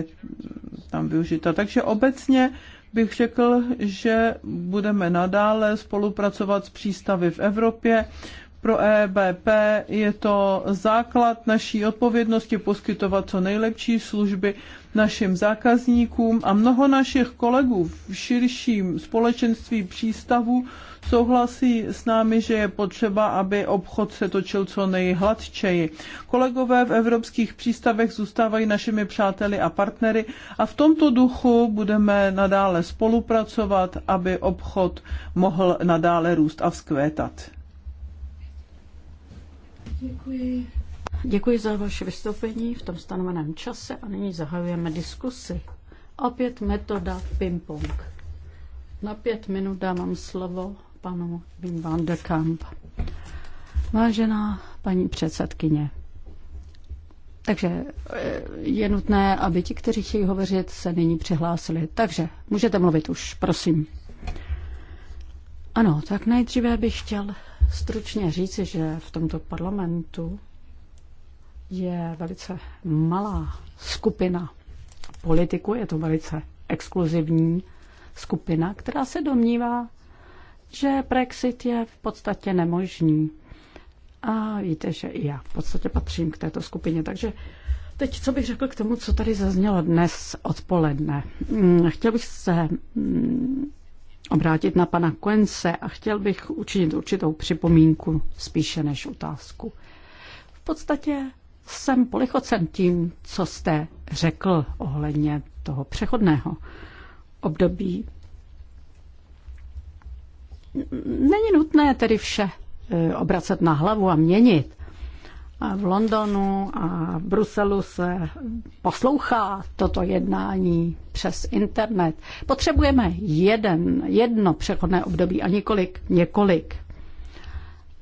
tam využita. Takže obecně bych řekl, že budeme nadále spolupracovat s přístavy v Evropě, pro EBP je to základ naší odpovědnosti poskytovat co nejlepší služby našim zákazníkům a mnoho našich kolegů v širším společenství přístavů souhlasí s námi, že je potřeba, aby obchod se točil co nejhladčeji. Kolegové v evropských přístavech zůstávají našimi přáteli a partnery a v tomto duchu budeme nadále spolupracovat, aby obchod mohl nadále růst a vzkvétat. Děkuji. Děkuji za vaše vystoupení v tom stanoveném čase a nyní zahajujeme diskusi. Opět metoda ping-pong. Na pět minut dávám slovo panu Wim van der Kamp. Vážená paní předsedkyně, takže eh, je nutné, aby ti, kteří chtějí hovořit, se nyní přihlásili. Takže můžete mluvit už, prosím. Ano, tak nejdříve bych chtěl stručně říci, že v tomto parlamentu je velice malá skupina politiků, je to velice exkluzivní skupina, která se domnívá, že Brexit je v podstatě nemožný. A víte, že i já v podstatě patřím k této skupině, takže Teď, co bych řekl k tomu, co tady zaznělo dnes odpoledne. Mm, chtěl bych se mm, obrátit na pana Koense a chtěl bych učinit určitou připomínku spíše než otázku. V podstatě jsem polichocen tím, co jste řekl ohledně toho přechodného období. Není nutné tedy vše e, obracet na hlavu a měnit v Londonu a v Bruselu se poslouchá toto jednání přes internet. Potřebujeme jeden, jedno přechodné období a několik, několik.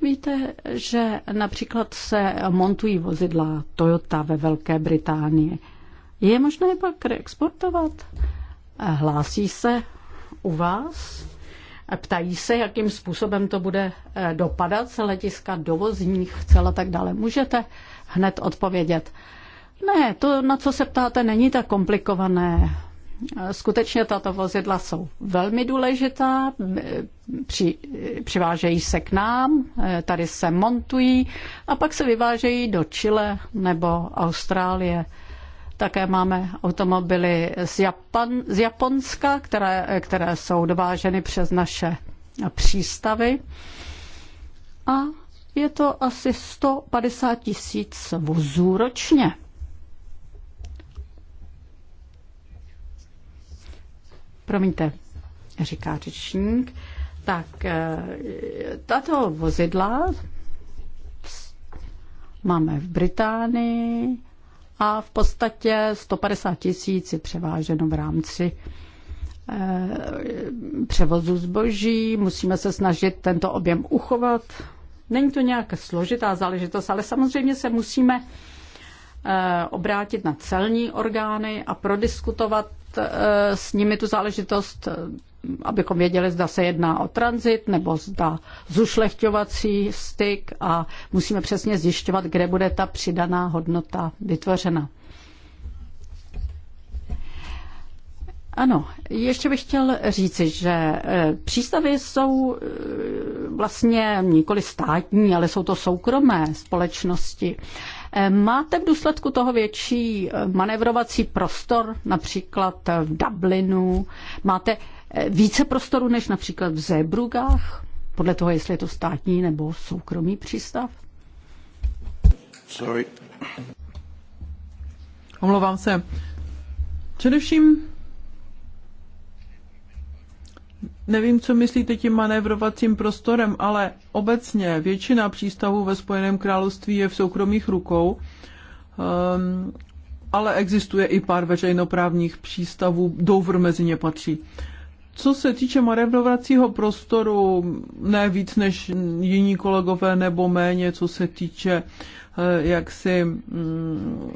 Víte, že například se montují vozidla Toyota ve Velké Británii. Je možné pak reexportovat? Hlásí se u vás Ptají se, jakým způsobem to bude eh, dopadat z letiska dovozních cel a tak dále. Můžete hned odpovědět. Ne, to, na co se ptáte, není tak komplikované. Eh, skutečně tato vozidla jsou velmi důležitá, eh, při, přivážejí se k nám, tady se montují a pak se vyvážejí do Chile nebo Austrálie. Také máme automobily z, Japan, z Japonska, které, které jsou dováženy přes naše přístavy. A je to asi 150 tisíc vozů ročně. Promiňte, říká řečník. Tak eh, tato vozidla máme v Británii, a v podstatě 150 tisíc je převáženo v rámci eh, převozu zboží. Musíme se snažit tento objem uchovat. Není to nějaká složitá záležitost, ale samozřejmě se musíme eh, obrátit na celní orgány a prodiskutovat eh, s nimi tu záležitost abychom věděli, zda se jedná o tranzit nebo zda zušlechťovací styk a musíme přesně zjišťovat, kde bude ta přidaná hodnota vytvořena. Ano, ještě bych chtěl říci, že eh, přístavy jsou eh, vlastně nikoli státní, ale jsou to soukromé společnosti. Eh, máte v důsledku toho větší manevrovací prostor, například v Dublinu? Máte více prostoru než například v Zébrugách, podle toho, jestli je to státní nebo soukromý přístav? Sorry. Omlouvám se. Především nevím, co myslíte tím manévrovacím prostorem, ale obecně většina přístavů ve Spojeném království je v soukromých rukou, um, ale existuje i pár veřejnoprávních přístavů, Dover mezi ně patří. Uh, co se týče manévrovacího prostoru, ne víc než jiní kolegové nebo méně, co se týče eh, jak si mm,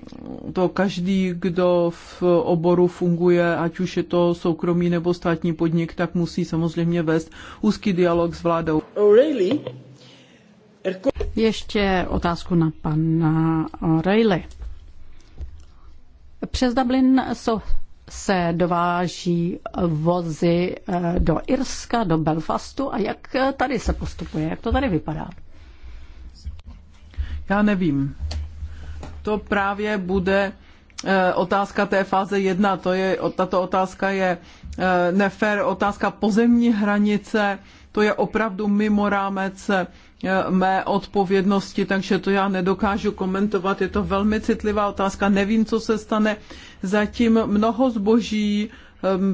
to každý, kdo v oboru funguje, ať už je to soukromý nebo státní podnik, tak musí samozřejmě vést úzký dialog s vládou. Oh, really? Ještě otázku na pana O'Reilly. Přes Dublin jsou se dováží vozy eh, do Irska, do Belfastu a jak eh, tady se postupuje, jak to tady vypadá? Já nevím. To právě bude eh, otázka té fáze jedna. To je, tato otázka je nefér, otázka pozemní hranice, to je opravdu mimo rámec Eh, mé odpovědnosti, takže to já nedokážu komentovat. Je to velmi citlivá otázka. Nevím, co se stane. Zatím mnoho zboží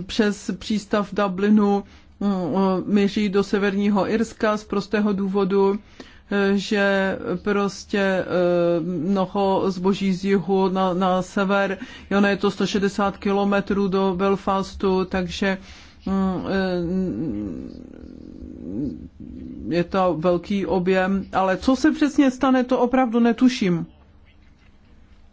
přes přístav Dublinu mm, eh, míří do severního Irska z prostého důvodu, eh, že prostě mnoho zboží z jihu na, na sever, jo, no, je to 160 kilometrů do Belfastu, takže mm, je to velký objem, ale co se přesně stane, to opravdu netuším.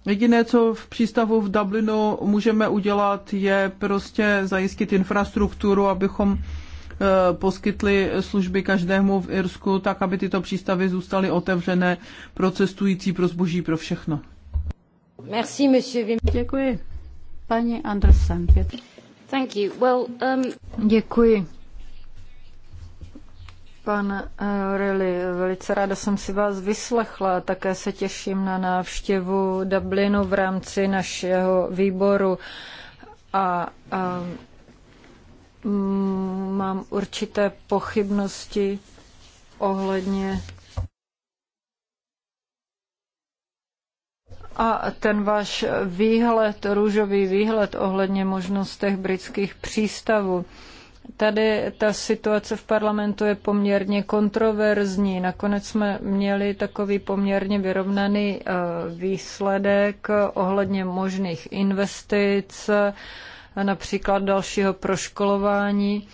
Jediné, co v přístavu v Dublinu můžeme udělat, je prostě zajistit infrastrukturu, abychom e, poskytli služby každému v Irsku, tak aby tyto přístavy zůstaly otevřené pro cestující, pro zboží, pro všechno. Merci, monsieur. Děkuji. Paní Andersen. Thank you. Well, um... Děkuji. Pan Aureli, eh, velice ráda jsem si vás vyslechla, také se těším na návštěvu Dublinu v rámci našeho výboru a, a mm, mám určité pochybnosti ohledně A ten váš výhled, růžový výhled ohledně možnostech britských přístavů. Tady ta situace v parlamentu je poměrně kontroverzní. Nakonec jsme měli takový poměrně vyrovnaný eh, výsledek ohledně možných investic, eh, například dalšího proškolování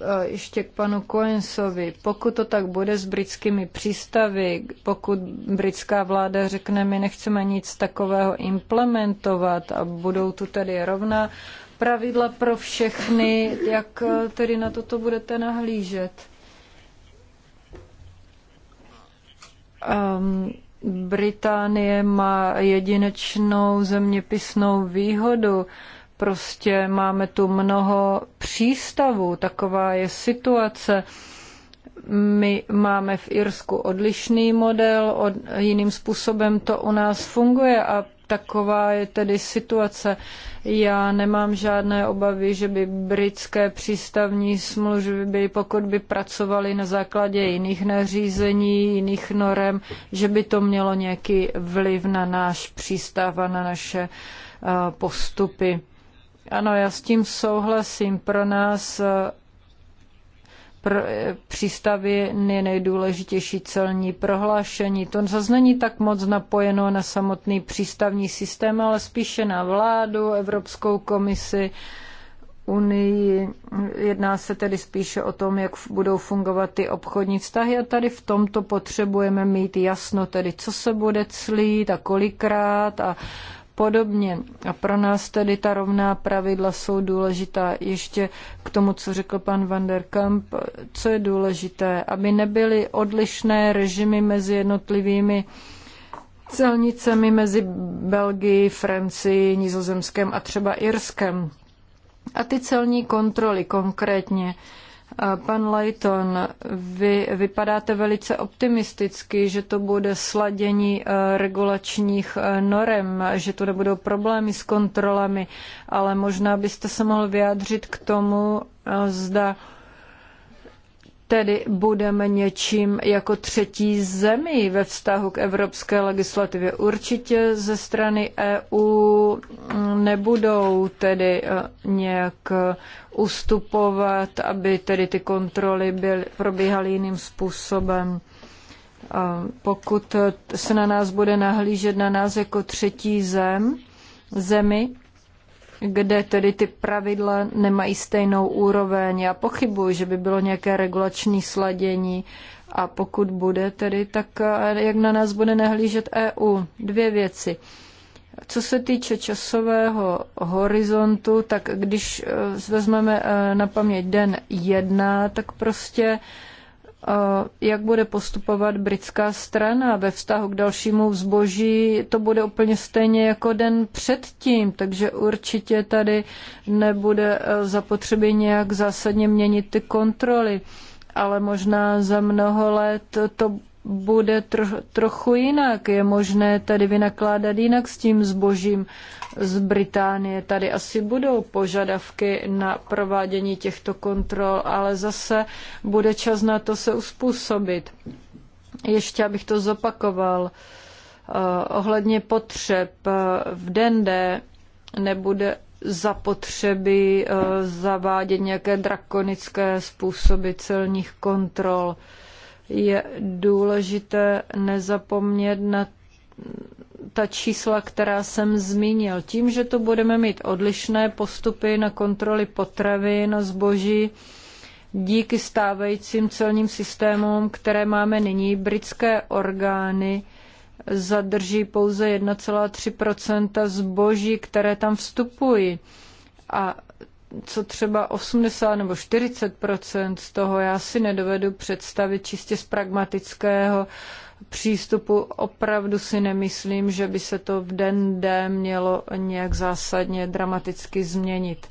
eh, ještě k panu Coensovi. Pokud to tak bude s britskými přístavy, pokud britská vláda řekne, my nechceme nic takového implementovat a budou tu tedy rovná pravidla pro všechny, jak eh, tedy na toto budete nahlížet? Um, Británie má jedinečnou zeměpisnou výhodu. Prostě máme tu mnoho přístavů, taková je situace. My máme v Irsku odlišný model, od, jiným způsobem to u nás funguje a Taková je tedy situace. Já nemám žádné obavy, že by britské přístavní smlužby byly, pokud by pracovali na základě jiných nařízení, jiných norem, že by to mělo nějaký vliv na náš přístav a na naše eh, postupy. Ano, já s tím souhlasím. Pro nás eh, pr- přístavy je nejdůležitější celní prohlášení. To zase není tak moc napojeno na samotný přístavní systém, ale spíše na vládu, Evropskou komisi, Unii. Jedná se tedy spíše o tom, jak budou fungovat ty obchodní vztahy a tady v tomto potřebujeme mít jasno, tedy co se bude clít a kolikrát a podobně. A pro nás tedy ta rovná pravidla jsou důležitá. Ještě k tomu, co řekl pan Van der Kamp, co je důležité, aby nebyly odlišné režimy mezi jednotlivými celnicemi mezi Belgii, Francii, Nizozemskem a třeba Irskem. A ty celní kontroly konkrétně, Pan Layton, vy vypadáte velice optimisticky, že to bude sladění eh, regulačních eh, norem, že to nebudou problémy s kontrolami, ale možná byste se mohl vyjádřit k tomu, eh, zda tedy budeme něčím jako třetí zemí ve vztahu k evropské legislativě. Určitě ze strany EU mm, nebudou tedy e, nějak e, ustupovat, aby tedy ty kontroly byly, probíhaly jiným způsobem. E, pokud se na nás bude nahlížet na nás jako třetí zem, zemi, kde tedy ty pravidla nemají stejnou úroveň. Já pochybuji, že by bylo nějaké regulační sladění a pokud bude tedy, tak eh, jak na nás bude nahlížet EU? Dvě věci. Co se týče časového horizontu, tak když eh, vezmeme eh, na paměť den jedna, tak prostě jak bude postupovat britská strana ve vztahu k dalšímu zboží, to bude úplně stejně jako den předtím, takže určitě tady nebude e, zapotřebí nějak zásadně měnit ty kontroly ale možná za mnoho let to bude tro, trochu jinak. Je možné tady vynakládat jinak s tím zbožím z Británie. Tady asi budou požadavky na provádění těchto kontrol, ale zase bude čas na to se uspůsobit. Ještě abych to zopakoval. Eh, ohledně potřeb eh, v DND nebude zapotřeby eh, zavádět nějaké drakonické způsoby celních kontrol je důležité nezapomnět na ta čísla, která jsem zmínil. Tím, že to budeme mít odlišné postupy na kontroly potravin, zboží, díky stávajícím celním systémům, které máme nyní, britské orgány zadrží pouze 1,3 zboží, které tam vstupují. A co třeba 80 nebo 40 z toho já si nedovedu představit čistě z pragmatického přístupu. Opravdu si nemyslím, že by se to v den D mělo nějak zásadně dramaticky změnit.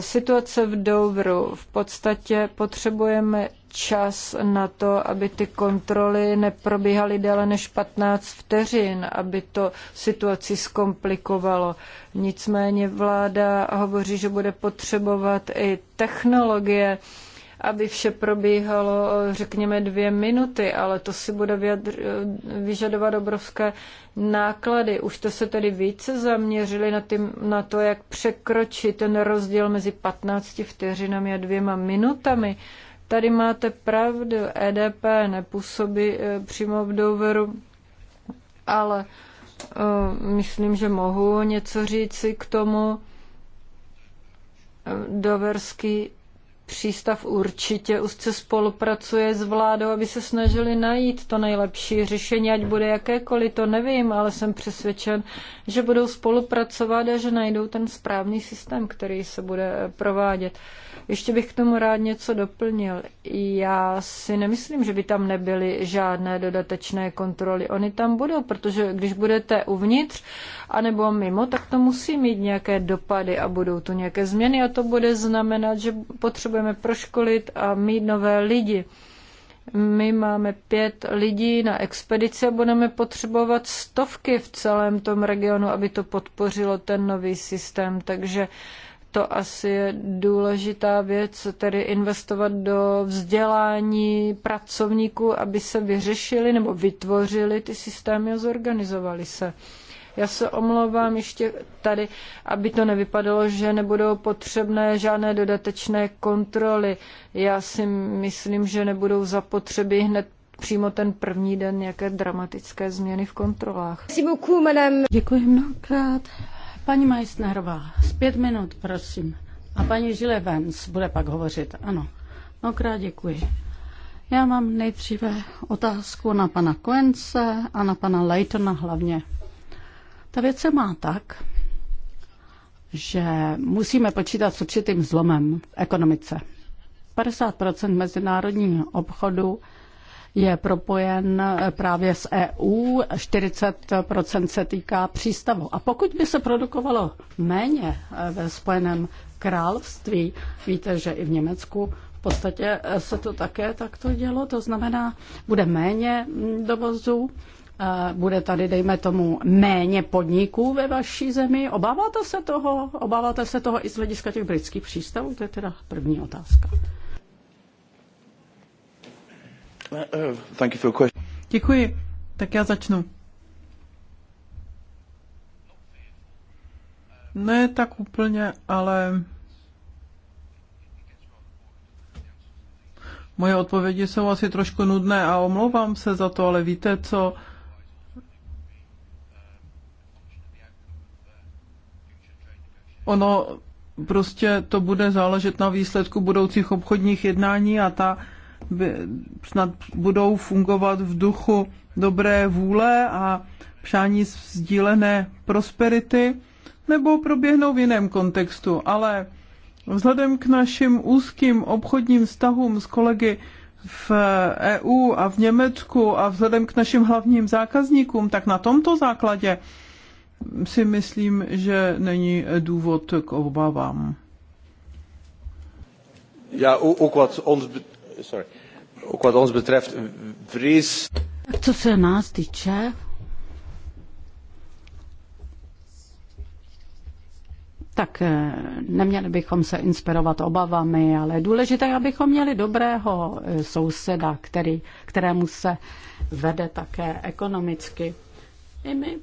Situace v Douvru. V podstatě potřebujeme čas na to, aby ty kontroly neprobíhaly déle než 15 vteřin, aby to situaci zkomplikovalo. Nicméně vláda hovoří, že bude potřebovat i technologie, aby vše probíhalo, řekněme, dvě minuty, ale to si bude vyjadř, vyžadovat obrovské náklady. Už to se tedy více zaměřili na, tým, na to, jak překročit ten rozdíl mezi 15 vteřinami a dvěma minutami. Tady máte pravdu, EDP nepůsobí e, přímo v Doveru, ale e, myslím, že mohu něco říci k tomu. E, Doverský přístav určitě úzce spolupracuje s vládou, aby se snažili najít to nejlepší řešení, ať bude jakékoliv, to nevím, ale jsem přesvědčen, že budou spolupracovat a že najdou ten správný systém, který se bude provádět. Ještě bych k tomu rád něco doplnil. Já si nemyslím, že by tam nebyly žádné dodatečné kontroly. Oni tam budou, protože když budete uvnitř anebo mimo, tak to musí mít nějaké dopady a budou tu nějaké změny a to bude znamenat, že potřebujeme proškolit a mít nové lidi. My máme pět lidí na expedici a budeme potřebovat stovky v celém tom regionu, aby to podpořilo ten nový systém. Takže uh, to asi je důležitá věc, tedy investovat do vzdělání pracovníků, aby se vyřešili nebo vytvořili ty systémy a zorganizovali se. Já se omlouvám ještě tady, aby to nevypadalo, že nebudou potřebné žádné dodatečné kontroly. Já si myslím, že nebudou zapotřeby hned přímo ten první den nějaké dramatické změny v kontrolách. Děkuji mnohokrát, Paní Majstnerová, z pět minut, prosím. A paní Žile Vens bude pak hovořit. Ano. Mnohokrát děkuji. Já mám nejdříve otázku na pana Koence a na pana Leitona hlavně. Ta věc se má tak, že musíme počítat s určitým zlomem v ekonomice. 50 mezinárodního obchodu je propojen právě s EU, 40% se týká přístavu. A pokud by se produkovalo méně eh, ve Spojeném království, víte, že i v Německu v podstatě eh, se to také takto dělo, to znamená, bude méně mm, dovozů, eh, bude tady, dejme tomu, méně podniků ve vaší zemi. Obáváte se toho? Obáváte se toho i z hlediska těch britských přístavů? To je teda první otázka. Děkuji. Tak já začnu. Ne tak úplně, ale moje odpovědi jsou asi trošku nudné a omlouvám se za to, ale víte co? Ono prostě to bude záležet na výsledku budoucích obchodních jednání a ta by, snad budou fungovat v duchu dobré vůle a přání sdílené prosperity, nebo proběhnou v jiném kontextu. Ale vzhledem k našim úzkým obchodním vztahům s kolegy v EU a v Německu a vzhledem k našim hlavním zákazníkům, tak na tomto základě si myslím, že není důvod k obavám. Ja, u, u, sorry ook wat ons betreft vrees. Co se nás tak eh, neměli bychom se inspirovat obavami, ale je důležité, abychom měli dobrého eh, souseda, který, kterému se vede také ekonomicky i my.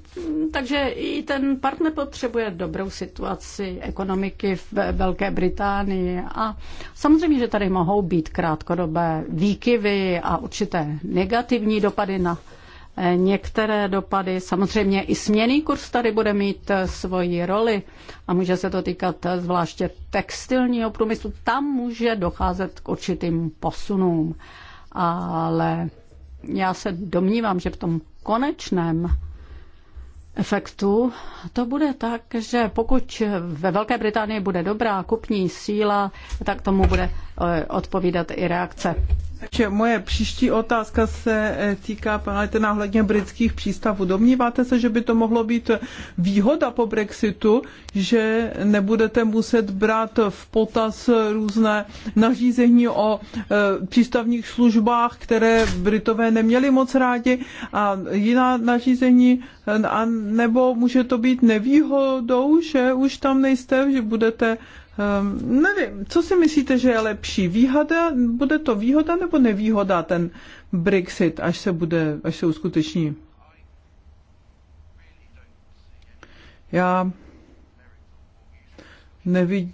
Takže i ten partner potřebuje dobrou situaci ekonomiky v Velké Británii a samozřejmě, že tady mohou být krátkodobé výkyvy a určité negativní dopady na eh, některé dopady. Samozřejmě i směný kurz tady bude mít eh, svoji roli a může se to týkat eh, zvláště textilního průmyslu. Tam může docházet k určitým posunům, ale já se domnívám, že v tom konečném efektu to bude tak, že pokud ve Velké Británii bude dobrá kupní síla, tak tomu bude eh, odpovídat i reakce. Takže moje příští otázka se eh, týká pana Letena hledně britských přístavů. Domníváte se, že by to mohlo být výhoda po Brexitu, že nebudete muset brát v potaz různé nařízení o e, přístavních službách, které Britové neměli moc rádi a jiná nařízení, eh, a nebo může to být nevýhodou, že už tam nejste, že budete Um, nevím, co si myslíte, že je lepší? Výhoda, bude to výhoda nebo nevýhoda ten Brexit, až se, bude, až se uskuteční? Já nevidím,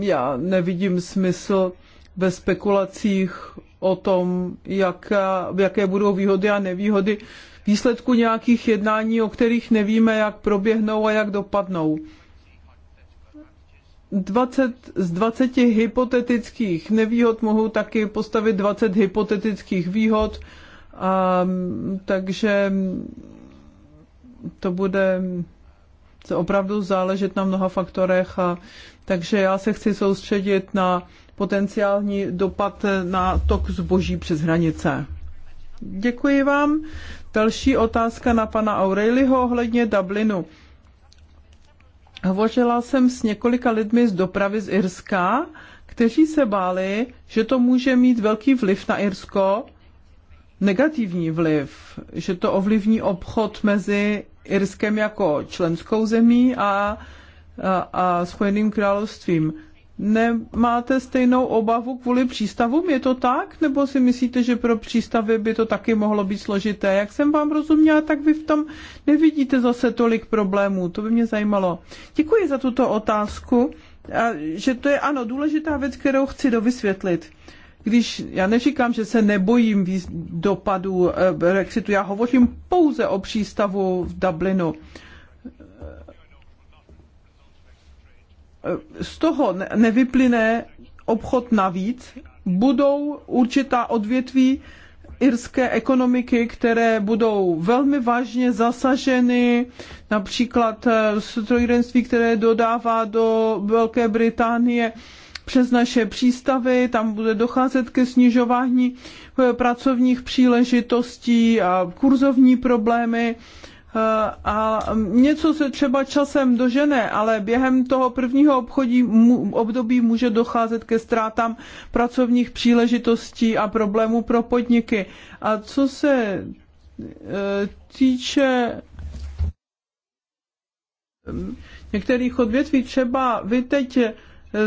já nevidím smysl ve spekulacích o tom, jaká, jaké budou výhody a nevýhody výsledku nějakých jednání, o kterých nevíme, jak proběhnou a jak dopadnou. 20, z 20 hypotetických nevýhod mohu taky postavit 20 hypotetických výhod, a, takže to bude opravdu záležet na mnoha faktorech. A, takže já se chci soustředit na potenciální dopad na tok zboží přes hranice. Děkuji vám. Další otázka na pana Aureliho ohledně Dublinu. Hovořila jsem s několika lidmi z dopravy z Irska, kteří se báli, že to může mít velký vliv na Irsko, negativní vliv, že to ovlivní obchod mezi Irskem jako členskou zemí a, a, a Spojeným královstvím nemáte stejnou obavu kvůli přístavům? Je to tak? Nebo si myslíte, že pro přístavy by to taky mohlo být složité? Jak jsem vám rozuměla, tak vy v tom nevidíte zase tolik problémů. To by mě zajímalo. Děkuji za tuto otázku. A, že to je ano důležitá věc, kterou chci dovysvětlit. Když já neříkám, že se nebojím dopadů eh, Brexitu, já hovořím pouze o přístavu v Dublinu. Eh, z toho nevyplyne obchod navíc, budou určitá odvětví irské ekonomiky, které budou velmi vážně zasaženy, například eh, strojírenství, které dodává do Velké Británie přes naše přístavy, tam bude docházet ke snižování eh, pracovních příležitostí a kurzovní problémy a něco se třeba časem dožene, ale během toho prvního obchodí, období může docházet ke ztrátám pracovních příležitostí a problémů pro podniky. A co se e, týče e, některých odvětví, třeba vy teď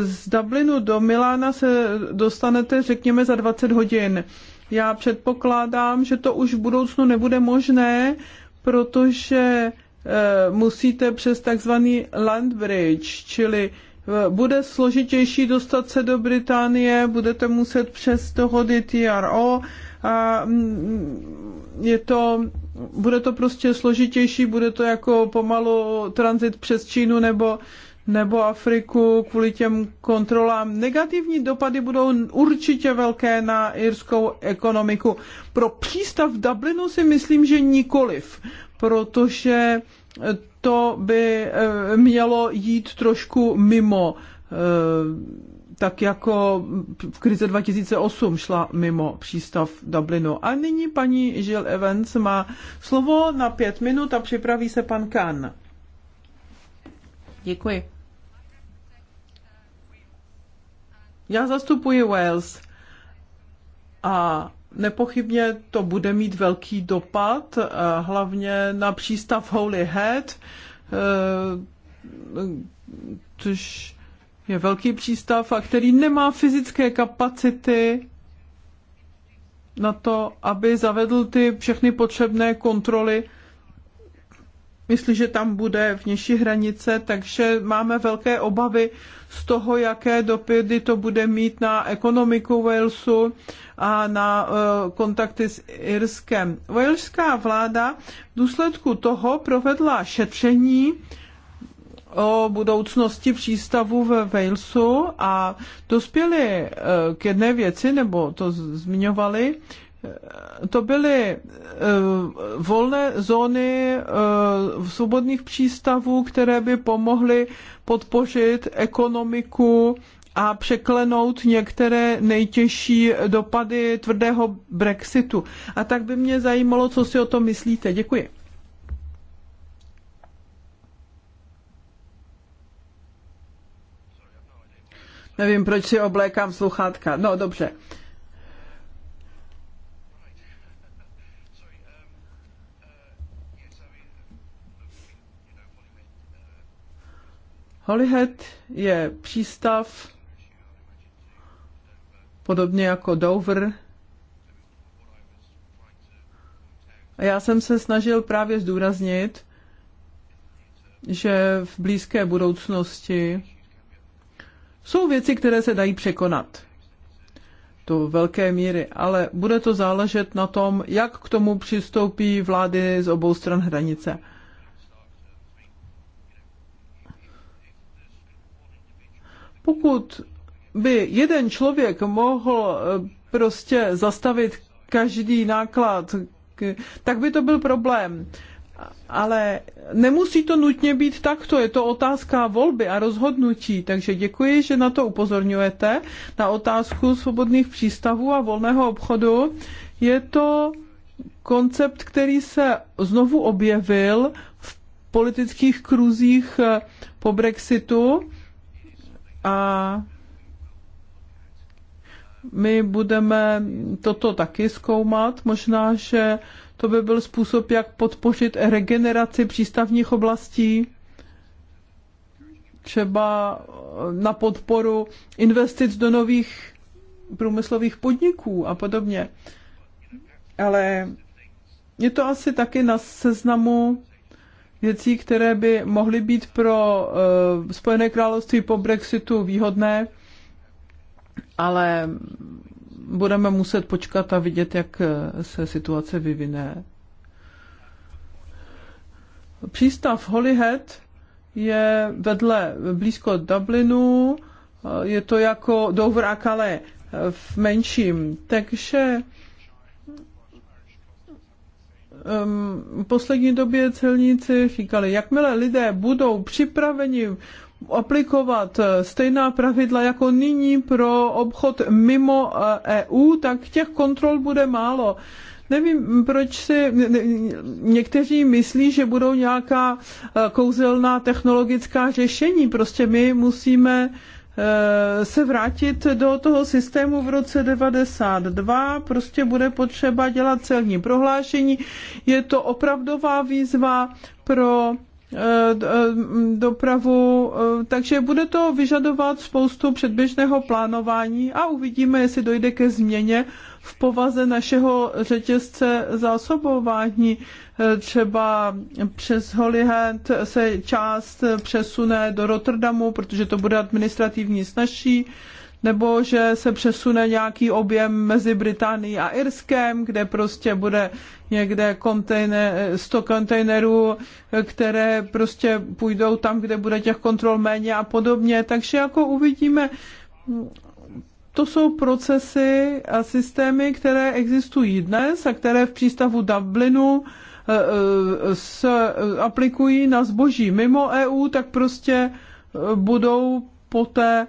z Dublinu do Milána se dostanete, řekněme, za 20 hodin. Já předpokládám, že to už v budoucnu nebude možné protože eh, musíte přes takzvaný land bridge, čili eh, bude složitější dostat se do Británie, budete muset přes dohody TRO a mm, je to, bude to prostě složitější, bude to jako pomalu tranzit přes Čínu nebo nebo Afriku kvůli těm kontrolám. Negativní dopady budou určitě velké na irskou ekonomiku. Pro přístav Dublinu si myslím, že nikoliv, protože to by eh, mělo jít trošku mimo eh, tak jako v krize 2008 šla mimo přístav Dublinu. A nyní paní Jill Evans má slovo na pět minut a připraví se pan Kan. Děkuji. Já zastupuji Wales a nepochybně to bude mít velký dopad, eh, hlavně na přístav Holyhead, eh, což je velký přístav a který nemá fyzické kapacity na to, aby zavedl ty všechny potřebné kontroly že tam bude vnější hranice, takže máme velké obavy z toho, jaké dopady to bude mít na ekonomiku Walesu a na eh, kontakty s Irskem. Waleská vláda v důsledku toho provedla šetření, o budoucnosti přístavu ve Walesu a dospěli eh, k jedné věci, nebo to zmiňovali, to byly eh, volné zóny eh, svobodných přístavů, které by pomohly podpořit ekonomiku a překlenout některé nejtěžší dopady tvrdého Brexitu. A tak by mě zajímalo, co si o tom myslíte. Děkuji. Nevím, proč si oblékám sluchátka. No, dobře. Uh, Holyhead je přístav, podobně jako Dover. A já jsem se snažil právě zdůraznit, že v blízké budoucnosti jsou věci, které se dají překonat do velké míry, ale bude to záležet na tom, jak k tomu přistoupí vlády z obou stran hranice. Pokud by jeden člověk mohl eh, prostě zastavit každý náklad, tak by to byl problém. Ale nemusí to nutně být takto, je to otázka volby a rozhodnutí. Takže děkuji, že na to upozorňujete, na otázku svobodných přístavů a volného obchodu. Je to koncept, který se znovu objevil v politických kruzích eh, po Brexitu a my budeme toto taky zkoumat. Možná, že to by byl způsob, jak podpořit regeneraci přístavních oblastí, třeba na podporu investic do nových průmyslových podniků a podobně. Ale je to asi taky na seznamu věcí, které by mohly být pro eh, Spojené království po Brexitu výhodné, ale budeme muset počkat a vidět, jak eh, se situace vyvine. Přístav Holyhead je vedle blízko Dublinu, eh, je to jako Dover a Calais v menším, takže um, poslední době celníci říkali, jakmile lidé budou připraveni aplikovat eh, stejná pravidla jako nyní pro obchod mimo EU, eh, e tak těch kontrol bude málo. Nevím, proč si někteří myslí, že budou nějaká eh, kouzelná technologická řešení. Prostě my musíme Eh, se vrátit do toho systému v roce 92. Prostě bude potřeba dělat celní prohlášení. Je to opravdová výzva pro eh, eh, dopravu, takže bude to vyžadovat spoustu předběžného plánování a uvidíme, jestli dojde ke změně v povaze našeho řetězce zásobování. Eh, třeba přes Holyhead se část přesune do Rotterdamu, protože to bude administrativní snažší, nebo že se přesune nějaký objem mezi Británií a Irskem, kde prostě bude někde kontejner, 100 kontejnerů, eh, které prostě půjdou tam, kde bude těch kontrol méně a podobně. Takže jako uvidíme, to jsou procesy a systémy, které existují dnes a které v přístavu Dublinu Eh, eh, se aplikují na zboží mimo EU, tak prostě eh, budou poté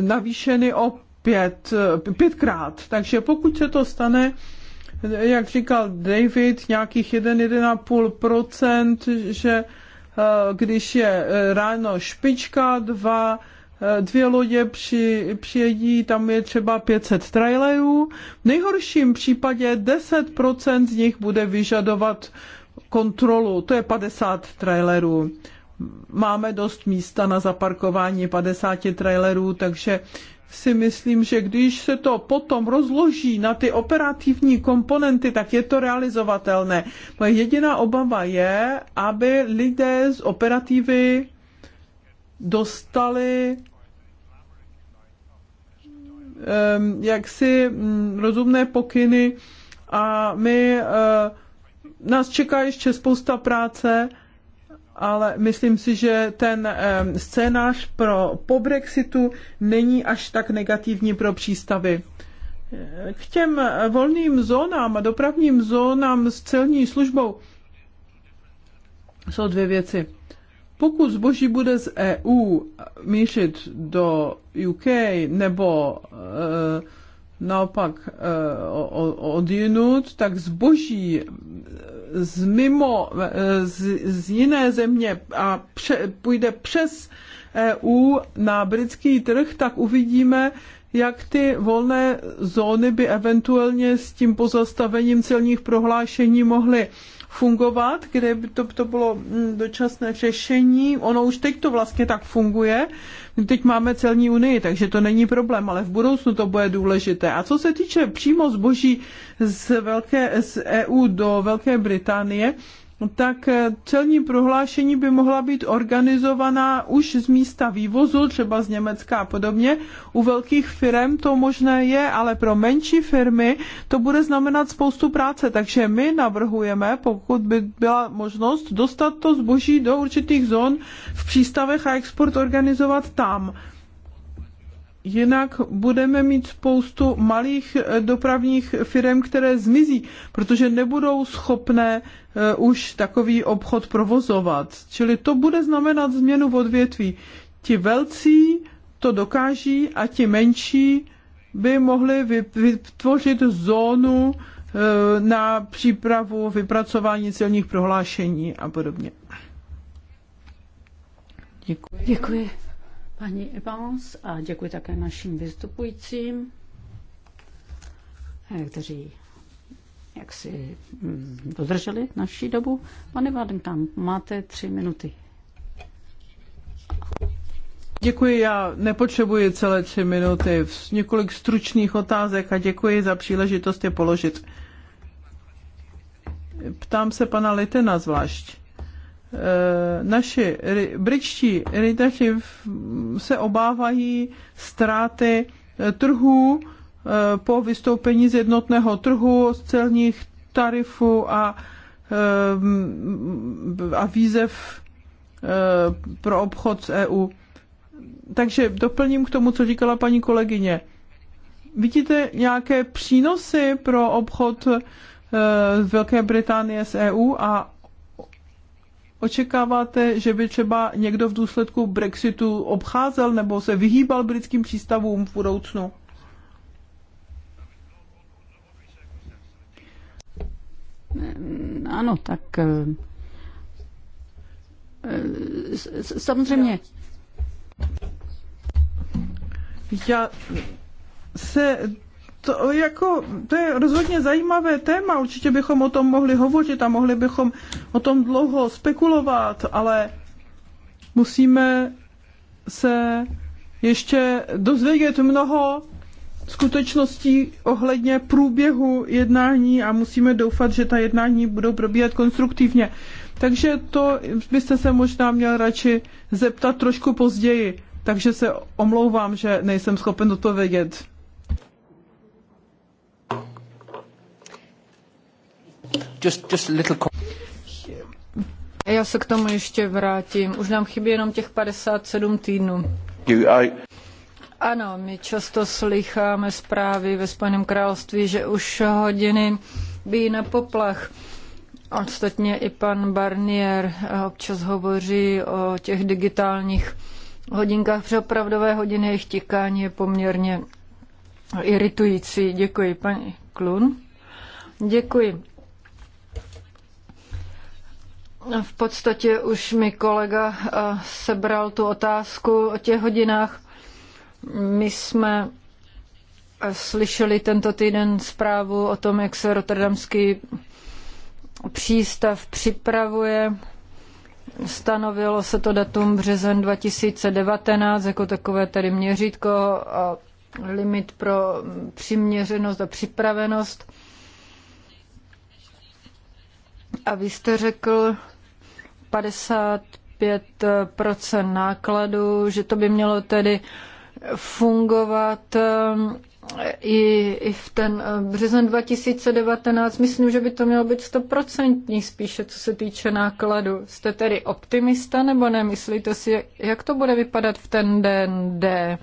navýšeny o pět, pětkrát. Takže pokud se to stane, jak říkal David, nějakých 1-1,5%, že když je ráno špička, dva Eh, dvě lodě při, přijedí, tam je třeba 500 trailerů. V nejhorším případě 10% z nich bude vyžadovat kontrolu, to je 50 trailerů. Máme dost místa na zaparkování 50 trailerů, takže si myslím, že když se to potom rozloží na ty operativní komponenty, tak je to realizovatelné. Moje jediná obava je, aby lidé z operativy dostali jaksi mm, rozumné pokyny a my eh, nás čeká ještě spousta práce, ale myslím si, že ten scénář pro po Brexitu není až tak negativní pro přístavy. K těm eh, volným zónám a dopravním zónám s celní službou jsou dvě věci. Pokud zboží bude z EU míšit do UK nebo e, naopak eh, od jinut, tak zboží z mimo, eh, z, z jiné země a pře, půjde přes EU na britský trh, tak uvidíme, jak ty volné zóny by eventuálně s tím pozastavením celních prohlášení mohly fungovat, kde by to, to bylo mm, dočasné řešení. Ono už teď to vlastně tak funguje. Teď máme celní unii, takže to není problém, ale v budoucnu to bude důležité. A co se týče přímo zboží z, velké, z EU do Velké Británie, tak eh, celní prohlášení by mohla být organizovaná už z místa vývozu, třeba z Německa a podobně. U velkých firm to možné je, ale pro menší firmy to bude znamenat spoustu práce. Takže my navrhujeme, pokud by byla možnost, dostat to zboží do určitých zón v přístavech a export organizovat tam. Jinak budeme mít spoustu malých eh, dopravních firm, které zmizí, protože nebudou schopné eh, už takový obchod provozovat. Čili to bude znamenat změnu v odvětví. Ti velcí to dokáží a ti menší by mohli vytvořit zónu eh, na přípravu, vypracování celních prohlášení a podobně. Děkuji. Děkuji paní Evans a děkuji také našim vystupujícím, eh, kteří jak si mm, dodrželi naší dobu. Pane Vádenkám máte tři minuty. Děkuji, já nepotřebuji celé tři minuty. Několik stručných otázek a děkuji za příležitost je položit. Ptám se pana Litena zvlášť. Eh, naši britští rytaři se obávají ztráty eh, trhů eh, po vystoupení z jednotného trhu, z celních tarifů a, a výzev pro obchod s EU. Takže doplním k tomu, co říkala paní kolegyně. Vidíte nějaké přínosy pro obchod z Velké Británie s EU a Očekáváte, že by třeba někdo v důsledku Brexitu obcházel nebo se vyhýbal britským přístavům v budoucnu? Eh, ano, tak eh, eh, samozřejmě. Já se to, jako, to je rozhodně zajímavé téma, určitě bychom o tom mohli hovořit a mohli bychom o tom dlouho spekulovat, ale musíme se ještě dozvědět mnoho skutečností ohledně průběhu jednání a musíme doufat, že ta jednání budou probíhat konstruktivně. Takže to byste se možná měl radši zeptat trošku později. Takže se omlouvám, že nejsem schopen odpovědět. just, just a little... Já se k tomu ještě vrátím. Už nám chybí jenom těch 57 týdnů. You, I... Ano, my často slycháme zprávy ve Spojeném království, že už hodiny bíjí na poplach. Ostatně i pan Barnier občas hovoří o těch digitálních hodinkách, protože opravdové hodiny jejich tikání je poměrně iritující. Děkuji, paní Klun. Děkuji. V podstatě už mi kolega eh, sebral tu otázku o těch hodinách. My jsme eh, slyšeli tento týden zprávu o tom, jak se rotterdamský přístav připravuje. Stanovilo se to datum březen 2019 jako takové tady měřítko a limit pro přiměřenost a připravenost. A vy jste řekl, 55 nákladů, že to by mělo tedy fungovat ehm, i, i v ten eh, březen 2019. Myslím, že by to mělo být 100% spíše, co se týče nákladu. Jste tedy optimista nebo nemyslíte si, jak to bude vypadat v ten den D?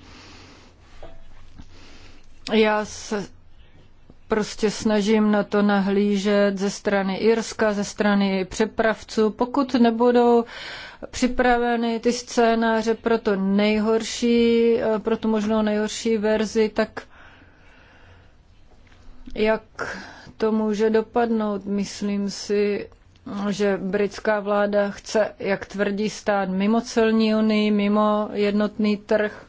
Já se prostě snažím na to nahlížet ze strany Irska, ze strany přepravců. Pokud nebudou připraveny ty scénáře pro to nejhorší, eh, pro tu možnou nejhorší verzi, tak jak to může dopadnout? Myslím si, že britská vláda chce, jak tvrdí, stát mimo celní unii, mimo jednotný trh.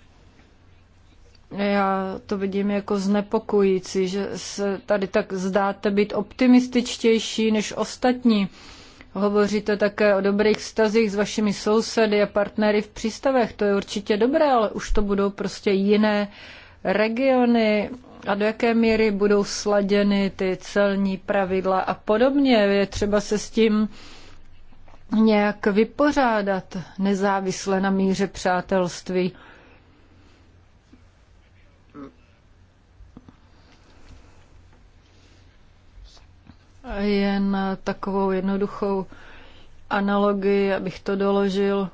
Já to vidím jako znepokojící, že se tady tak zdáte být optimističtější než ostatní. Hovoříte také o dobrých vztazích s vašimi sousedy a partnery v přístavech. To je určitě dobré, ale už to budou prostě jiné regiony a do jaké míry budou sladěny ty celní pravidla a podobně. Je třeba se s tím nějak vypořádat nezávisle na míře přátelství. jen takovou jednoduchou analogii, abych to doložil.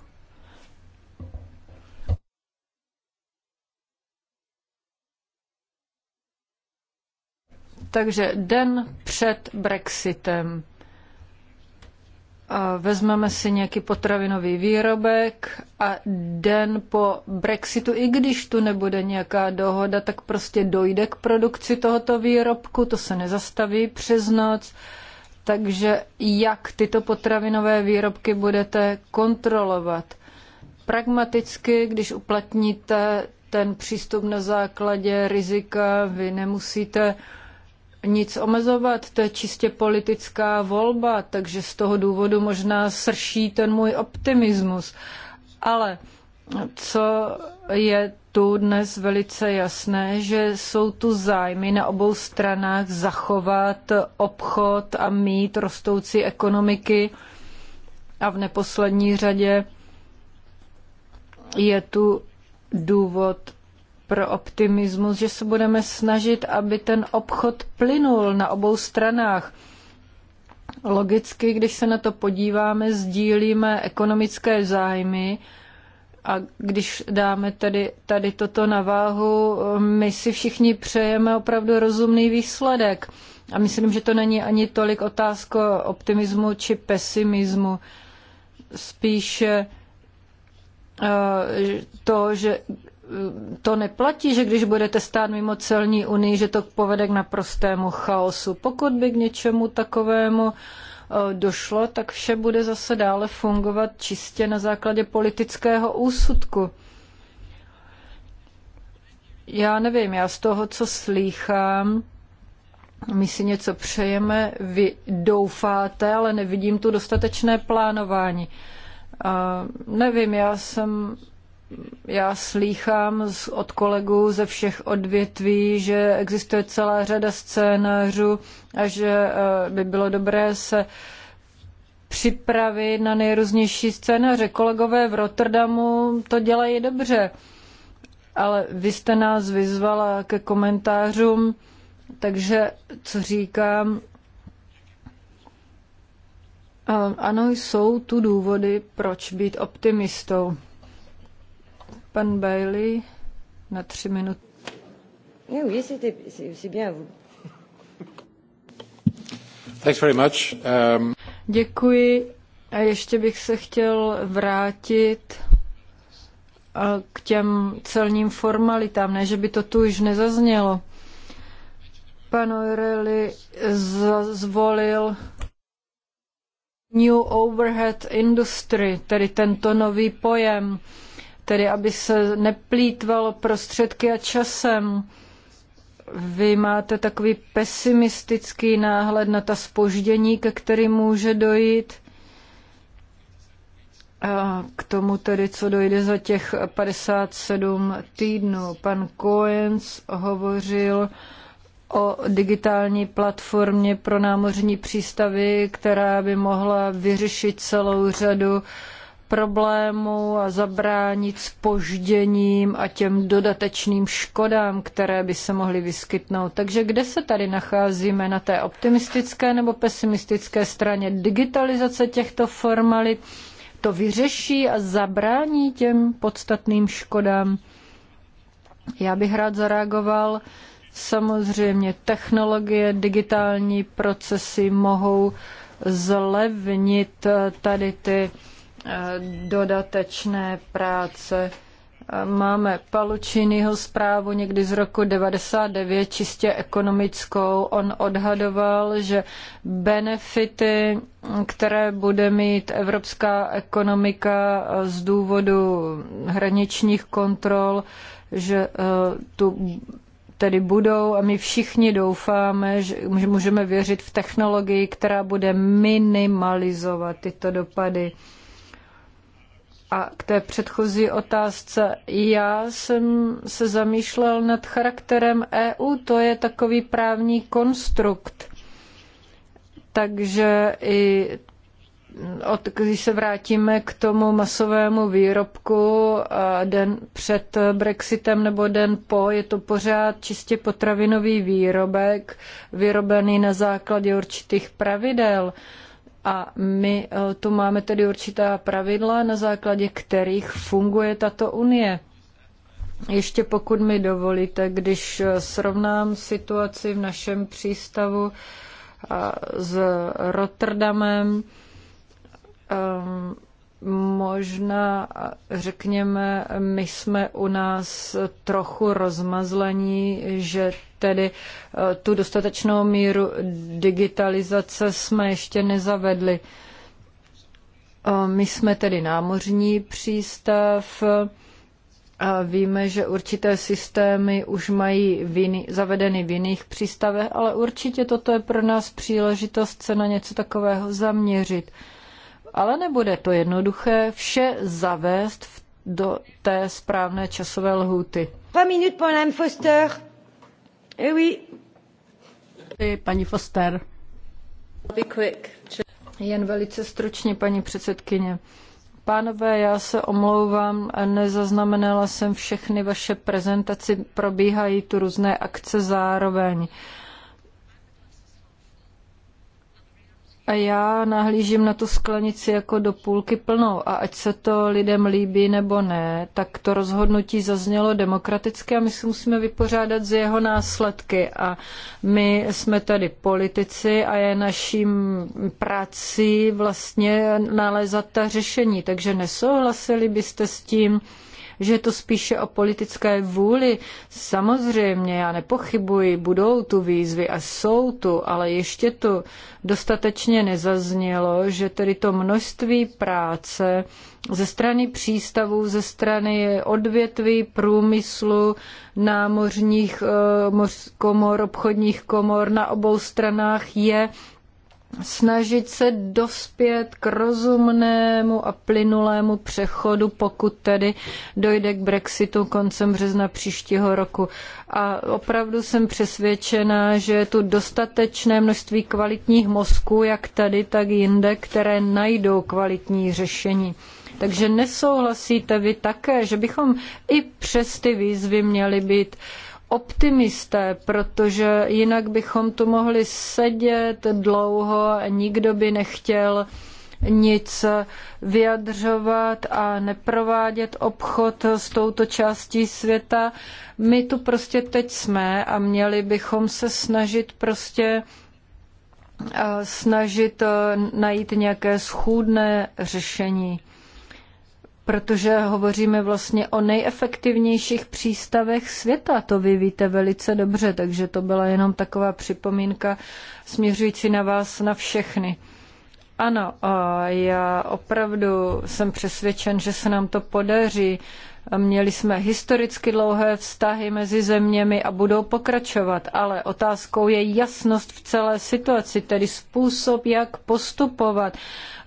Takže den před Brexitem vezmeme si nějaký potravinový výrobek a den po Brexitu, i když tu nebude nějaká dohoda, tak prostě dojde k produkci tohoto výrobku, to se nezastaví přes noc. Takže jak tyto potravinové výrobky budete kontrolovat? Pragmaticky, když uplatníte ten přístup na základě rizika, vy nemusíte uh, nic omezovat, to je čistě politická volba, takže z toho důvodu možná srší ten můj optimismus. Ale co je tu dnes velice jasné, že jsou tu zájmy na obou stranách zachovat obchod a mít rostoucí ekonomiky a v neposlední řadě je tu důvod pro optimismus, že se budeme snažit, aby ten obchod plynul na obou stranách. Logicky, když se na to podíváme, sdílíme ekonomické zájmy a když dáme tady, tady toto na váhu, my si všichni přejeme opravdu rozumný výsledek. A myslím, že to není ani tolik otázka optimismu či pesimismu. Spíše eh, to, že to neplatí, že když budete stát mimo celní unii, že to povede k naprostému chaosu. Pokud by k něčemu takovému eh, došlo, tak vše bude zase dále fungovat čistě na základě politického úsudku. Já nevím, já z toho, co slýchám, my si něco přejeme, vy doufáte, ale nevidím tu dostatečné plánování. nevím, já jsem já slýchám od kolegů ze všech odvětví, že existuje celá řada scénářů a že eh, by bylo dobré se připravit na nejrůznější scénáře. Kolegové v Rotterdamu to dělají dobře, ale vy jste nás vyzvala ke komentářům, takže co říkám, eh, ano, jsou tu důvody, proč být optimistou. Pan Bailey na tři minuty. Oui, c'était, c'est bien vous. Thanks very much. Um... Děkuji. A ještě bych se chtěl vrátit k těm celním formalitám, ne, že by to tu už nezaznělo. Pan O'Reilly zvolil New Overhead Industry, tedy tento nový pojem tedy aby se neplýtval prostředky a časem. Vy máte takový pesimistický náhled na ta spoždění, ke kterým může dojít. A k tomu tedy, co dojde za těch 57 týdnů. Pan Coens hovořil o digitální platformě pro námořní přístavy, která by mohla vyřešit celou řadu uh, problémů a zabránit spožděním a těm dodatečným škodám, které by se mohly vyskytnout. Takže kde se tady nacházíme na té optimistické nebo pesimistické straně? Digitalizace těchto formalit to vyřeší a zabrání těm podstatným škodám? Já bych rád zareagoval. Samozřejmě technologie, digitální procesy mohou zlevnit tady ty dodatečné práce. Máme Palučinyho zprávu někdy z roku 99, čistě ekonomickou. On odhadoval, že benefity, které bude mít evropská ekonomika z důvodu hraničních kontrol, že eh, tu tedy budou a my všichni doufáme, že můžeme věřit v technologii, která bude minimalizovat tyto dopady. A k té předchozí otázce. Já jsem se zamýšlel nad charakterem EU, to je takový právní konstrukt. Takže i od, když se vrátíme k tomu masovému výrobku den před Brexitem nebo den po, je to pořád čistě potravinový výrobek, vyrobený na základě určitých pravidel. A my e, tu máme tedy určitá pravidla, na základě kterých funguje tato unie. Ještě pokud mi dovolíte, když e, srovnám situaci v našem přístavu e, s Rotterdamem, možná, řekněme, my jsme u nás trochu rozmazlení, že tedy eh, tu dostatečnou míru digitalizace jsme ještě nezavedli. Eh, my jsme tedy námořní přístav, a víme, že určité systémy už mají v jiný, zavedeny v jiných přístavech, ale určitě toto je pro nás příležitost se na něco takového zaměřit ale nebude to jednoduché vše zavést v, do té správné časové lhůty. minut pro Madame Foster. Eh oui. Paní Foster. Be quick. Jen velice stručně, paní předsedkyně. Pánové, já se omlouvám, nezaznamenala jsem všechny vaše prezentaci, probíhají tu různé akce zároveň. A já nahlížím na tu sklenici jako do půlky plnou a ať se to lidem líbí nebo ne, tak to rozhodnutí zaznělo demokraticky a my se musíme vypořádat z jeho následky. A my jsme tady politici a je naším prací vlastně nalézat ta řešení. Takže nesouhlasili byste s tím, že je to spíše o politické vůli. Samozřejmě, já nepochybuji, budou tu výzvy a jsou tu, ale ještě tu dostatečně nezaznělo, že tedy to množství práce ze strany přístavů, ze strany odvětví průmyslu, námořních eh, komor, obchodních komor na obou stranách je snažit se dospět k rozumnému a plynulému přechodu, pokud tedy dojde k Brexitu koncem března příštího roku. A opravdu jsem přesvědčena, že je tu dostatečné množství kvalitních mozků, jak tady, tak jinde, které najdou kvalitní řešení. Takže nesouhlasíte vy také, že bychom i přes ty výzvy měli být uh, optimisté, protože jinak bychom tu mohli sedět dlouho a nikdo by nechtěl nic vyjadřovat a neprovádět obchod s touto částí světa. My tu prostě teď jsme a měli bychom se snažit prostě eh, snažit eh, najít nějaké schůdné řešení protože hovoříme vlastně o nejefektivnějších přístavech světa. To vy víte velice dobře, takže to byla jenom taková připomínka směřující na vás, na všechny. Ano, já opravdu jsem přesvědčen, že se nám to podaří. Měli jsme historicky dlouhé vztahy mezi zeměmi a budou pokračovat, ale otázkou je jasnost v celé situaci, tedy způsob, jak postupovat.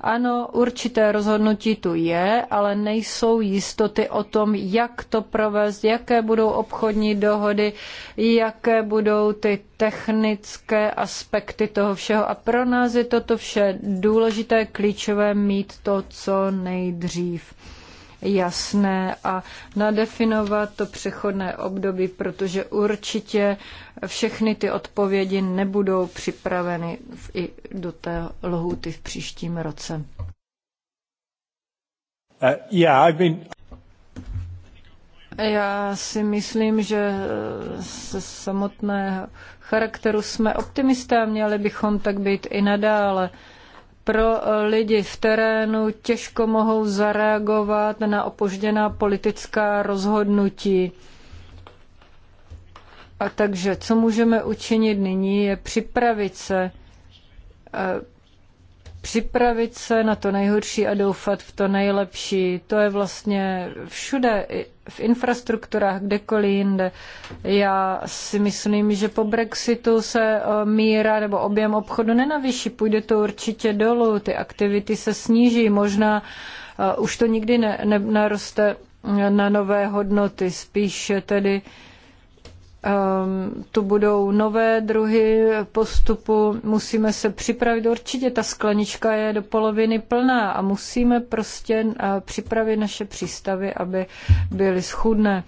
Ano, určité rozhodnutí tu je, ale nejsou jistoty o tom, jak to provést, jaké budou obchodní dohody, jaké budou ty technické aspekty toho všeho. A pro nás je toto vše důležité, klíčové mít to co nejdřív jasné a nadefinovat to přechodné období, protože určitě všechny ty odpovědi nebudou připraveny i do té lhůty v příštím roce. Uh, yeah, I've been... Já si myslím, že se samotného charakteru jsme optimisté, měli bychom tak být i nadále. Uh, pro eh, lidi v terénu těžko mohou zareagovat na opožděná politická rozhodnutí. A takže, co můžeme učinit nyní, je připravit se eh, připravit se na to nejhorší a doufat v to nejlepší. To je vlastně všude, v infrastrukturách, kdekoliv jinde. Já si myslím, že po Brexitu se eh, míra nebo objem obchodu nenavyší, půjde to určitě dolů, ty aktivity se sníží, možná eh, už to nikdy ne, ne, naroste na nové hodnoty, spíše tedy uh, Ehm, tu budou nové druhy postupu, musíme se připravit. Určitě ta sklenička je do poloviny plná a musíme prostě eh, připravit naše přístavy, aby byly schudné.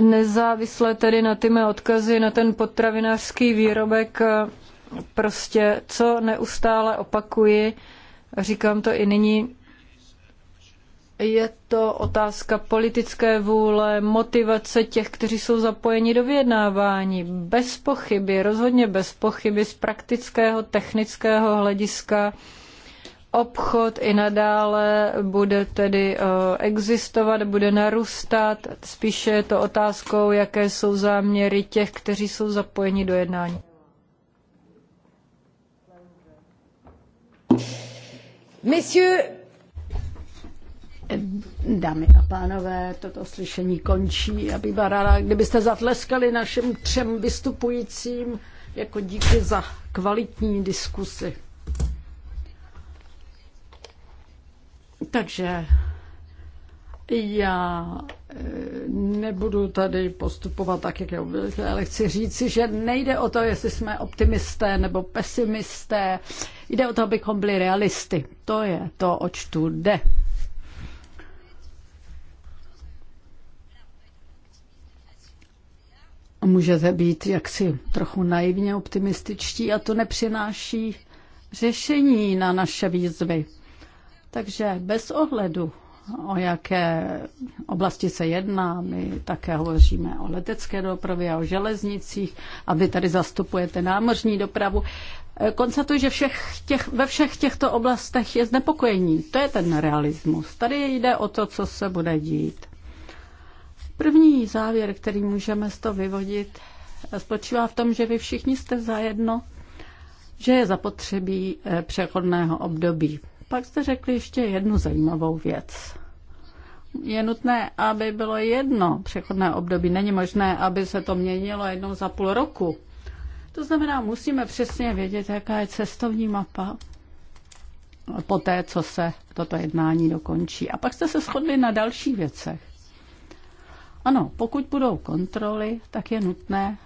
Nezávisle tedy na ty mé odkazy, na ten potravinářský výrobek, eh, prostě co neustále opakuji, říkám to i nyní, je to otázka politické vůle, motivace těch, kteří jsou zapojeni do vyjednávání. Bez pochyby, rozhodně bez pochyby z praktického, technického hlediska obchod i nadále bude tedy eh, existovat, bude narůstat. Spíše je to otázkou, jaké jsou záměry těch, kteří jsou zapojeni do jednání. Messieurs, Dámy a pánové, toto slyšení končí. Já bych byla ráda, kdybyste zatleskali našim třem vystupujícím jako díky za kvalitní diskusy. Takže já eh, nebudu tady postupovat tak, jak je obvykle, ale chci říci, že nejde o to, jestli jsme optimisté nebo pesimisté. Jde o to, abychom byli realisty. To je to, oč tu jde. můžete být jaksi trochu naivně optimističtí a to nepřináší řešení na naše výzvy. Takže bez ohledu, o jaké oblasti se jedná, my také hovoříme o letecké dopravě a o železnicích a vy tady zastupujete námořní dopravu. Eh, konstatuji, že všech těch, ve všech těchto oblastech je znepokojení. To je ten realismus. Tady jde o to, co se bude dít. První závěr, který můžeme z toho vyvodit, spočívá v tom, že vy všichni jste zajedno, že je zapotřebí eh, přechodného období. Pak jste řekli ještě jednu zajímavou věc. Je nutné, aby bylo jedno přechodné období. Není možné, aby se to měnilo jednou za půl roku. To znamená, musíme přesně vědět, jaká je cestovní mapa po té, co se toto jednání dokončí. A pak jste se shodli na dalších věcech. Ano, pokud budou kontroly, tak je nutné,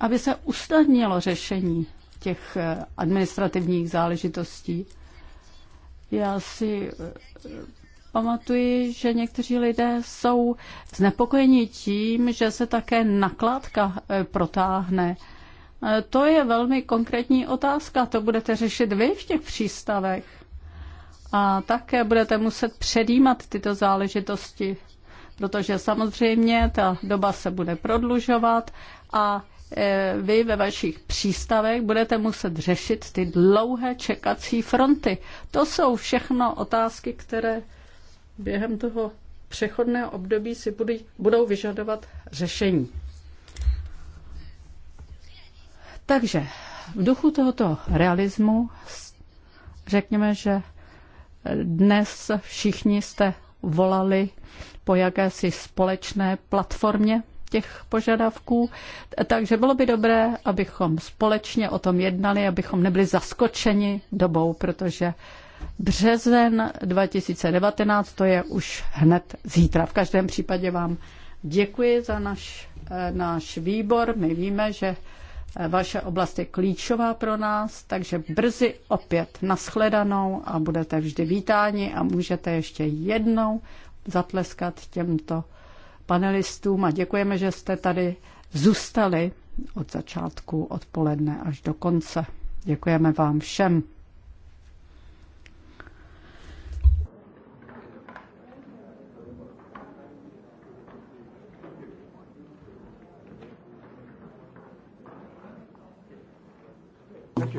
aby se usnadnilo řešení těch eh, administrativních záležitostí. Já si eh, pamatuji, že někteří lidé jsou znepokojeni tím, že se také nakládka eh, protáhne. To je velmi konkrétní otázka. To budete řešit vy v těch přístavech. A také budete muset předjímat tyto záležitosti protože samozřejmě ta doba se bude prodlužovat a e, vy ve vašich přístavech budete muset řešit ty dlouhé čekací fronty. To jsou všechno otázky, které během toho přechodného období si budou vyžadovat řešení. Takže v duchu tohoto realismu řekněme, že dnes všichni jste volali po jakési společné platformě těch požadavků. Takže bylo by dobré, abychom společně o tom jednali, abychom nebyli zaskočeni dobou, protože březen 2019 to je už hned zítra. V každém případě vám děkuji za náš eh, náš výbor. My víme, že vaše oblast je klíčová pro nás, takže brzy opět nashledanou a budete vždy vítáni a můžete ještě jednou zatleskat těmto panelistům a děkujeme, že jste tady zůstali od začátku odpoledne až do konce. Děkujeme vám všem.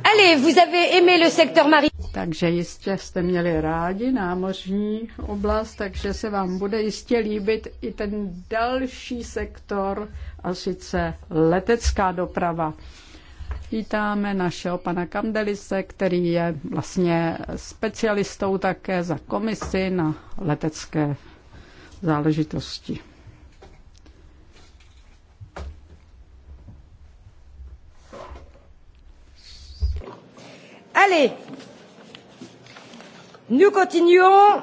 Allez, vous avez aimé le secteur maritime. Takže jistě jste měli rádi námořní oblast, takže se vám bude jistě líbit i ten další sektor, a sice letecká doprava. Vítáme našeho pana Kandelise, který je vlastně specialistou také za komisi na letecké záležitosti. Allez, nous continuons.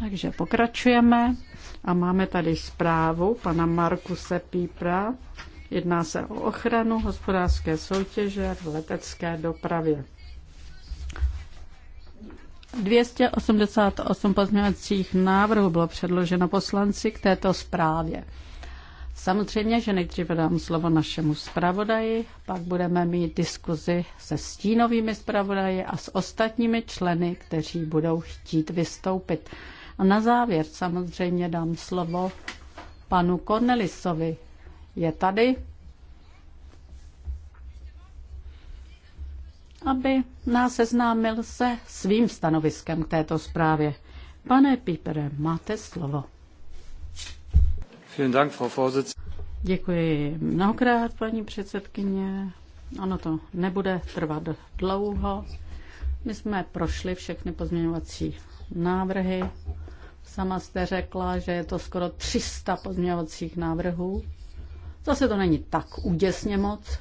Takže pokračujeme a máme tady zprávu pana Markuse Pípra. Jedná se o ochranu hospodářské soutěže v letecké dopravě. 288 pozměňovacích návrhů bylo předloženo poslanci k této zprávě. Samozřejmě, že nejdříve dám slovo našemu zpravodaji, pak budeme mít diskuzi se stínovými zpravodaji a s ostatními členy, kteří budou chtít vystoupit. A na závěr samozřejmě dám slovo panu Cornelisovi. Je tady? Aby nás seznámil se svým stanoviskem k této zprávě. Pane Pípere, máte slovo. Děkuji mnohokrát, paní předsedkyně. Ano, to nebude trvat dlouho. My jsme prošli všechny pozměňovací návrhy. Sama jste řekla, že je to skoro 300 pozměňovacích návrhů. Zase to není tak úděsně moc.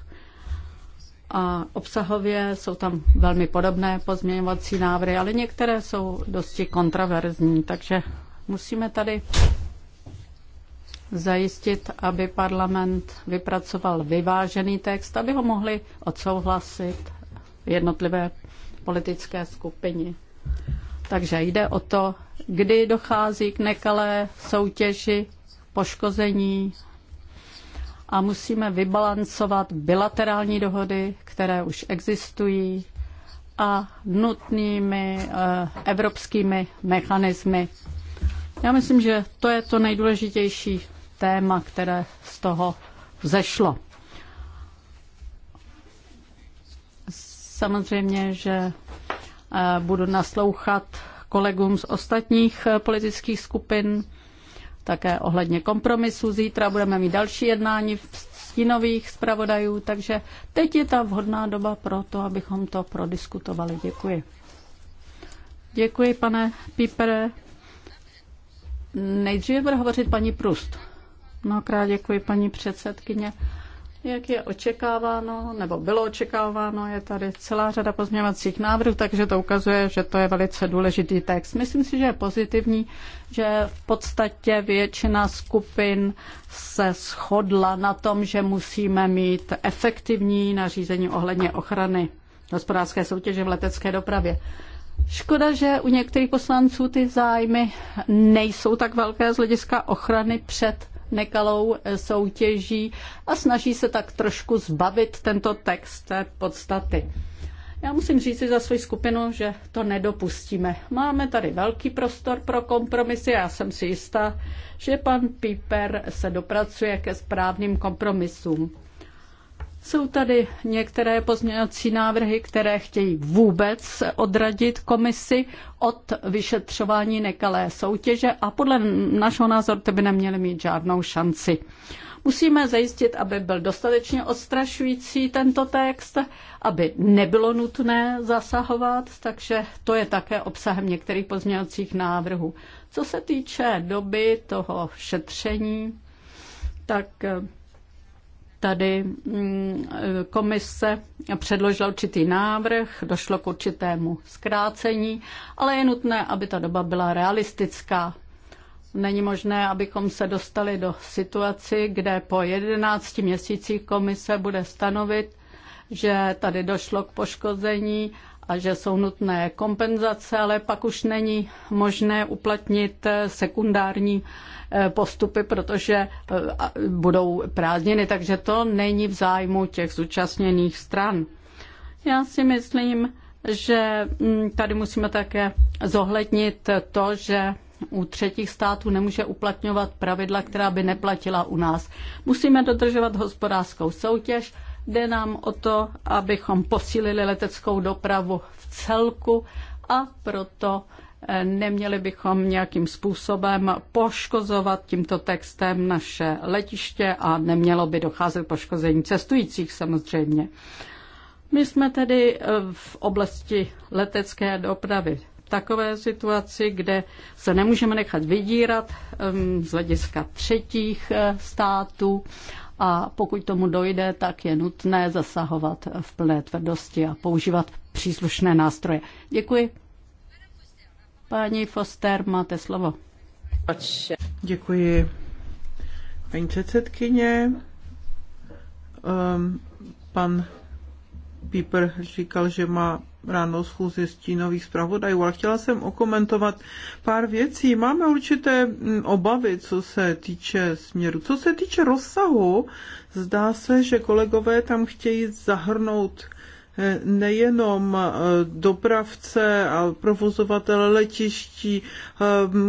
A obsahově jsou tam velmi podobné pozměňovací návrhy, ale některé jsou dosti kontraverzní, takže musíme tady zajistit, aby parlament vypracoval vyvážený text, aby ho mohli odsouhlasit jednotlivé politické skupiny. Takže jde o to, kdy dochází k nekalé soutěži, poškození a musíme vybalancovat bilaterální dohody, které už existují, a nutnými eh, evropskými mechanismy. Já myslím, že to je to nejdůležitější téma, které z toho vzešlo. Samozřejmě, že eh, budu naslouchat kolegům z ostatních eh, politických skupin, také ohledně kompromisu. Zítra budeme mít další jednání v stínových zpravodajů, takže teď je ta vhodná doba pro to, abychom to prodiskutovali. Děkuji. Děkuji, pane Pípere. Nejdříve bude hovořit paní Prust. Mnohokrát děkuji, paní předsedkyně. Jak je očekáváno, nebo bylo očekáváno, je tady celá řada pozměňovacích návrhů, takže to ukazuje, že to je velice důležitý text. Myslím si, že je pozitivní, že v podstatě většina skupin se shodla na tom, že musíme mít efektivní nařízení ohledně ochrany hospodářské soutěže v letecké dopravě. Škoda, že u některých poslanců ty zájmy nejsou tak velké z hlediska ochrany před nekalou soutěží a snaží se tak trošku zbavit tento text té podstaty. Já musím říct si za svou skupinu, že to nedopustíme. Máme tady velký prostor pro kompromisy já jsem si jistá, že pan Piper se dopracuje ke správným kompromisům. Jsou tady některé pozměňovací návrhy, které chtějí vůbec odradit komisi od vyšetřování nekalé soutěže a podle našeho názoru to by neměly mít žádnou šanci. Musíme zajistit, aby byl dostatečně odstrašující tento text, aby nebylo nutné zasahovat, takže to je také obsahem některých pozměňovacích návrhů. Co se týče doby toho šetření, tak tady mm, komise předložila určitý návrh, došlo k určitému zkrácení, ale je nutné, aby ta doba byla realistická. Není možné, abychom se dostali do situaci, kde po 11 měsících komise bude stanovit, že tady došlo k poškození a že jsou nutné kompenzace, ale pak už není možné uplatnit sekundární eh, postupy, protože eh, budou prázdniny, takže to není v zájmu těch zúčastněných stran. Já si myslím, že hm, tady musíme také zohlednit to, že u třetích států nemůže uplatňovat pravidla, která by neplatila u nás. Musíme dodržovat hospodářskou soutěž Jde nám o to, abychom posílili leteckou dopravu v celku a proto eh, neměli bychom nějakým způsobem poškozovat tímto textem naše letiště a nemělo by docházet poškození cestujících samozřejmě. My jsme tedy eh, v oblasti letecké dopravy v takové situaci, kde se nemůžeme nechat vydírat ehm, z hlediska třetích eh, států a pokud tomu dojde, tak je nutné zasahovat v plné tvrdosti a používat příslušné nástroje. Děkuji. Paní Foster, máte slovo. Děkuji. Paní předsedkyně, um, pan Píper říkal, že má ráno schůzi stínových zpravodajů, ale chtěla jsem okomentovat pár věcí. Máme určité mm, obavy, co se týče směru. Co se týče rozsahu, zdá se, že kolegové tam chtějí zahrnout nejenom eh, dopravce a provozovatele letiští, eh,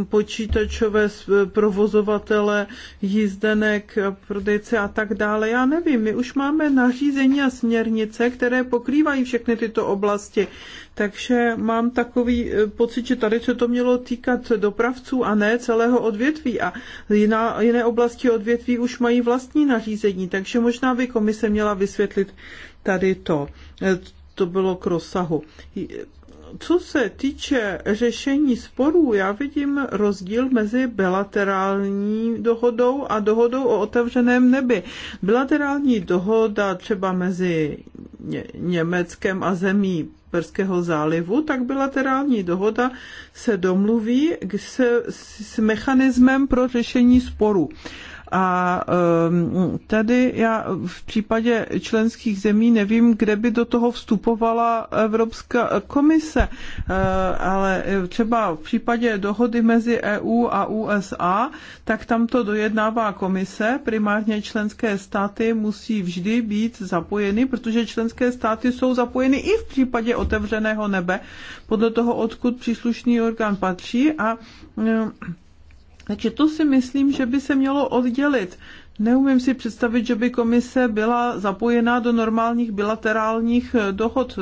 počítačové provozovatele jízdenek, eh, prodejce a tak dále. Já nevím, my už máme nařízení a směrnice, které pokrývají všechny tyto oblasti. Takže mám takový pocit, že tady se to mělo týkat dopravců a ne celého odvětví. A jiná, jiné oblasti odvětví už mají vlastní nařízení, takže možná by komise měla vysvětlit, tady to. E, to bylo k rozsahu. Co se týče řešení sporů, já vidím rozdíl mezi bilaterální dohodou a dohodou o otevřeném nebi. Bilaterální dohoda třeba mezi Německem a zemí Perského zálivu, tak bilaterální dohoda se domluví se, s mechanismem pro řešení sporů. A ehm, tady já v případě členských zemí nevím, kde by do toho vstupovala Evropská komise, ehm, ale třeba v případě dohody mezi EU a USA, tak tam to dojednává komise. Primárně členské státy musí vždy být zapojeny, protože členské státy jsou zapojeny i v případě otevřeného nebe, podle toho, odkud příslušný orgán patří a ehm, takže to si myslím, že by se mělo oddělit. Neumím si představit, že by komise byla zapojená do normálních bilaterálních eh, dohod.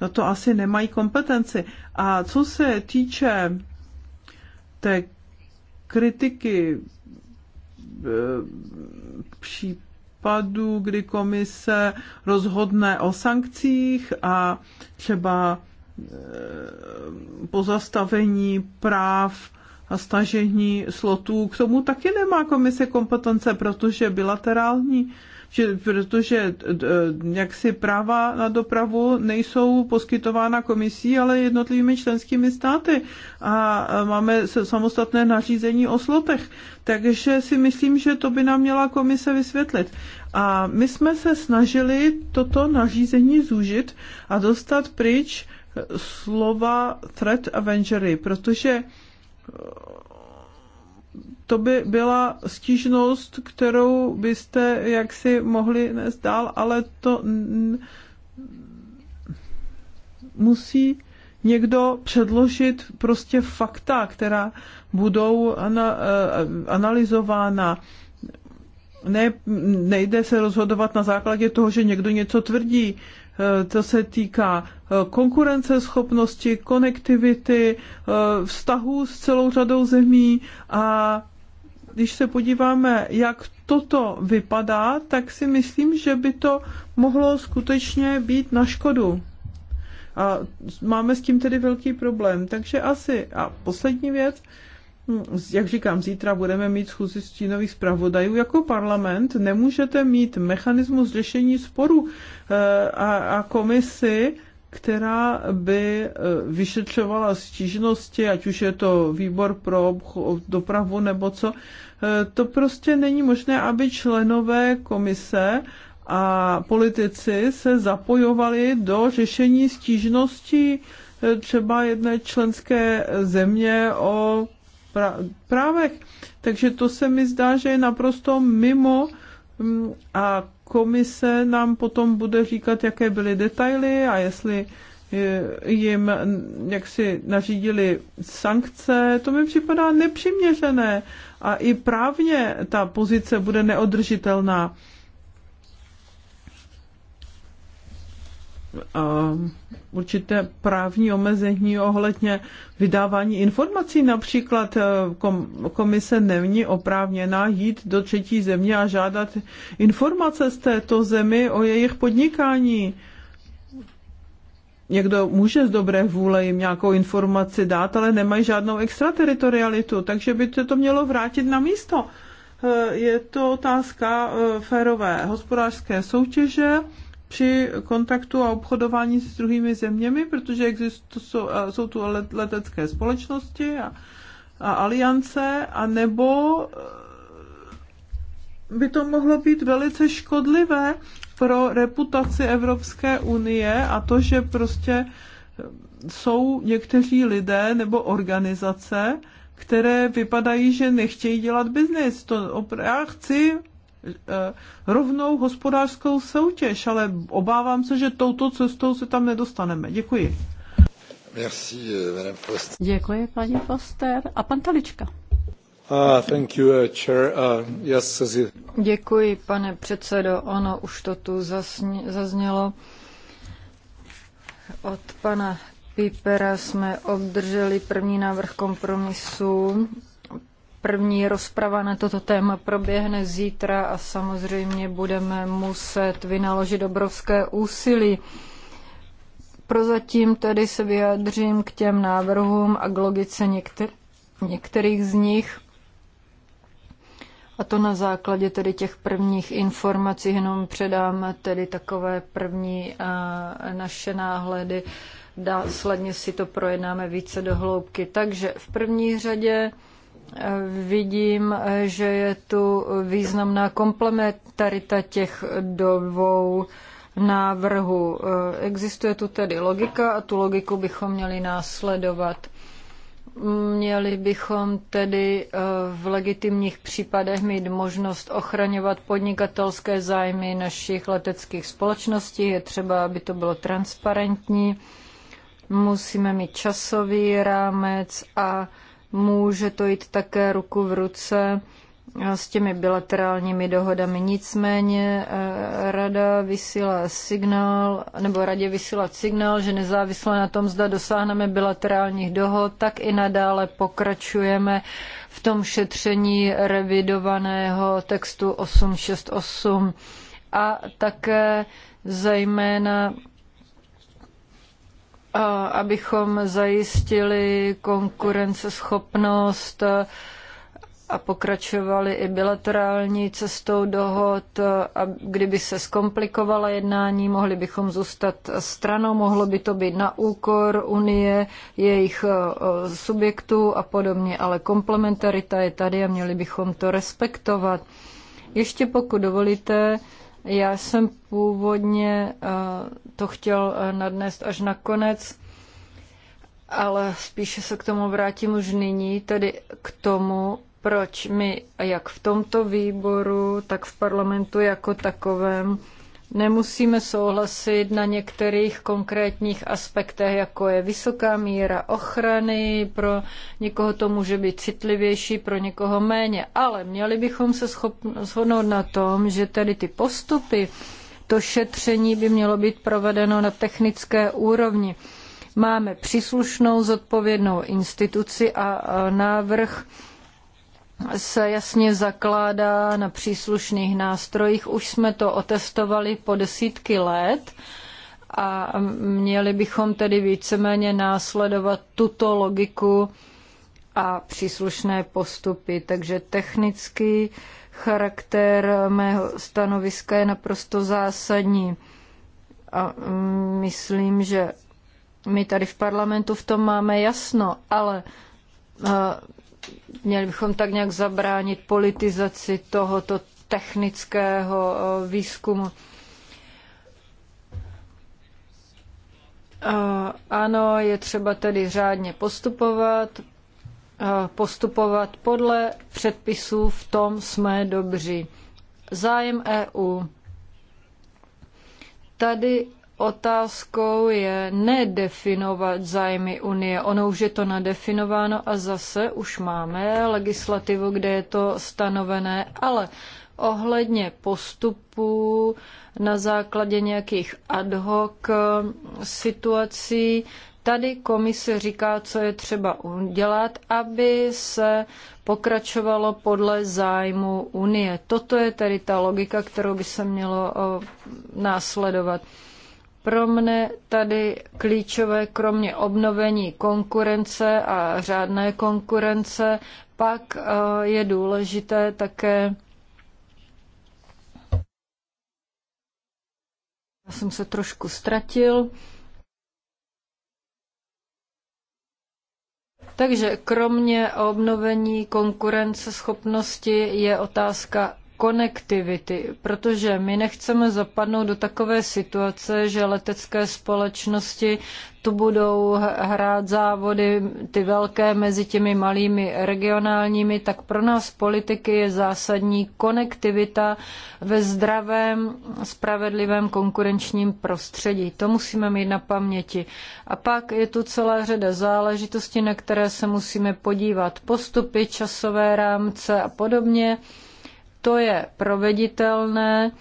Na to asi nemají kompetenci. A co se týče té kritiky eh, případů, kdy komise rozhodne o sankcích a třeba eh, pozastavení práv a stažení slotů. K tomu taky nemá komise kompetence, protože bilaterální že, protože e, e, jaksi práva na dopravu nejsou poskytována komisí, ale jednotlivými členskými státy. A e, máme samostatné nařízení o slotech. Takže si myslím, že to by nám měla komise vysvětlit. A my jsme se snažili toto nařízení zúžit a dostat pryč slova threat avengery, protože to by byla stížnost, kterou byste jaksi mohli nést dál, ale to musí někdo předložit prostě fakta, která budou ana, eh, analyzována. Ne, nejde se rozhodovat na základě toho, že někdo něco tvrdí co eh, se týká eh, konkurenceschopnosti, konektivity, eh, vztahů s celou řadou zemí a když se podíváme, jak toto vypadá, tak si myslím, že by to mohlo skutečně být na škodu. A máme s tím tedy velký problém. Takže asi, a poslední věc, Hm, jak říkám, zítra budeme mít schůzi stínových zpravodajů. Jako parlament nemůžete mít mechanismus řešení sporu eh, a, a komisi, která by eh, vyšetřovala stížnosti, ať už je to výbor pro dopravu nebo co. Eh, to prostě není možné, aby členové komise a politici se zapojovali do řešení stížností třeba jedné členské země o právech. Takže to se mi zdá, že je naprosto mimo mm, a komise nám potom bude říkat, jaké byly detaily a jestli e, jim jak si nařídili sankce, to mi připadá nepřiměřené a i právně ta pozice bude neodržitelná. určité právní omezení ohledně vydávání informací. Například eh, komise není oprávněná jít do třetí země a žádat informace z této zemi o jejich podnikání někdo může z dobré vůle jim nějakou informaci dát, ale nemají žádnou extrateritorialitu, takže by to, to mělo vrátit na místo. Eh, je to otázka eh, férové hospodářské soutěže při kontaktu a obchodování s druhými zeměmi, protože existují, jsou, jsou tu letecké společnosti a, a aliance, a nebo e, by to mohlo být velice škodlivé pro reputaci Evropské unie a to, že prostě e, jsou někteří lidé nebo organizace, které vypadají, že nechtějí dělat biznis. To já chci Eh, rovnou hospodářskou soutěž, ale obávám se, že touto cestou se tam nedostaneme. Děkuji. Merci, eh, Madame Foster. Děkuji, paní Foster. A pan Talička. Ah, thank you, uh, chair. Uh, yes, Děkuji, pane předsedo. Ono už to tu zasně, zaznělo. Od pana Pípera jsme obdrželi první návrh kompromisu První rozprava na toto téma proběhne zítra a samozřejmě budeme muset vynaložit obrovské úsilí. Prozatím tedy se vyjádřím k těm návrhům a k logice někter- některých z nich. A to na základě tedy těch prvních informací, jenom předám tedy takové první naše náhledy. Následně si to projednáme více do hloubky. Takže v první řadě Vidím, že je tu významná komplementarita těch dvou návrhů. Existuje tu tedy logika a tu logiku bychom měli následovat. Měli bychom tedy eh, v legitimních případech mít možnost ochraňovat podnikatelské zájmy našich leteckých společností. Je třeba, aby to bylo transparentní. Musíme mít časový rámec a může to jít také ruku v ruce eh, s těmi bilaterálními dohodami. Nicméně eh, rada vysílá signál, nebo radě vysílat signál, že nezávisle na tom, zda dosáhneme bilaterálních dohod, tak i nadále pokračujeme v tom šetření revidovaného textu 868 a také zejména abychom zajistili konkurenceschopnost a pokračovali i bilaterální cestou dohod. A kdyby se zkomplikovala jednání, mohli bychom zůstat stranou, mohlo by to být na úkor Unie, jejich e, subjektů a podobně, ale komplementarita je tady a měli bychom to respektovat. Ještě pokud dovolíte, já jsem původně eh, to chtěl eh, nadnést až na konec, ale spíše se k tomu vrátím už nyní, tedy k tomu, proč my, jak v tomto výboru, tak v parlamentu jako takovém, Nemusíme souhlasit na některých konkrétních aspektech, jako je vysoká míra ochrany, pro někoho to může být citlivější, pro někoho méně, ale měli bychom se shodnout na tom, že tedy ty postupy, to šetření by mělo být provedeno na technické úrovni. Máme příslušnou zodpovědnou instituci a návrh se jasně zakládá na příslušných nástrojích. Už jsme to otestovali po desítky let a měli bychom tedy víceméně následovat tuto logiku a příslušné postupy. Takže technický charakter mého stanoviska je naprosto zásadní. A mm, myslím, že my tady v parlamentu v tom máme jasno, ale měli bychom tak nějak zabránit politizaci tohoto technického eh, výzkumu. Eh, ano, je třeba tedy řádně postupovat, eh, postupovat podle předpisů, v tom jsme dobří. Zájem EU. Tady Otázkou je nedefinovat zájmy Unie. Ono už je to nadefinováno a zase už máme legislativu, kde je to stanovené, ale ohledně postupů na základě nějakých ad hoc eh, situací, tady komise říká, co je třeba udělat, aby se pokračovalo podle zájmu Unie. Toto je tedy ta logika, kterou by se mělo eh, následovat. Pro mne tady klíčové, kromě obnovení konkurence a řádné konkurence, pak eh, je důležité také Já jsem se trošku ztratil. Takže kromě obnovení konkurenceschopnosti je otázka konektivity, protože my nechceme zapadnout do takové situace, že letecké společnosti tu budou hrát závody ty velké mezi těmi malými regionálními, tak pro nás politiky je zásadní konektivita ve zdravém, spravedlivém konkurenčním prostředí. To musíme mít na paměti. A pak je tu celá řada záležitostí, na které se musíme podívat. Postupy, časové rámce a podobně. To je proveditelné,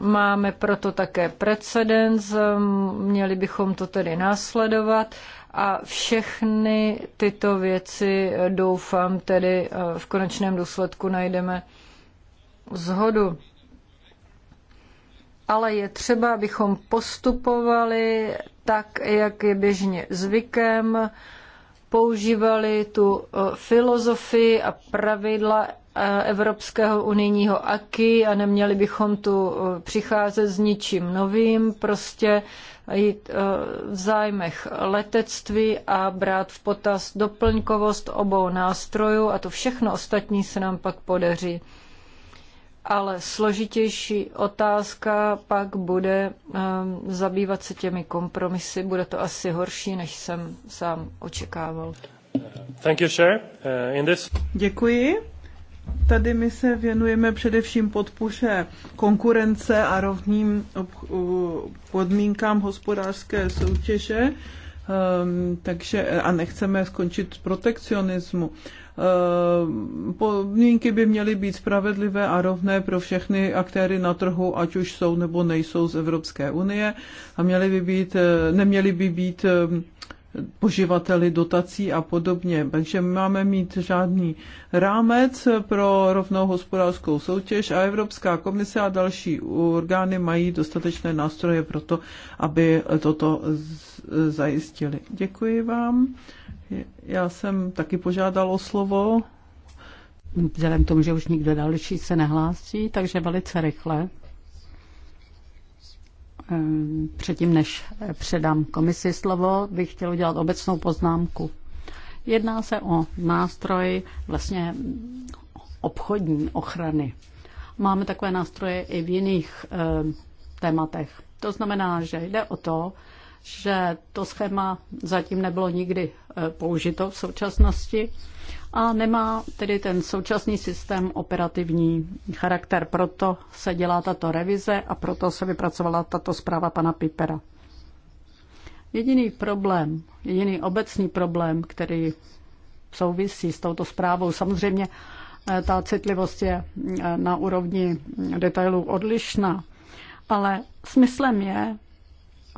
máme proto také precedens, měli bychom to tedy následovat a všechny tyto věci, doufám, tedy eh, v konečném důsledku najdeme zhodu. Ale je třeba, abychom postupovali tak, jak je běžně zvykem, používali tu eh, filozofii a pravidla evropského unijního AKI a neměli bychom tu eh, přicházet s ničím novým, prostě jít eh, v zájmech letectví a brát v potaz doplňkovost obou nástrojů a to všechno ostatní se nám pak podaří. Ale složitější otázka pak bude eh, zabývat se těmi kompromisy. Bude to asi horší, než jsem sám očekával. Thank you, Chair. This... Děkuji. Tady my se věnujeme především podpuše konkurence a rovným podmínkám hospodářské soutěže, ehm, takže a nechceme skončit protekcionismu. Ehm, podmínky by měly být spravedlivé a rovné pro všechny aktéry na trhu, ať už jsou nebo nejsou z Evropské unie a měly by být, eh, neměly by být ehm, poživateli dotací a podobně. Takže máme mít žádný rámec pro rovnou hospodářskou soutěž a Evropská komise a další orgány mají dostatečné nástroje pro to, aby toto zajistili. Děkuji vám. Já jsem taky požádal o slovo. Vzhledem k tomu, že už nikdo další se nehlásí, takže velice rychle Eh, předtím, než eh, předám komisi slovo, bych chtěl udělat obecnou poznámku. Jedná se o nástroj vlastně obchodní ochrany. Máme takové nástroje i v jiných eh, tématech. To znamená, že jde o to, že to schéma zatím nebylo nikdy použito v současnosti a nemá tedy ten současný systém operativní charakter. Proto se dělá tato revize a proto se vypracovala tato zpráva pana Pipera. Jediný problém, jediný obecný problém, který souvisí s touto zprávou, samozřejmě eh, ta citlivost je eh, na úrovni detailů odlišná, ale smyslem je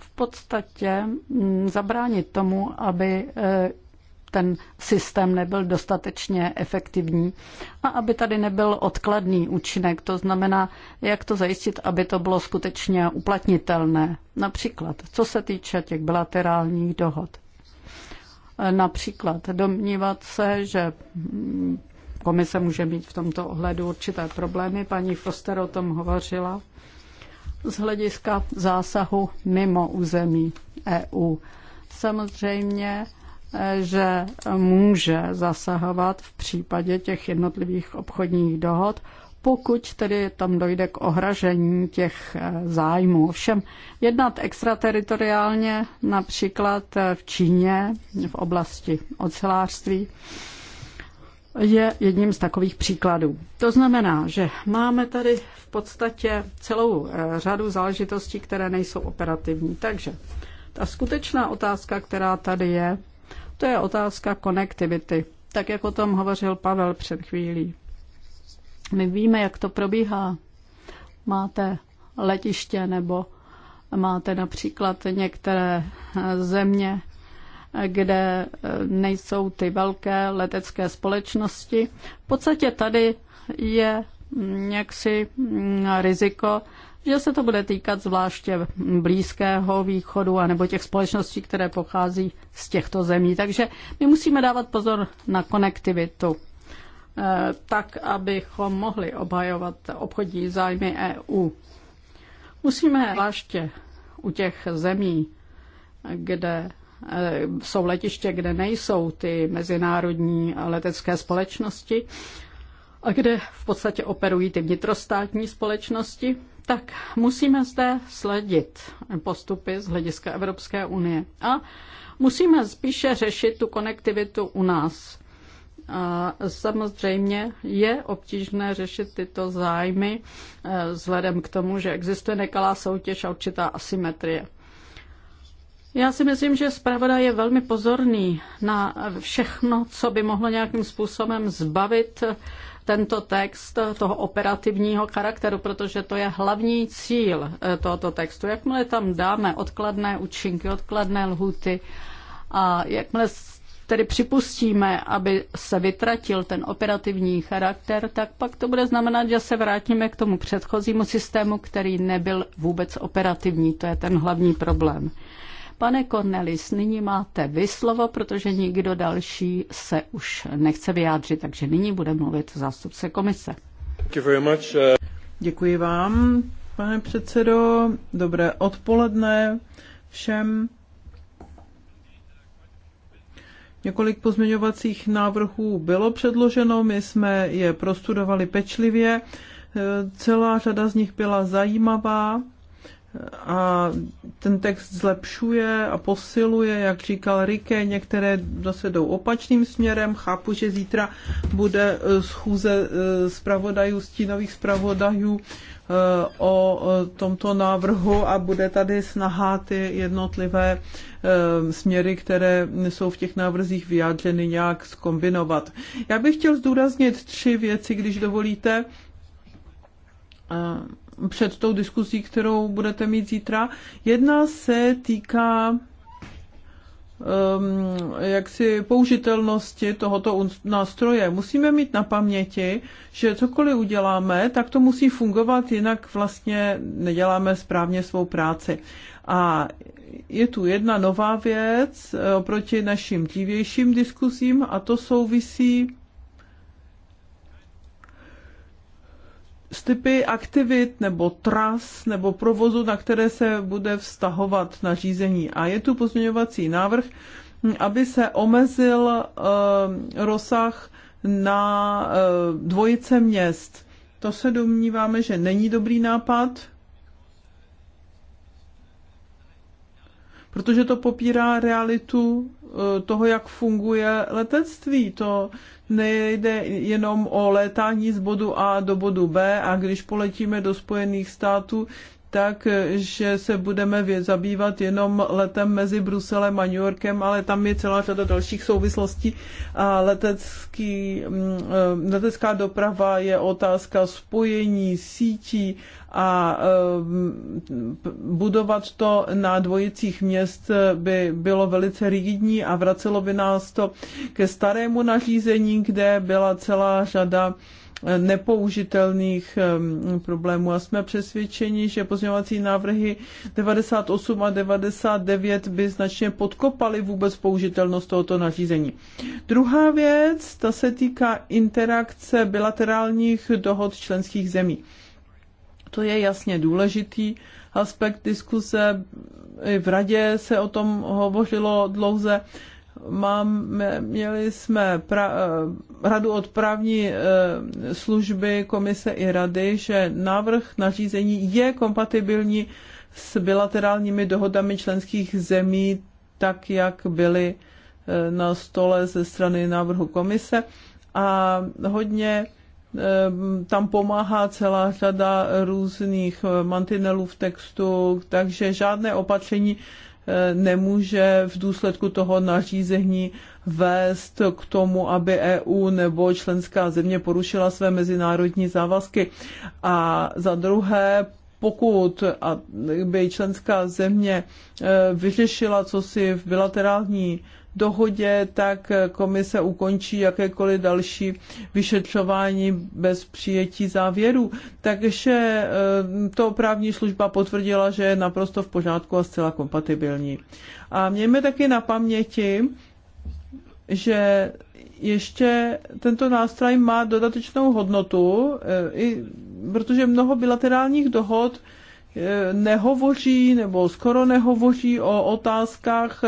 v podstatě mm, zabránit tomu, aby eh, ten systém nebyl dostatečně efektivní a aby tady nebyl odkladný účinek, to znamená, jak to zajistit, aby to bylo skutečně uplatnitelné. Například, co se týče těch bilaterálních dohod. Například domnívat se, že komise může mít v tomto ohledu určité problémy, paní Foster o tom hovořila, z hlediska zásahu mimo území EU. Samozřejmě že může zasahovat v případě těch jednotlivých obchodních dohod, pokud tedy tam dojde k ohražení těch eh, zájmů. Všem jednat extrateritoriálně, například eh, v Číně, v oblasti ocelářství, je jedním z takových příkladů. To znamená, že máme tady v podstatě celou eh, řadu záležitostí, které nejsou operativní. Takže ta skutečná otázka, která tady je, to je otázka konektivity, tak jak o tom hovořil Pavel před chvílí. My víme, jak to probíhá. Máte letiště nebo máte například některé země, kde nejsou ty velké letecké společnosti. V podstatě tady je jaksi riziko, že se to bude týkat zvláště Blízkého východu anebo těch společností, které pochází z těchto zemí. Takže my musíme dávat pozor na konektivitu eh, tak, abychom mohli obhajovat obchodní zájmy EU. Musíme zvláště u těch zemí, kde eh, jsou letiště, kde nejsou ty mezinárodní letecké společnosti a kde v podstatě operují ty vnitrostátní společnosti, tak musíme zde sledit postupy z hlediska Evropské unie a musíme spíše řešit tu konektivitu u nás. A samozřejmě je obtížné řešit tyto zájmy e, vzhledem k tomu, že existuje nekalá soutěž a určitá asymetrie. Já si myslím, že zpravodaj je velmi pozorný na všechno, co by mohlo nějakým způsobem zbavit tento text toho operativního charakteru, protože to je hlavní cíl eh, tohoto textu. Jakmile tam dáme odkladné účinky, odkladné lhuty a jakmile tedy připustíme, aby se vytratil ten operativní charakter, tak pak to bude znamenat, že se vrátíme k tomu předchozímu systému, který nebyl vůbec operativní. To je ten hlavní problém. Pane Cornelis, nyní máte vy slovo, protože nikdo další se už nechce vyjádřit, takže nyní bude mluvit zástupce komise. Uh, Děkuji vám, pane předsedo. Dobré odpoledne všem. Několik pozměňovacích návrhů bylo předloženo, my jsme je prostudovali pečlivě. Eh, celá řada z nich byla zajímavá a ten text zlepšuje a posiluje, jak říkal Rike, některé zase jdou opačným směrem. Chápu, že zítra bude eh, schůze eh, zpravodajů, stínových zpravodajů eh, o tomto návrhu a bude tady snaha ty jednotlivé směry, které jsou v těch návrzích vyjádřeny, nějak skombinovat. Já bych chtěl zdůraznit tři věci, když dovolíte před tou diskuzí, kterou budete mít zítra. Jedna se týká um, jaksi použitelnosti tohoto nástroje. Musíme mít na paměti, že cokoliv uděláme, tak to musí fungovat, jinak vlastně neděláme správně svou práci. A je tu jedna nová věc eh, oproti našim dřívějším diskuzím, a to souvisí z typy aktivit nebo tras nebo provozu, na které se bude vztahovat nařízení. A je tu pozměňovací návrh, aby se omezil uh, rozsah na uh, dvojice měst. To se domníváme, že není dobrý nápad, protože to popírá realitu Eh, toho, jak funguje letectví. To nejde jenom o létání z bodu A do bodu B a když poletíme do Spojených států, tak, že se budeme zabývat jenom letem mezi Bruselem a New Yorkem, ale tam je celá řada dalších souvislostí a letecký, mm, eh, letecká doprava je otázka spojení sítí a eh, budovat to na dvojicích měst by bylo velice rigidní a vracelo by nás to ke starému nařízení, kde byla celá řada nepoužitelných problémů. A jsme přesvědčeni, že pozměňovací návrhy 98 a 99 by značně podkopaly vůbec použitelnost tohoto nařízení. Druhá věc, ta se týká interakce bilaterálních dohod členských zemí. To je jasně důležitý aspekt diskuse. V radě se o tom hovořilo dlouze Mám, měli jsme pra, eh, radu od právní eh, služby komise i rady, že návrh nařízení je kompatibilní s bilaterálními dohodami členských zemí, tak jak byly eh, na stole ze strany návrhu komise. A hodně tam pomáhá celá řada různých mantinelů v textu, takže žádné opatření nemůže v důsledku toho nařízení vést k tomu, aby EU nebo členská země porušila své mezinárodní závazky. A za druhé, pokud by členská země eh, vyřešila, co si v bilaterální dohodě, tak komise ukončí jakékoliv další vyšetřování bez přijetí závěrů. Takže eh, to právní služba potvrdila, že je naprosto v pořádku a zcela kompatibilní. A mějme taky na paměti, že ještě tento nástroj má dodatečnou hodnotu, eh, i, protože mnoho bilaterálních dohod Eh, nehovoří nebo skoro nehovoří o otázkách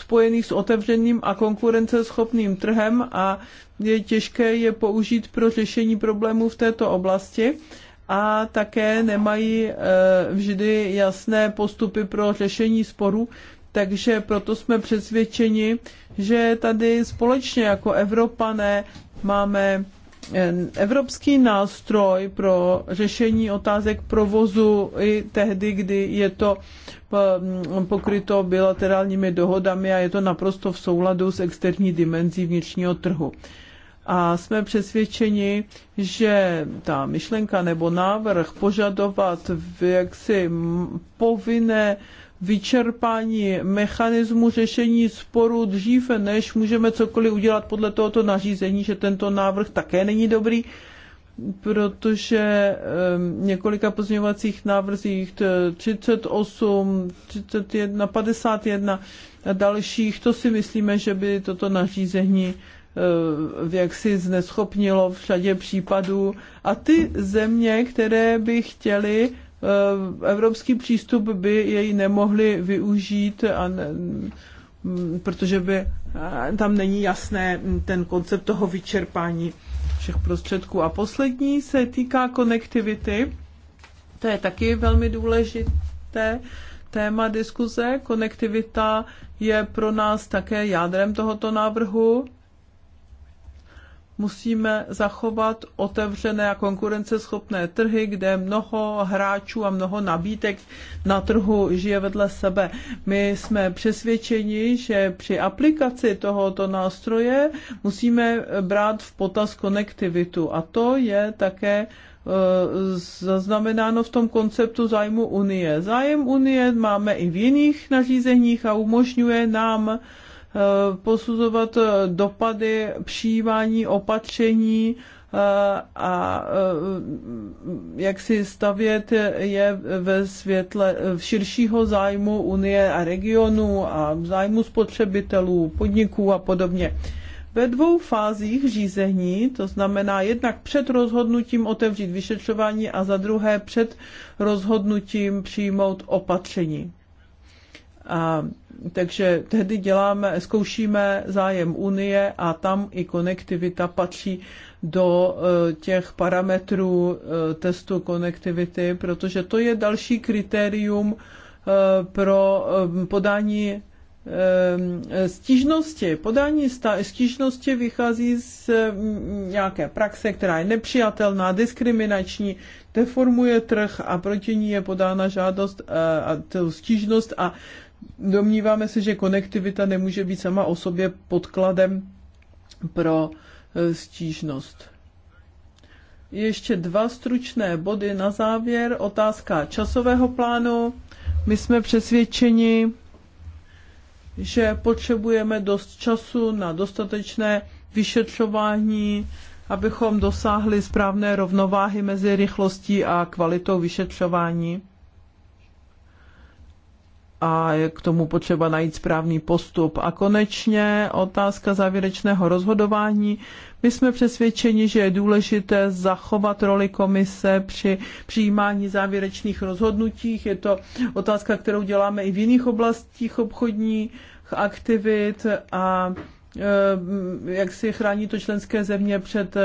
spojených s otevřeným a konkurenceschopným trhem a je těžké je použít pro řešení problémů v této oblasti a také nemají eh, vždy jasné postupy pro řešení sporů, takže proto jsme přesvědčeni, že tady společně jako Evropané máme evropský nástroj pro řešení otázek provozu i tehdy, kdy je to mm, pokryto bilaterálními dohodami a je to naprosto v souladu s externí dimenzí vnitřního trhu. A jsme přesvědčeni, že ta myšlenka nebo návrh požadovat v jaksi povinné vyčerpání mechanismu řešení sporu dříve, než můžeme cokoliv udělat podle tohoto nařízení, že tento návrh také není dobrý, protože um, několika pozměňovacích návrzích 38, 31, 51 a dalších, to si myslíme, že by toto nařízení e, v jaksi zneschopnilo v řadě případů. A ty země, které by chtěly Eh, evropský přístup by jej nemohli využít, a ne, mm, protože by eh, tam není jasné mm, ten koncept toho vyčerpání všech prostředků. A poslední se týká konektivity. To je taky velmi důležité téma diskuze. Konektivita je pro nás také jádrem tohoto návrhu musíme zachovat otevřené a konkurenceschopné trhy, kde mnoho hráčů a mnoho nabídek na trhu žije vedle sebe. My jsme přesvědčeni, že při aplikaci tohoto nástroje musíme brát v potaz konektivitu a to je také e, zaznamenáno v tom konceptu zájmu Unie. Zájem Unie máme i v jiných nařízeních a umožňuje nám Eh, posuzovat eh, dopady přijímání opatření eh, a jak si stavět je ve světle v širšího zájmu Unie a regionu a zájmu spotřebitelů, podniků a podobně. Ve dvou fázích řízení, to znamená jednak před rozhodnutím otevřít vyšetřování a za druhé před rozhodnutím přijmout opatření. A, takže tehdy děláme, zkoušíme zájem Unie a tam i konektivita patří do e, těch parametrů e, testu konektivity, protože to je další kritérium e, pro podání stížnosti. Podání stížnosti vychází z nějaké praxe, která je nepřijatelná, diskriminační, deformuje trh a proti ní je podána žádost a stížnost a Domníváme se, že konektivita nemůže být sama o sobě podkladem pro e, stížnost. Ještě dva stručné body na závěr. Otázka časového plánu. My jsme přesvědčeni, že potřebujeme dost času na dostatečné vyšetřování, abychom dosáhli správné rovnováhy mezi rychlostí a kvalitou vyšetřování a je k tomu potřeba najít správný postup. A konečně otázka závěrečného rozhodování. My jsme přesvědčeni, že je důležité zachovat roli komise při přijímání závěrečných rozhodnutích. Je to otázka, kterou děláme i v jiných oblastích obchodních aktivit a eh, jak si chrání to členské země před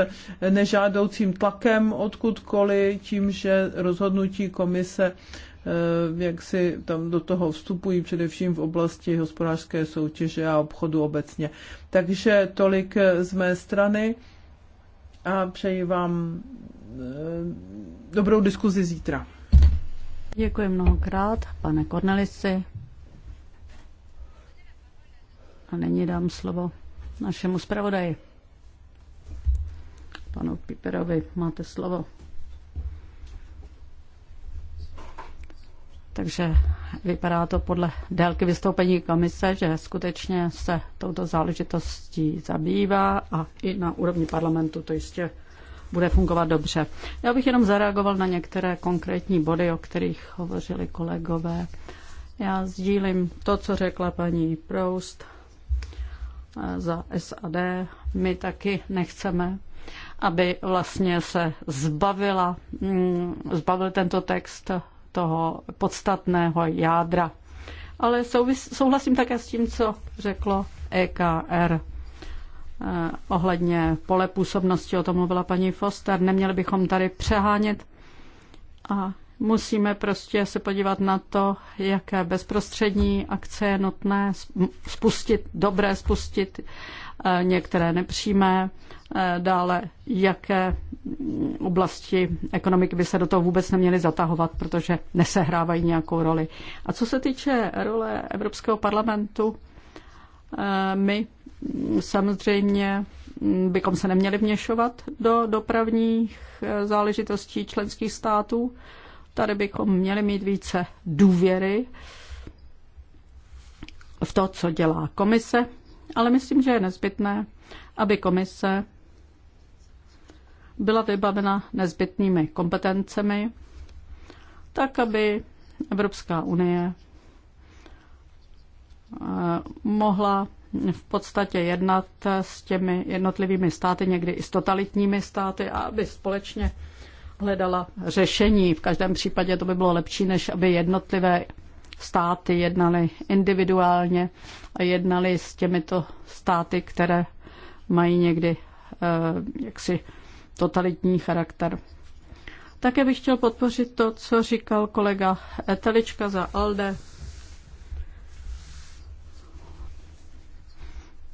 nežádoucím tlakem odkudkoliv, tím, že rozhodnutí komise Eh, jak si tam do toho vstupují především v oblasti hospodářské soutěže a obchodu obecně. Takže tolik eh, z mé strany a přeji vám eh, dobrou diskuzi zítra. Děkuji mnohokrát, pane Kornelisi. A nyní dám slovo našemu zpravodaji. Panu Piperovi, máte slovo. Takže vypadá to podle délky vystoupení komise, že skutečně se touto záležitostí zabývá a i na úrovni parlamentu to jistě bude fungovat dobře. Já bych jenom zareagoval na některé konkrétní body, o kterých hovořili kolegové. Já sdílím to, co řekla paní Proust eh, za SAD. My taky nechceme, aby vlastně se zbavila, mm, zbavil tento text toho podstatného jádra. Ale souvis- souhlasím také s tím, co řeklo EKR eh, ohledně pole působnosti, o tom mluvila paní Foster, neměli bychom tady přehánět a musíme prostě se podívat na to, jaké bezprostřední akce je nutné spustit, dobré spustit Eh, některé nepřímé, eh, dále jaké oblasti ekonomiky by se do toho vůbec neměly zatahovat, protože nesehrávají nějakou roli. A co se týče role Evropského parlamentu, eh, my samozřejmě bychom se neměli vměšovat do dopravních záležitostí členských států. Tady bychom měli mít více důvěry v to, co dělá komise ale myslím, že je nezbytné, aby komise byla vybavena nezbytnými kompetencemi, tak aby Evropská unie eh, mohla v podstatě jednat s těmi jednotlivými státy, někdy i s totalitními státy, a aby společně hledala řešení. V každém případě to by bylo lepší, než aby jednotlivé státy jednaly individuálně a jednaly s těmito státy, které mají někdy eh, jaksi totalitní charakter. Také bych chtěl podpořit to, co říkal kolega Etelička za ALDE.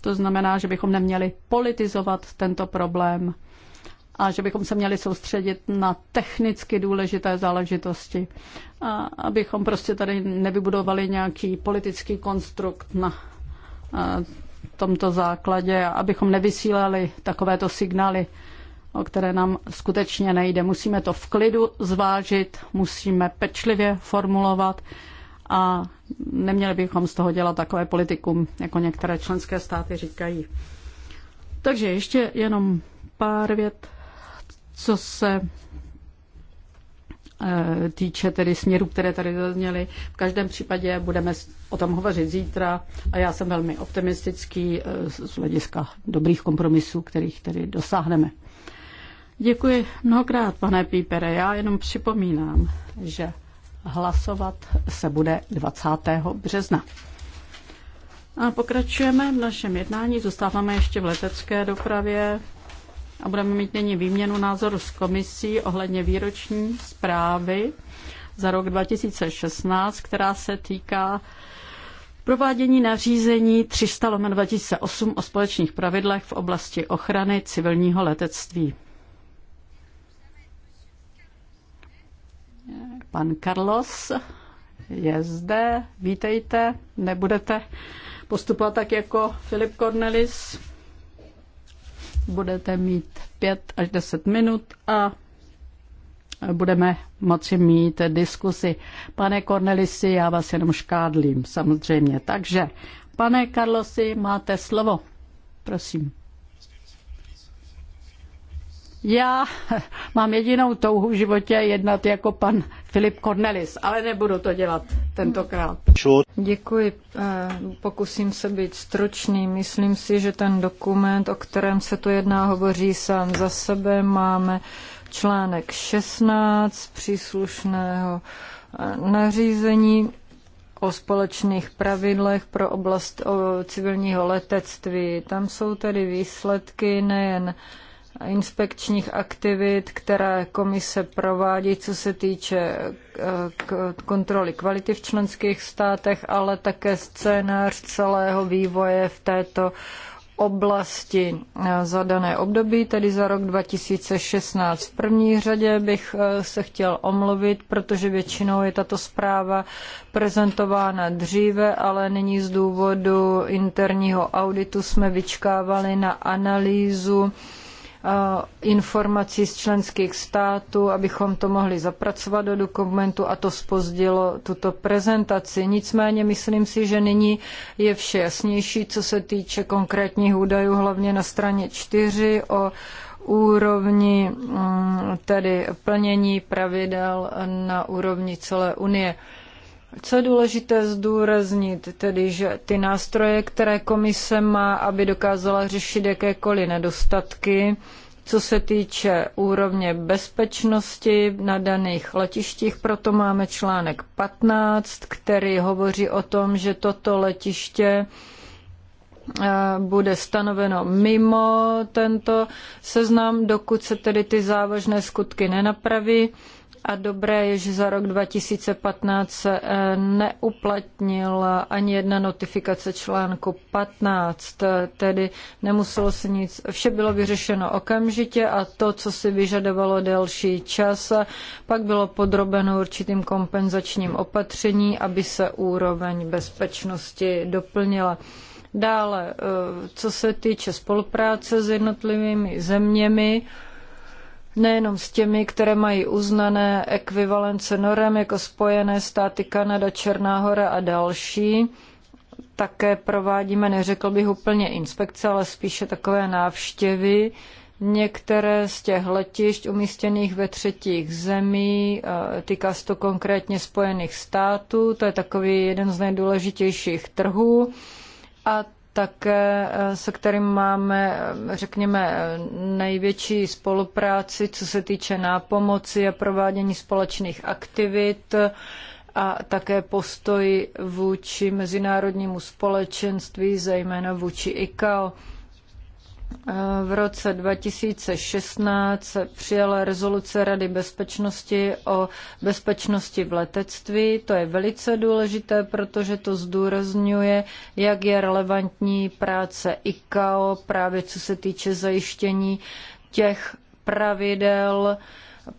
To znamená, že bychom neměli politizovat tento problém a že bychom se měli soustředit na technicky důležité záležitosti, a abychom prostě tady nevybudovali nějaký politický konstrukt na tomto základě, abychom nevysílali takovéto signály, o které nám skutečně nejde. Musíme to v klidu zvážit, musíme pečlivě formulovat a neměli bychom z toho dělat takové politikum, jako některé členské státy říkají. Takže ještě jenom pár vět co se eh, týče tedy směrů, které tady zazněly. V každém případě budeme o tom hovořit zítra a já jsem velmi optimistický eh, z hlediska dobrých kompromisů, kterých tedy dosáhneme. Děkuji mnohokrát, pane Pípere. Já jenom připomínám, že hlasovat se bude 20. března. A pokračujeme v našem jednání, zůstáváme ještě v letecké dopravě a budeme mít nyní výměnu názoru s komisí ohledně výroční zprávy za rok 2016, která se týká provádění nařízení 300 lomen 2008 o společných pravidlech v oblasti ochrany civilního letectví. Pan Carlos je zde, vítejte, nebudete postupovat tak jako Filip Cornelis budete mít 5 až 10 minut a budeme moci mít diskusy. Pane Cornelisi, já vás jenom škádlím, samozřejmě. Takže, pane Carlosi, máte slovo. Prosím. Já mám jedinou touhu v životě jednat jako pan Filip Cornelis, ale nebudu to dělat tentokrát. Děkuji. Eh, pokusím se být stručný. Myslím si, že ten dokument, o kterém se to jedná, hovoří sám za sebe. Máme článek 16 příslušného eh, nařízení o společných pravidlech pro oblast civilního letectví. Tam jsou tedy výsledky nejen inspekčních aktivit, které komise provádí, co se týče eh, kontroly kvality v členských státech, ale také scénář celého vývoje v této oblasti eh, za dané období, tedy za rok 2016. V první řadě bych eh, se chtěl omluvit, protože většinou je tato zpráva prezentována dříve, ale nyní z důvodu interního auditu jsme vyčkávali na analýzu Eh, informací z členských států, abychom to mohli zapracovat do dokumentu a to spozdilo tuto prezentaci. Nicméně myslím si, že nyní je vše jasnější, co se týče konkrétních údajů, hlavně na straně 4 o úrovni mm, tedy plnění pravidel na úrovni celé Unie. Co je důležité zdůraznit, tedy, že ty nástroje, které komise má, aby dokázala řešit jakékoliv nedostatky, co se týče úrovně bezpečnosti na daných letištích, proto máme článek 15, který hovoří o tom, že toto letiště eh, bude stanoveno mimo tento seznam, dokud se tedy ty závažné skutky nenapraví a dobré je, že za rok 2015 se eh, neuplatnila ani jedna notifikace článku 15, tedy nemuselo se nic, vše bylo vyřešeno okamžitě a to, co si vyžadovalo delší čas, pak bylo podrobeno určitým kompenzačním opatření, aby se úroveň bezpečnosti doplnila. Dále, eh, co se týče spolupráce s jednotlivými zeměmi, nejenom s těmi, které mají uznané ekvivalence norem, jako Spojené státy, Kanada, Černá hora a další. Také provádíme, neřekl bych úplně inspekce, ale spíše takové návštěvy. Některé z těch letišť umístěných ve třetích zemí, týká se to konkrétně Spojených států, to je takový jeden z nejdůležitějších trhů. A také, eh, se kterým máme, eh, řekněme, eh, největší spolupráci, co se týče nápomoci a provádění společných aktivit a také postoj vůči mezinárodnímu společenství, zejména vůči ICAO. V roce 2016 se přijala rezoluce Rady bezpečnosti o bezpečnosti v letectví. To je velice důležité, protože to zdůrazňuje, jak je relevantní práce ICAO právě co se týče zajištění těch pravidel,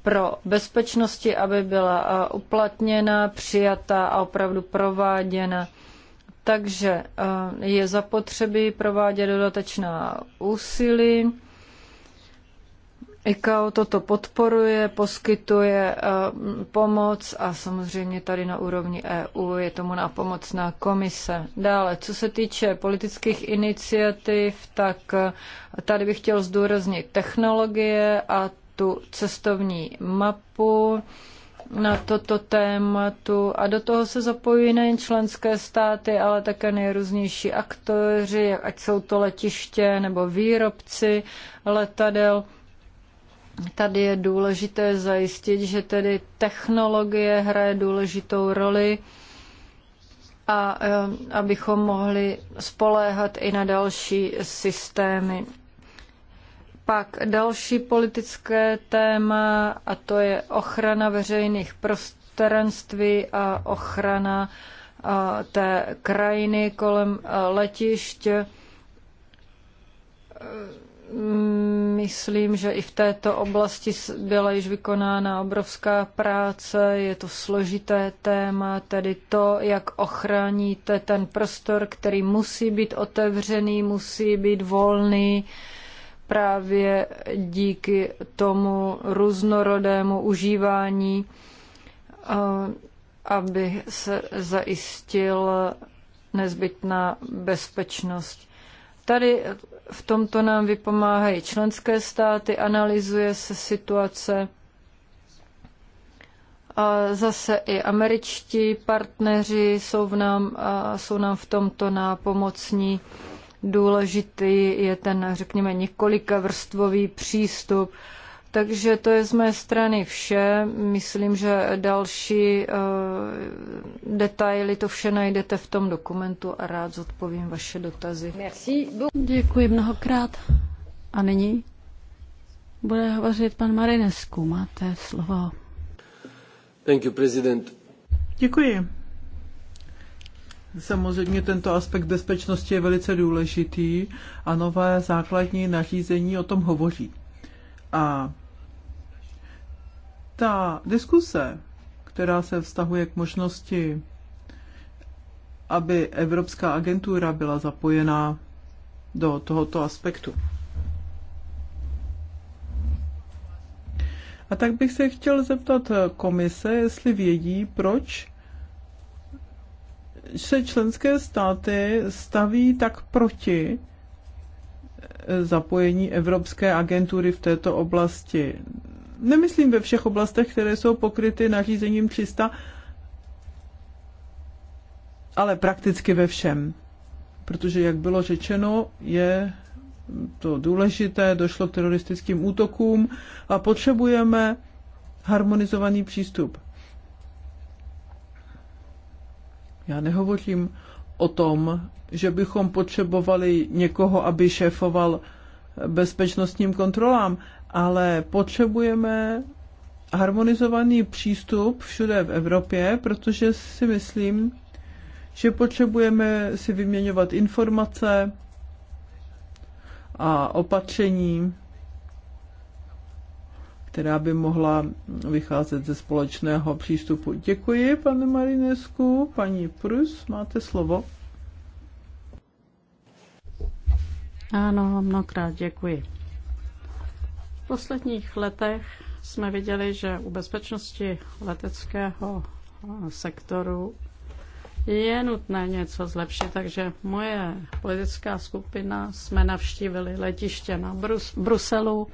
pro bezpečnosti, aby byla eh, uplatněna, přijata a opravdu prováděna. Takže eh, je zapotřebí provádět dodatečná úsilí. ICAO toto podporuje, poskytuje eh, pomoc a samozřejmě tady na úrovni EU je tomu na na komise. Dále, co se týče politických iniciativ, tak eh, tady bych chtěl zdůraznit technologie a tu cestovní mapu na toto tématu a do toho se zapojí nejen členské státy, ale také nejrůznější aktoři, ať jsou to letiště nebo výrobci letadel. Tady je důležité zajistit, že tedy technologie hraje důležitou roli a eh, abychom mohli spoléhat i na další systémy pak další politické téma a to je ochrana veřejných prostranství a ochrana té krajiny kolem letišť. E, myslím, že i v této oblasti byla již vykonána obrovská práce, je to složité téma, tedy to, jak ochráníte ten prostor, který musí být otevřený, musí být volný, právě díky tomu různorodému užívání, eh, aby se zajistil nezbytná bezpečnost. Tady v tomto nám vypomáhají členské státy, analyzuje se situace. A zase i američtí partneři jsou, v nám, jsou nám v tomto nápomocní. pomocní důležitý je ten, řekněme, několika vrstvový přístup. Takže to je z mé strany vše. Myslím, že další eh, detaily, to vše najdete v tom dokumentu a rád zodpovím vaše dotazy. Merci. Děkuji mnohokrát. A nyní bude hovořit pan Marinesku. Máte slovo. Thank you, president. Děkuji. Samozřejmě tento aspekt bezpečnosti je velice důležitý a nové základní nařízení o tom hovoří. A ta diskuse, která se vztahuje k možnosti, aby Evropská agentura byla zapojená do tohoto aspektu. A tak bych se chtěl zeptat komise, jestli vědí, proč se členské státy staví tak proti eh, zapojení Evropské agentury v této oblasti. Nemyslím ve všech oblastech, které jsou pokryty nařízením 300, ale prakticky ve všem. Protože, jak bylo řečeno, je to důležité, došlo k teroristickým útokům a potřebujeme harmonizovaný přístup. Já nehovořím o tom, že bychom potřebovali někoho, aby šéfoval bezpečnostním kontrolám, ale potřebujeme harmonizovaný přístup všude v Evropě, protože si myslím, že potřebujeme si vyměňovat informace a opatření která by mohla vycházet ze společného přístupu. Děkuji, pane Marinesku. Paní Prus, máte slovo. Ano, mnohokrát děkuji. V posledních letech jsme viděli, že u bezpečnosti leteckého sektoru je nutné něco zlepšit, takže moje politická skupina jsme navštívili letiště na Brus- Bruselu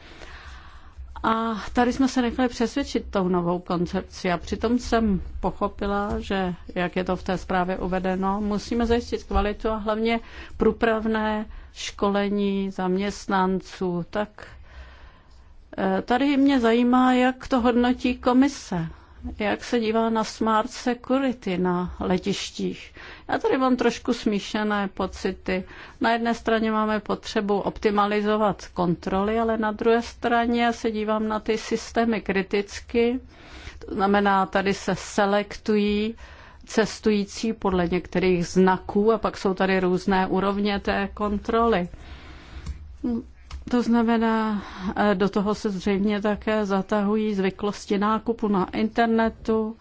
a tady jsme se nechali přesvědčit tou novou koncepci a přitom jsem pochopila, že, jak je to v té zprávě uvedeno, musíme zajistit kvalitu a hlavně průpravné školení zaměstnanců. Tak eh, tady mě zajímá, jak to hodnotí komise jak se dívá na smart security na letištích. Já tady mám trošku smíšené pocity. Na jedné straně máme potřebu optimalizovat kontroly, ale na druhé straně se dívám na ty systémy kriticky. To znamená, tady se selektují cestující podle některých znaků a pak jsou tady různé úrovně té kontroly. To znamená, eh, do toho se zřejmě také zatahují zvyklosti nákupu na internetu.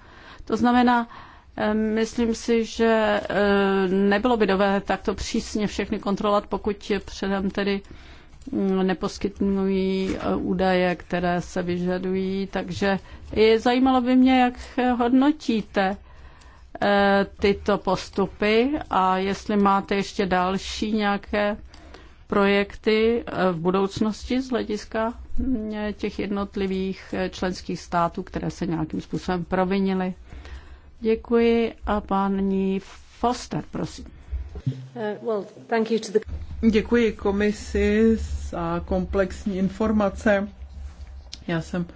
To znamená, eh, Myslím si, že eh, nebylo by dobré takto přísně všechny kontrolovat, pokud předem tedy mm, neposkytnují údaje, které se vyžadují. Takže je zajímalo by mě, jak hodnotíte tyto postupy a jestli máte ještě další nějaké projekty eh, v budoucnosti z hlediska mm, eh, těch jednotlivých eh, členských států, které se nějakým způsobem provinily. Děkuji a paní Foster, prosím. Děkuji komisi za komplexní informace. Já jsem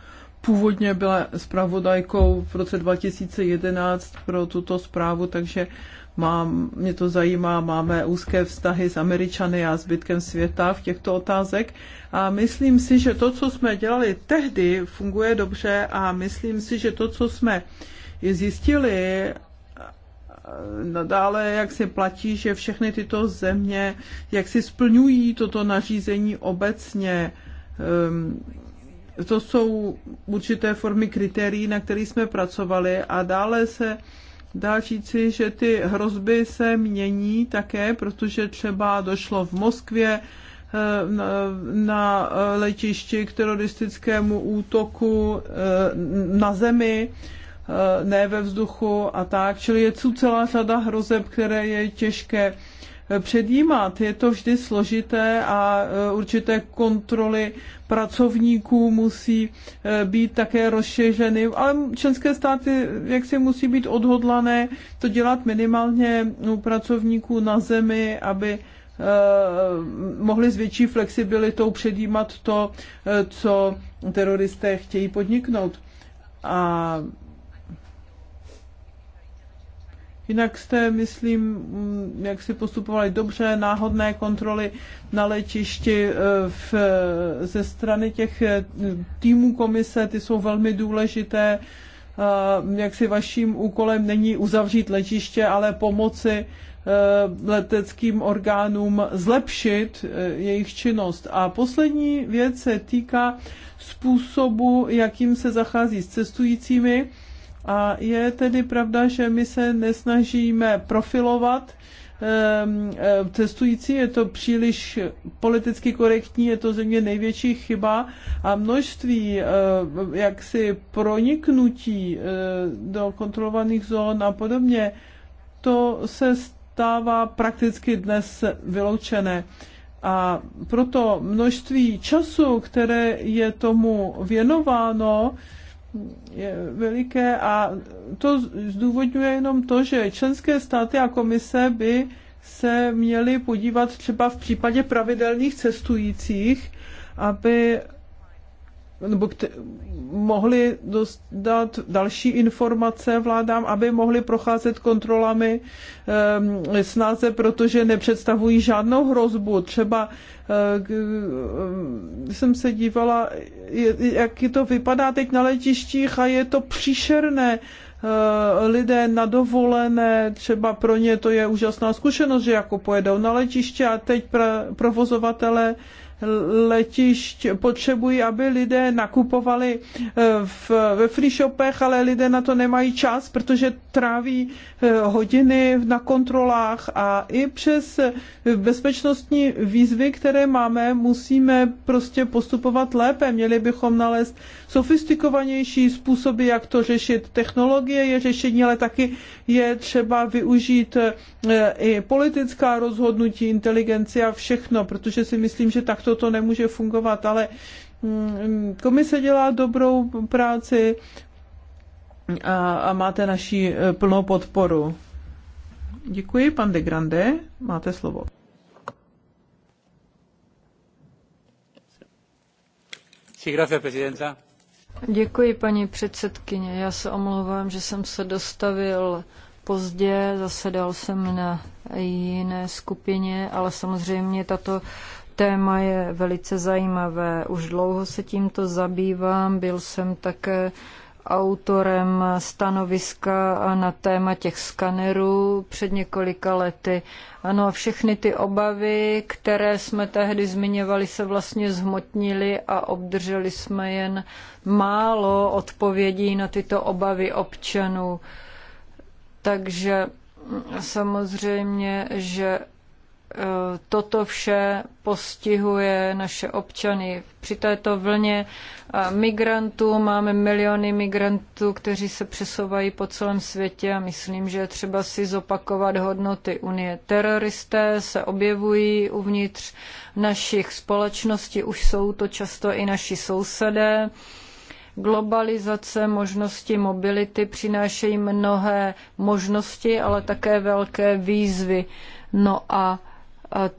původně byla zpravodajkou v roce 2011 pro tuto zprávu, takže mám, mě to zajímá, máme úzké vztahy s Američany a zbytkem světa v těchto otázek a myslím si, že to, co jsme dělali tehdy, funguje dobře a myslím si, že to, co jsme zjistili nadále, jak si platí, že všechny tyto země, jak si splňují toto nařízení obecně, ehm, to jsou určité formy kritérií, na kterých jsme pracovali a dále se dá říci, že ty hrozby se mění také, protože třeba došlo v Moskvě eh, na letišti k teroristickému útoku eh, na zemi, eh, ne ve vzduchu a tak. Čili je tu celá řada hrozeb, které je těžké předjímat. Je to vždy složité a e, určité kontroly pracovníků musí e, být také rozšířeny, ale členské státy jak si musí být odhodlané to dělat minimálně u pracovníků na zemi, aby e, mohli s větší flexibilitou předjímat to, co teroristé chtějí podniknout. A Jinak jste, myslím, mm, jak si postupovali dobře, náhodné kontroly na letišti eh, v, ze strany těch eh, týmů komise, ty jsou velmi důležité. Jak si vaším úkolem není uzavřít letiště, ale pomoci eh, leteckým orgánům zlepšit jejich činnost. A poslední věc se týká způsobu, jakým se zachází s cestujícími. A je tedy pravda, že my se nesnažíme profilovat ehm, ehm, cestující, je to příliš politicky korektní, je to země největší chyba a množství ehm, jaksi proniknutí do kontrolovaných zón a podobně, to se stává prakticky dnes vyloučené. A proto množství času, které je tomu věnováno, veliké a to zdůvodňuje jenom to, že členské státy a komise by se měly podívat třeba v případě pravidelných cestujících, aby nebo mohli dostat další informace vládám, aby mohli procházet kontrolami e, snáze, protože nepředstavují žádnou hrozbu. Třeba e, jsem se dívala, jak to vypadá teď na letištích a je to příšerné eh, lidé na dovolené, třeba pro ně to je úžasná zkušenost, že jako pojedou na letiště a teď pra, provozovatele letišť potřebují, aby lidé nakupovali eh, v, ve free shopech, ale lidé na to nemají čas, protože tráví eh, hodiny na kontrolách a i přes eh, bezpečnostní výzvy, které máme, musíme prostě postupovat lépe. Měli bychom nalézt sofistikovanější způsoby, jak to řešit. Technologie je řešení, ale taky je třeba využít eh, i politická rozhodnutí, inteligenci a všechno, protože si myslím, že takto to nemůže fungovat, ale mm, komise dělá dobrou práci a, a máte naši eh, plnou podporu. Děkuji, pan de Grande, máte slovo. Sí, gracias, presidenta. Děkuji, paní předsedkyně. Já se omlouvám, že jsem se dostavil pozdě, zasedal jsem na jiné skupině, ale samozřejmě tato téma je velice zajímavé. Už dlouho se tímto zabývám, byl jsem také autorem stanoviska na téma těch skanerů před několika lety. Ano, všechny ty obavy, které jsme tehdy zmiňovali, se vlastně zhmotnily a obdrželi jsme jen málo odpovědí na tyto obavy občanů. Takže samozřejmě, že toto vše postihuje naše občany. Při této vlně migrantů máme miliony migrantů, kteří se přesouvají po celém světě a myslím, že je třeba si zopakovat hodnoty Unie. Teroristé se objevují uvnitř našich společností, už jsou to často i naši sousedé. Globalizace, možnosti mobility přinášejí mnohé možnosti, ale také velké výzvy. No a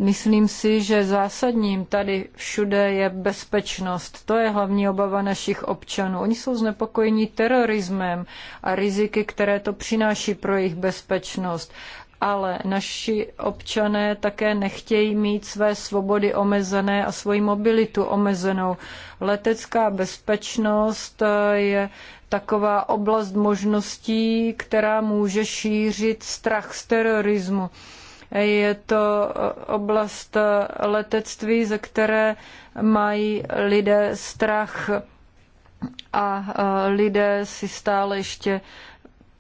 myslím si, že zásadním tady všude je bezpečnost. To je hlavní obava našich občanů. Oni jsou znepokojeni terorismem a riziky, které to přináší pro jejich bezpečnost ale naši občané také nechtějí mít své svobody omezené a svoji mobilitu omezenou. Letecká bezpečnost eh, je taková oblast možností, která může šířit strach z terorismu. Je to eh, oblast eh, letectví, ze které mají lidé strach a eh, lidé si stále ještě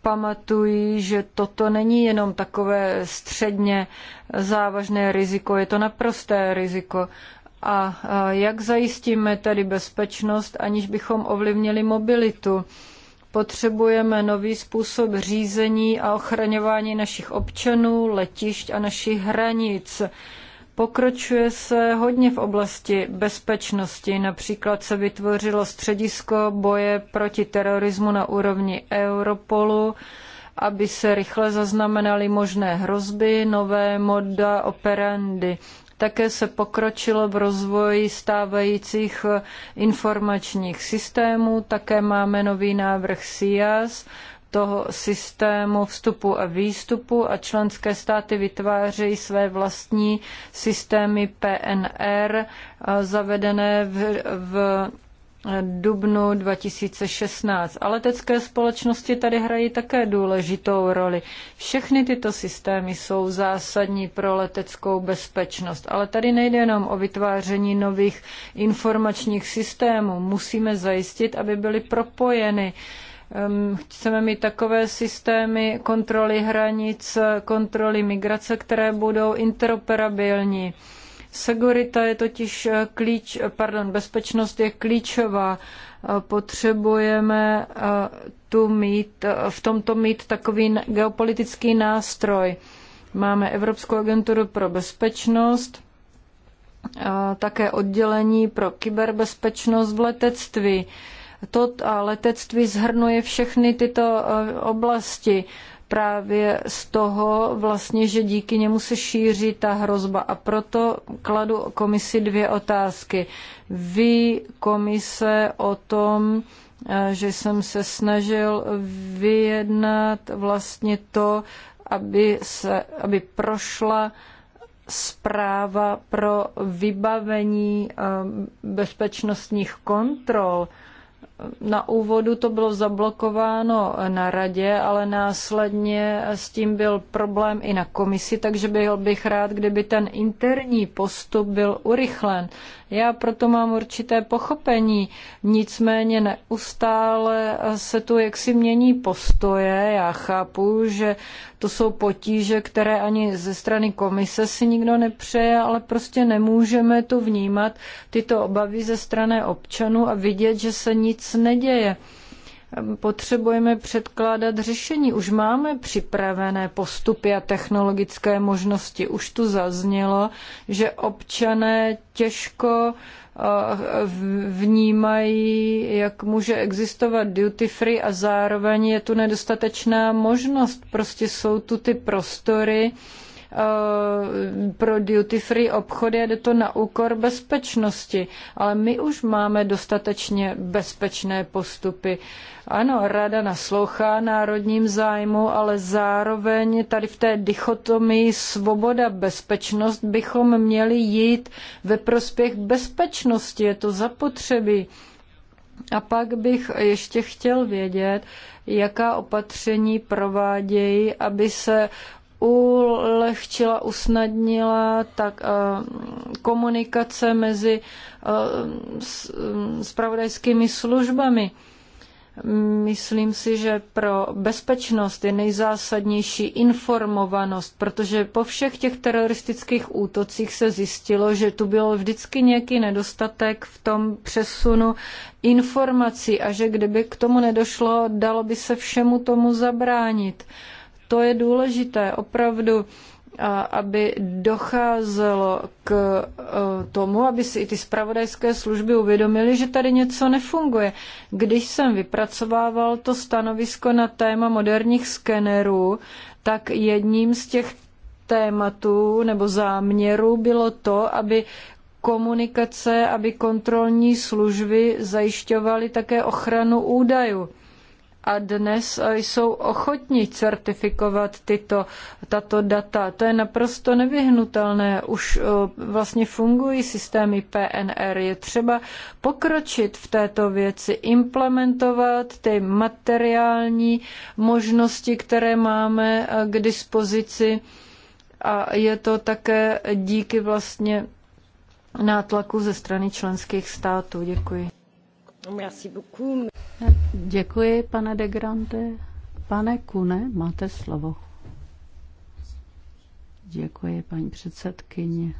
pamatují, že toto není jenom takové středně závažné riziko, je to naprosté riziko. A jak zajistíme tedy bezpečnost, aniž bychom ovlivnili mobilitu? Potřebujeme nový způsob řízení a ochraňování našich občanů, letišť a našich hranic. Pokročuje se hodně v oblasti bezpečnosti. Například se vytvořilo středisko boje proti terorismu na úrovni Europolu, aby se rychle zaznamenaly možné hrozby, nové moda operandy. Také se pokročilo v rozvoji stávajících eh, informačních systémů, také máme nový návrh SIAS, toho systému vstupu a výstupu a členské státy vytvářejí své vlastní systémy PNR eh, zavedené v, v dubnu 2016. A letecké společnosti tady hrají také důležitou roli. Všechny tyto systémy jsou zásadní pro leteckou bezpečnost, ale tady nejde jenom o vytváření nových informačních systémů. Musíme zajistit, aby byly propojeny ehm, chceme mít takové systémy kontroly hranic, kontroly migrace, které budou interoperabilní. Segurita je totiž eh, klíč, eh, pardon, bezpečnost je klíčová. Eh, potřebujeme tu mít, v tomto mít takový geopolitický nástroj. Máme Evropskou agenturu pro bezpečnost, také oddělení pro kyberbezpečnost v letectví. To letectví zhrnuje všechny tyto oblasti právě z toho vlastně, že díky němu se šíří ta hrozba. A proto kladu komisi dvě otázky. Ví komise o tom, eh, že jsem se snažil vyjednat vlastně to, aby, se, aby prošla zpráva pro vybavení eh, bezpečnostních kontrol na úvodu to bylo zablokováno na radě, ale následně s tím byl problém i na komisi, takže byl bych rád, kdyby ten interní postup byl urychlen. Já proto mám určité pochopení, nicméně neustále se tu jaksi mění postoje. Já chápu, že to jsou potíže, které ani ze strany komise si nikdo nepřeje, ale prostě nemůžeme tu vnímat tyto obavy ze strany občanů a vidět, že se nic neděje potřebujeme předkládat řešení. Už máme připravené postupy a technologické možnosti. Už tu zaznělo, že občané těžko eh, vnímají, jak může existovat duty free a zároveň je tu nedostatečná možnost. Prostě jsou tu ty prostory, Eh, pro duty free obchody a jde to na úkor bezpečnosti. Ale my už máme dostatečně bezpečné postupy. Ano, rada naslouchá národním zájmu, ale zároveň tady v té dichotomii svoboda, bezpečnost bychom měli jít ve prospěch bezpečnosti. Je to zapotřebí. A pak bych ještě chtěl vědět, jaká opatření provádějí, aby se ulehčila, usnadnila tak eh, komunikace mezi eh, mm, spravodajskými službami. Myslím si, že pro bezpečnost je nejzásadnější informovanost, protože po všech těch teroristických útocích se zjistilo, že tu byl vždycky nějaký nedostatek v tom přesunu informací a že kdyby k tomu nedošlo, dalo by se všemu tomu zabránit. Uh, to je důležité opravdu, aby docházelo k e, tomu, aby si i ty spravodajské služby uvědomily, že tady něco nefunguje. Když jsem vypracovával to stanovisko na téma moderních skenerů, tak jedním z těch tématů nebo záměrů bylo to, aby komunikace, aby kontrolní služby zajišťovaly také ochranu údajů a dnes eh, jsou ochotní certifikovat tyto, tato data. To je naprosto nevyhnutelné. Už eh, vlastně fungují systémy PNR. Je třeba pokročit v této věci, implementovat ty materiální možnosti, které máme eh, k dispozici. A je to také díky vlastně nátlaku ze strany členských států. Děkuji. Děkuji, pane de Grande. Pane Kune, máte slovo. Děkuji, paní předsedkyně.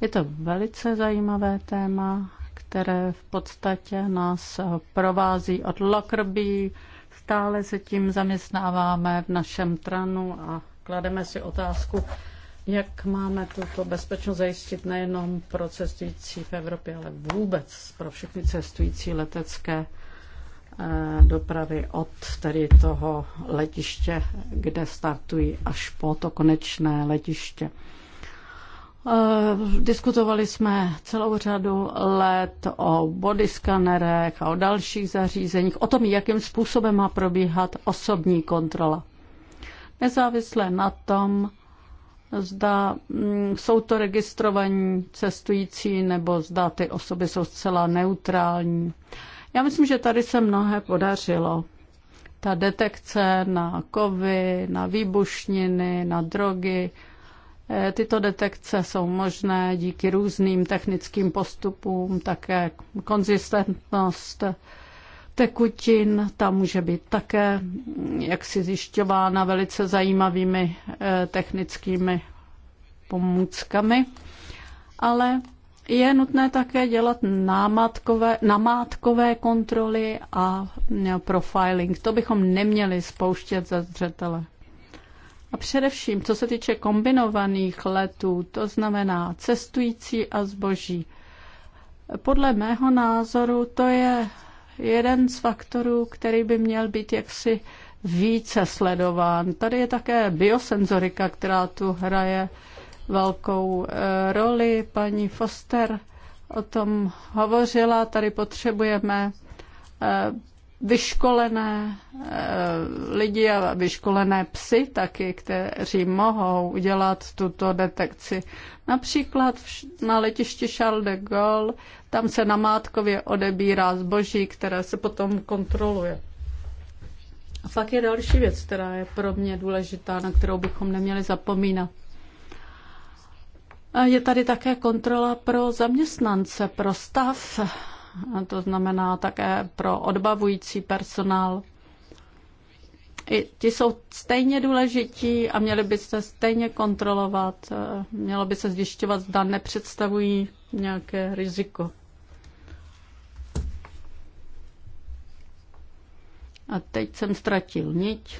Je to velice zajímavé téma, které v podstatě nás provází od Lockerbie. Stále se tím zaměstnáváme v našem tranu a klademe si otázku, jak máme tuto bezpečnost zajistit nejenom pro cestující v Evropě, ale vůbec pro všechny cestující letecké eh, dopravy od tady toho letiště, kde startují, až po to konečné letiště. Eh, diskutovali jsme celou řadu let o body skanerech a o dalších zařízeních, o tom, jakým způsobem má probíhat osobní kontrola. Nezávisle na tom, zda mm, jsou to registrovaní cestující nebo zda ty osoby jsou zcela neutrální. Já myslím, že tady se mnohé podařilo. Ta detekce na kovy, na výbušniny, na drogy, eh, Tyto detekce jsou možné díky různým technickým postupům, také konzistentnost tekutin, ta může být také jak si zjišťována velice zajímavými eh, technickými pomůckami, ale je nutné také dělat namátkové, namátkové kontroly a eh, profiling. To bychom neměli spouštět za zřetele. A především, co se týče kombinovaných letů, to znamená cestující a zboží. Podle mého názoru to je jeden z faktorů, který by měl být jaksi více sledován. Tady je také biosenzorika, která tu hraje velkou eh, roli. Paní Foster o tom hovořila. Tady potřebujeme eh, vyškolené eh, lidi a vyškolené psy taky, kteří mohou udělat tuto detekci. Například na letišti Charles de Gaulle, tam se namátkově odebírá zboží, které se potom kontroluje. A pak je další věc, která je pro mě důležitá, na kterou bychom neměli zapomínat. Je tady také kontrola pro zaměstnance, pro stav to znamená také pro odbavující personál. I ti jsou stejně důležití a měli by se stejně kontrolovat, eh, mělo by se zjišťovat, zda nepředstavují nějaké riziko. A teď jsem ztratil niť.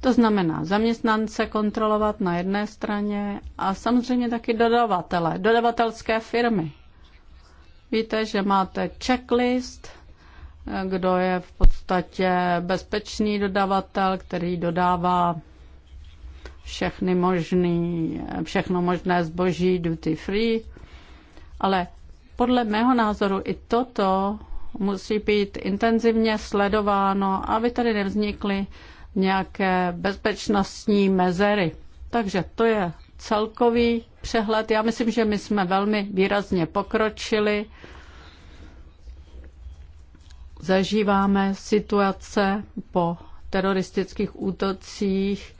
To znamená zaměstnance kontrolovat na jedné straně a samozřejmě taky dodavatele, dodavatelské firmy. Víte, že máte checklist, kdo je v podstatě bezpečný dodavatel, který dodává všechny možný, všechno možné zboží duty free, ale podle mého názoru i toto musí být intenzivně sledováno, aby tady nevznikly nějaké bezpečnostní mezery. Takže to je celkový přehled. Já myslím, že my jsme velmi výrazně pokročili. Zažíváme situace po teroristických útocích,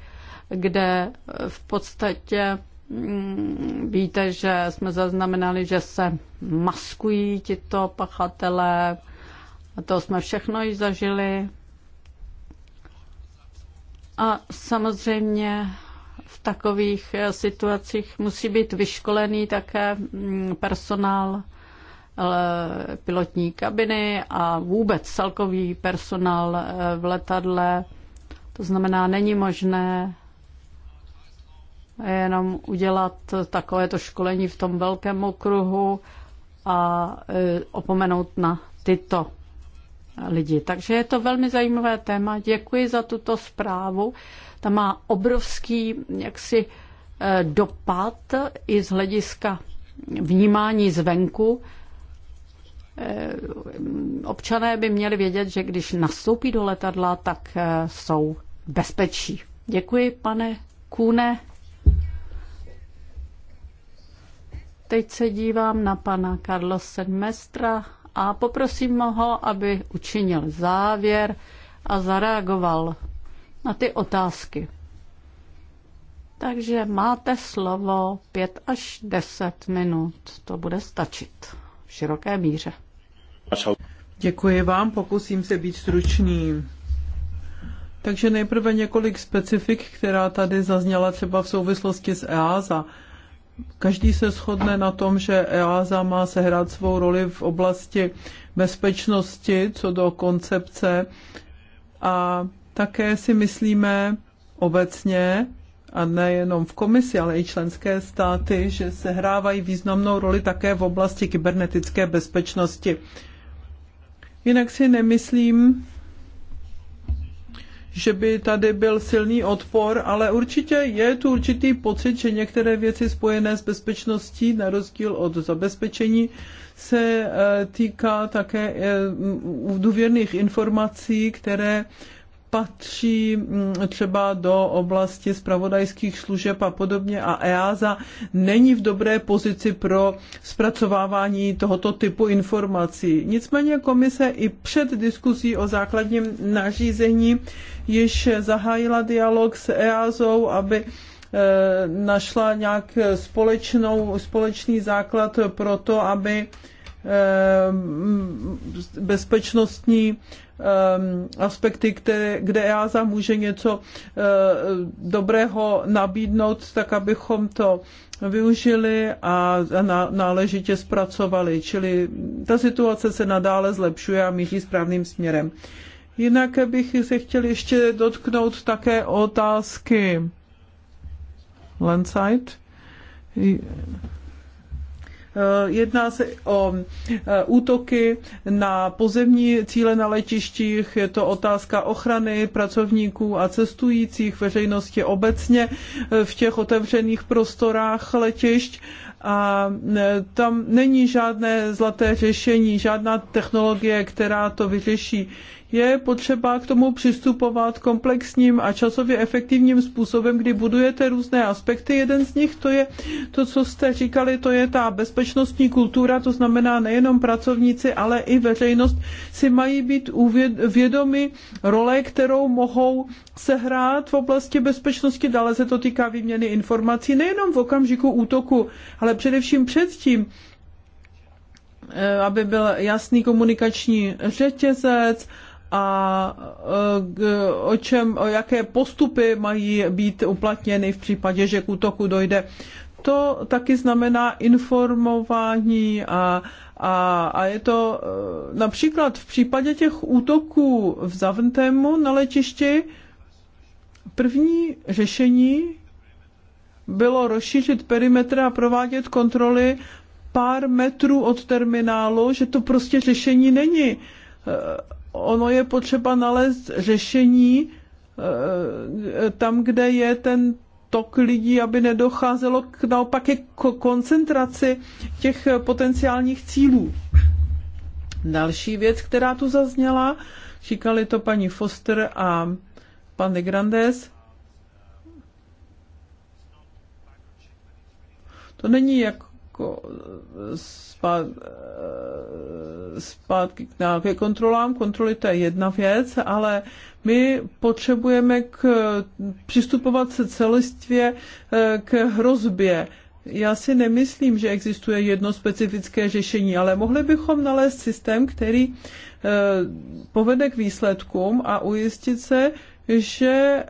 kde v podstatě mm, víte, že jsme zaznamenali, že se maskují tito pachatelé. A to jsme všechno již zažili. A samozřejmě v takových eh, situacích musí být vyškolený také mm, personál eh, pilotní kabiny a vůbec celkový personál eh, v letadle. To znamená, není možné jenom udělat takovéto školení v tom velkém okruhu a opomenout na tyto lidi. Takže je to velmi zajímavé téma. Děkuji za tuto zprávu ta má obrovský jaksi eh, dopad i z hlediska vnímání zvenku. Eh, občané by měli vědět, že když nastoupí do letadla, tak eh, jsou bezpečí. Děkuji, pane Kůne. Teď se dívám na pana Carlose Mestra a poprosím ho, aby učinil závěr a zareagoval na ty otázky. Takže máte slovo 5 až 10 minut. To bude stačit v široké míře. Děkuji vám, pokusím se být stručný. Takže nejprve několik specifik, která tady zazněla třeba v souvislosti s EASA. Každý se shodne na tom, že EASA má sehrát svou roli v oblasti bezpečnosti co do koncepce a také si myslíme obecně, a nejenom v komisi, ale i členské státy, že se hrávají významnou roli také v oblasti kybernetické bezpečnosti. Jinak si nemyslím, že by tady byl silný odpor, ale určitě je tu určitý pocit, že některé věci spojené s bezpečností, na rozdíl od zabezpečení, se eh, týká také eh, důvěrných informací, které patří mm, třeba do oblasti spravodajských služeb a podobně a EASA není v dobré pozici pro zpracovávání tohoto typu informací. Nicméně komise i před diskuzí o základním nařízení již zahájila dialog s EASou, aby e, našla nějak společnou, společný základ pro to, aby e, bezpečnostní Ehm, aspekty, které, kde EASA může něco eh, dobrého nabídnout, tak abychom to využili a náležitě zpracovali. Čili ta situace se nadále zlepšuje a míří správným směrem. Jinak bych se chtěl ještě dotknout také otázky Landside. Eh, jedná se o eh, útoky na pozemní cíle na letištích, je to otázka ochrany pracovníků a cestujících veřejnosti obecně eh, v těch otevřených prostorách letišť a tam není žádné zlaté řešení, žádná technologie, která to vyřeší je potřeba k tomu přistupovat komplexním a časově efektivním způsobem, kdy budujete různé aspekty. Jeden z nich to je to, co jste říkali, to je ta bezpečnostní kultura, to znamená nejenom pracovníci, ale i veřejnost si mají být vědomi role, kterou mohou sehrát v oblasti bezpečnosti. Dále se to týká výměny informací nejenom v okamžiku útoku, ale především předtím, eh, aby byl jasný komunikační řetězec, a e, o, čem, o jaké postupy mají být uplatněny v případě, že k útoku dojde. To taky znamená informování a, a, a je to e, například v případě těch útoků v Zaventem na letišti první řešení bylo rozšířit perimetr a provádět kontroly pár metrů od terminálu, že to prostě řešení není e, ono je potřeba nalézt řešení eh, tam, kde je ten tok lidí, aby nedocházelo k naopak k koncentraci těch potenciálních cílů. Další věc, která tu zazněla, říkali to paní Foster a pan de Grandes, to není jak jako eh, spát, eh, zpátky ke kontrolám. Kontroly to je jedna věc, ale my potřebujeme k, přistupovat se celistvě eh, k hrozbě. Já si nemyslím, že existuje jedno specifické řešení, ale mohli bychom nalézt systém, který povede k výsledkům a ujistit se, že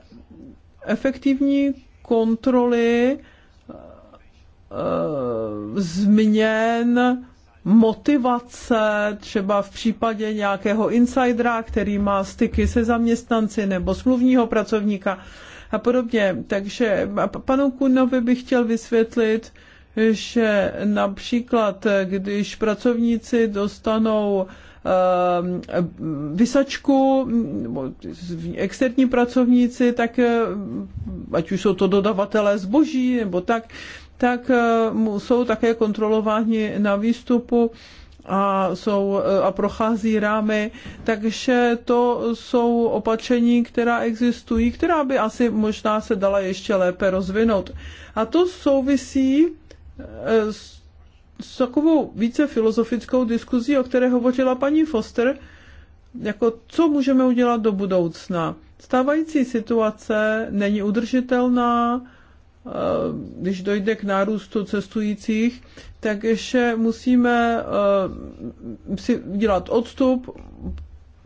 efektivní kontroly Eh, změn motivace, třeba v případě nějakého insidera, který má styky se zaměstnanci nebo smluvního pracovníka a podobně. Takže panu Kunovi bych chtěl vysvětlit, že například, když pracovníci dostanou eh, vysačku, externí pracovníci, tak eh, ať už jsou to dodavatelé zboží nebo tak, tak eh, jsou také kontrolováni na výstupu a, jsou, eh, a prochází rámy. Takže to jsou opatření, která existují, která by asi možná se dala ještě lépe rozvinout. A to souvisí eh, s, s takovou více filozofickou diskuzí, o které hovořila paní Foster, jako co můžeme udělat do budoucna. Stávající situace není udržitelná, Eh, když dojde k nárůstu cestujících, tak ještě musíme eh, si dělat odstup.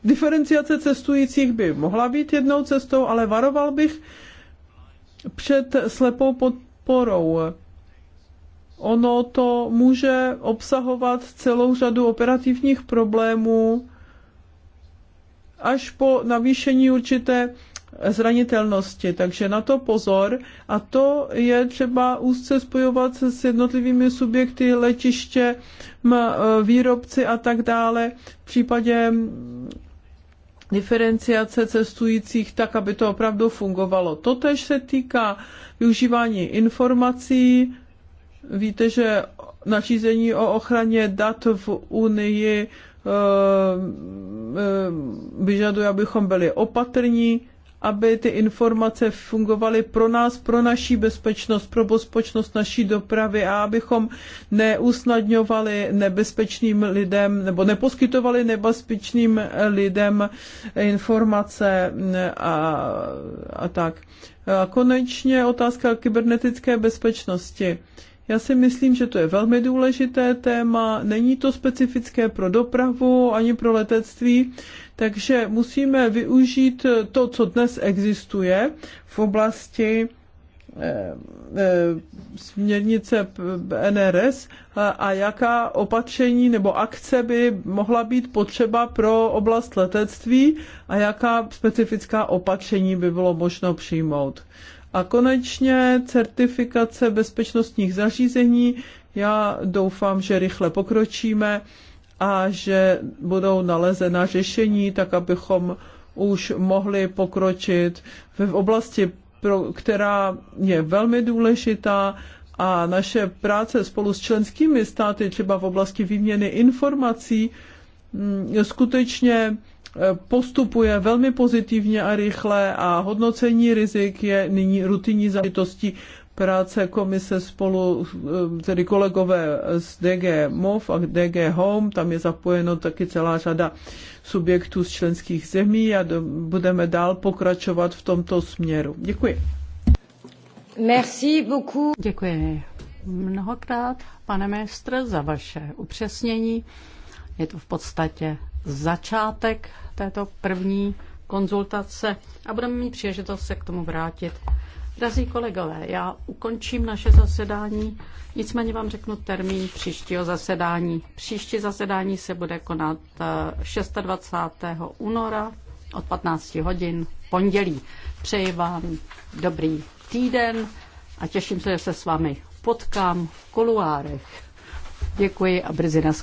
Diferenciace cestujících by mohla být jednou cestou, ale varoval bych před slepou podporou. Ono to může obsahovat celou řadu operativních problémů, až po navýšení určité zranitelnosti. Takže na to pozor a to je třeba úzce spojovat se s jednotlivými subjekty, letiště, e, výrobci a tak dále. V případě diferenciace cestujících tak, aby to opravdu fungovalo. Totež se týká využívání informací. Víte, že nařízení o ochraně dat v Unii e, e, vyžaduje, abychom byli opatrní aby ty informace fungovaly pro nás, pro naší bezpečnost, pro bezpečnost naší dopravy a abychom neusnadňovali nebezpečným lidem nebo neposkytovali nebezpečným lidem informace a, a tak. A konečně otázka kybernetické bezpečnosti. Já si myslím, že to je velmi důležité téma, není to specifické pro dopravu ani pro letectví, takže musíme využít to, co dnes existuje v oblasti eh, eh, směrnice NRS a jaká opatření nebo akce by mohla být potřeba pro oblast letectví a jaká specifická opatření by bylo možno přijmout. A konečně certifikace bezpečnostních zařízení. Já doufám, že rychle pokročíme a že budou nalezena řešení, tak abychom už mohli pokročit v oblasti, která je velmi důležitá a naše práce spolu s členskými státy, třeba v oblasti výměny informací, mm, skutečně postupuje velmi pozitivně a rychle a hodnocení rizik je nyní rutinní záležitostí práce komise spolu, eh, tedy kolegové z DG MOV a DG Home, tam je zapojeno taky celá řada subjektů z členských zemí a budeme dál pokračovat v tomto směru. Děkuji. Merci beaucoup. Děkuji mnohokrát, pane ministr, za vaše upřesnění. Je to v podstatě začátek této první konzultace a budeme mít příležitost se k tomu vrátit. Drazí kolegové, já ukončím naše zasedání, nicméně vám řeknu termín příštího zasedání. Příští zasedání se bude konat eh, 26. února od 15 hodin pondělí. Přeji vám dobrý týden a těším se, že se s vámi potkám v koluárech. Děkuji a brzy naschledanou.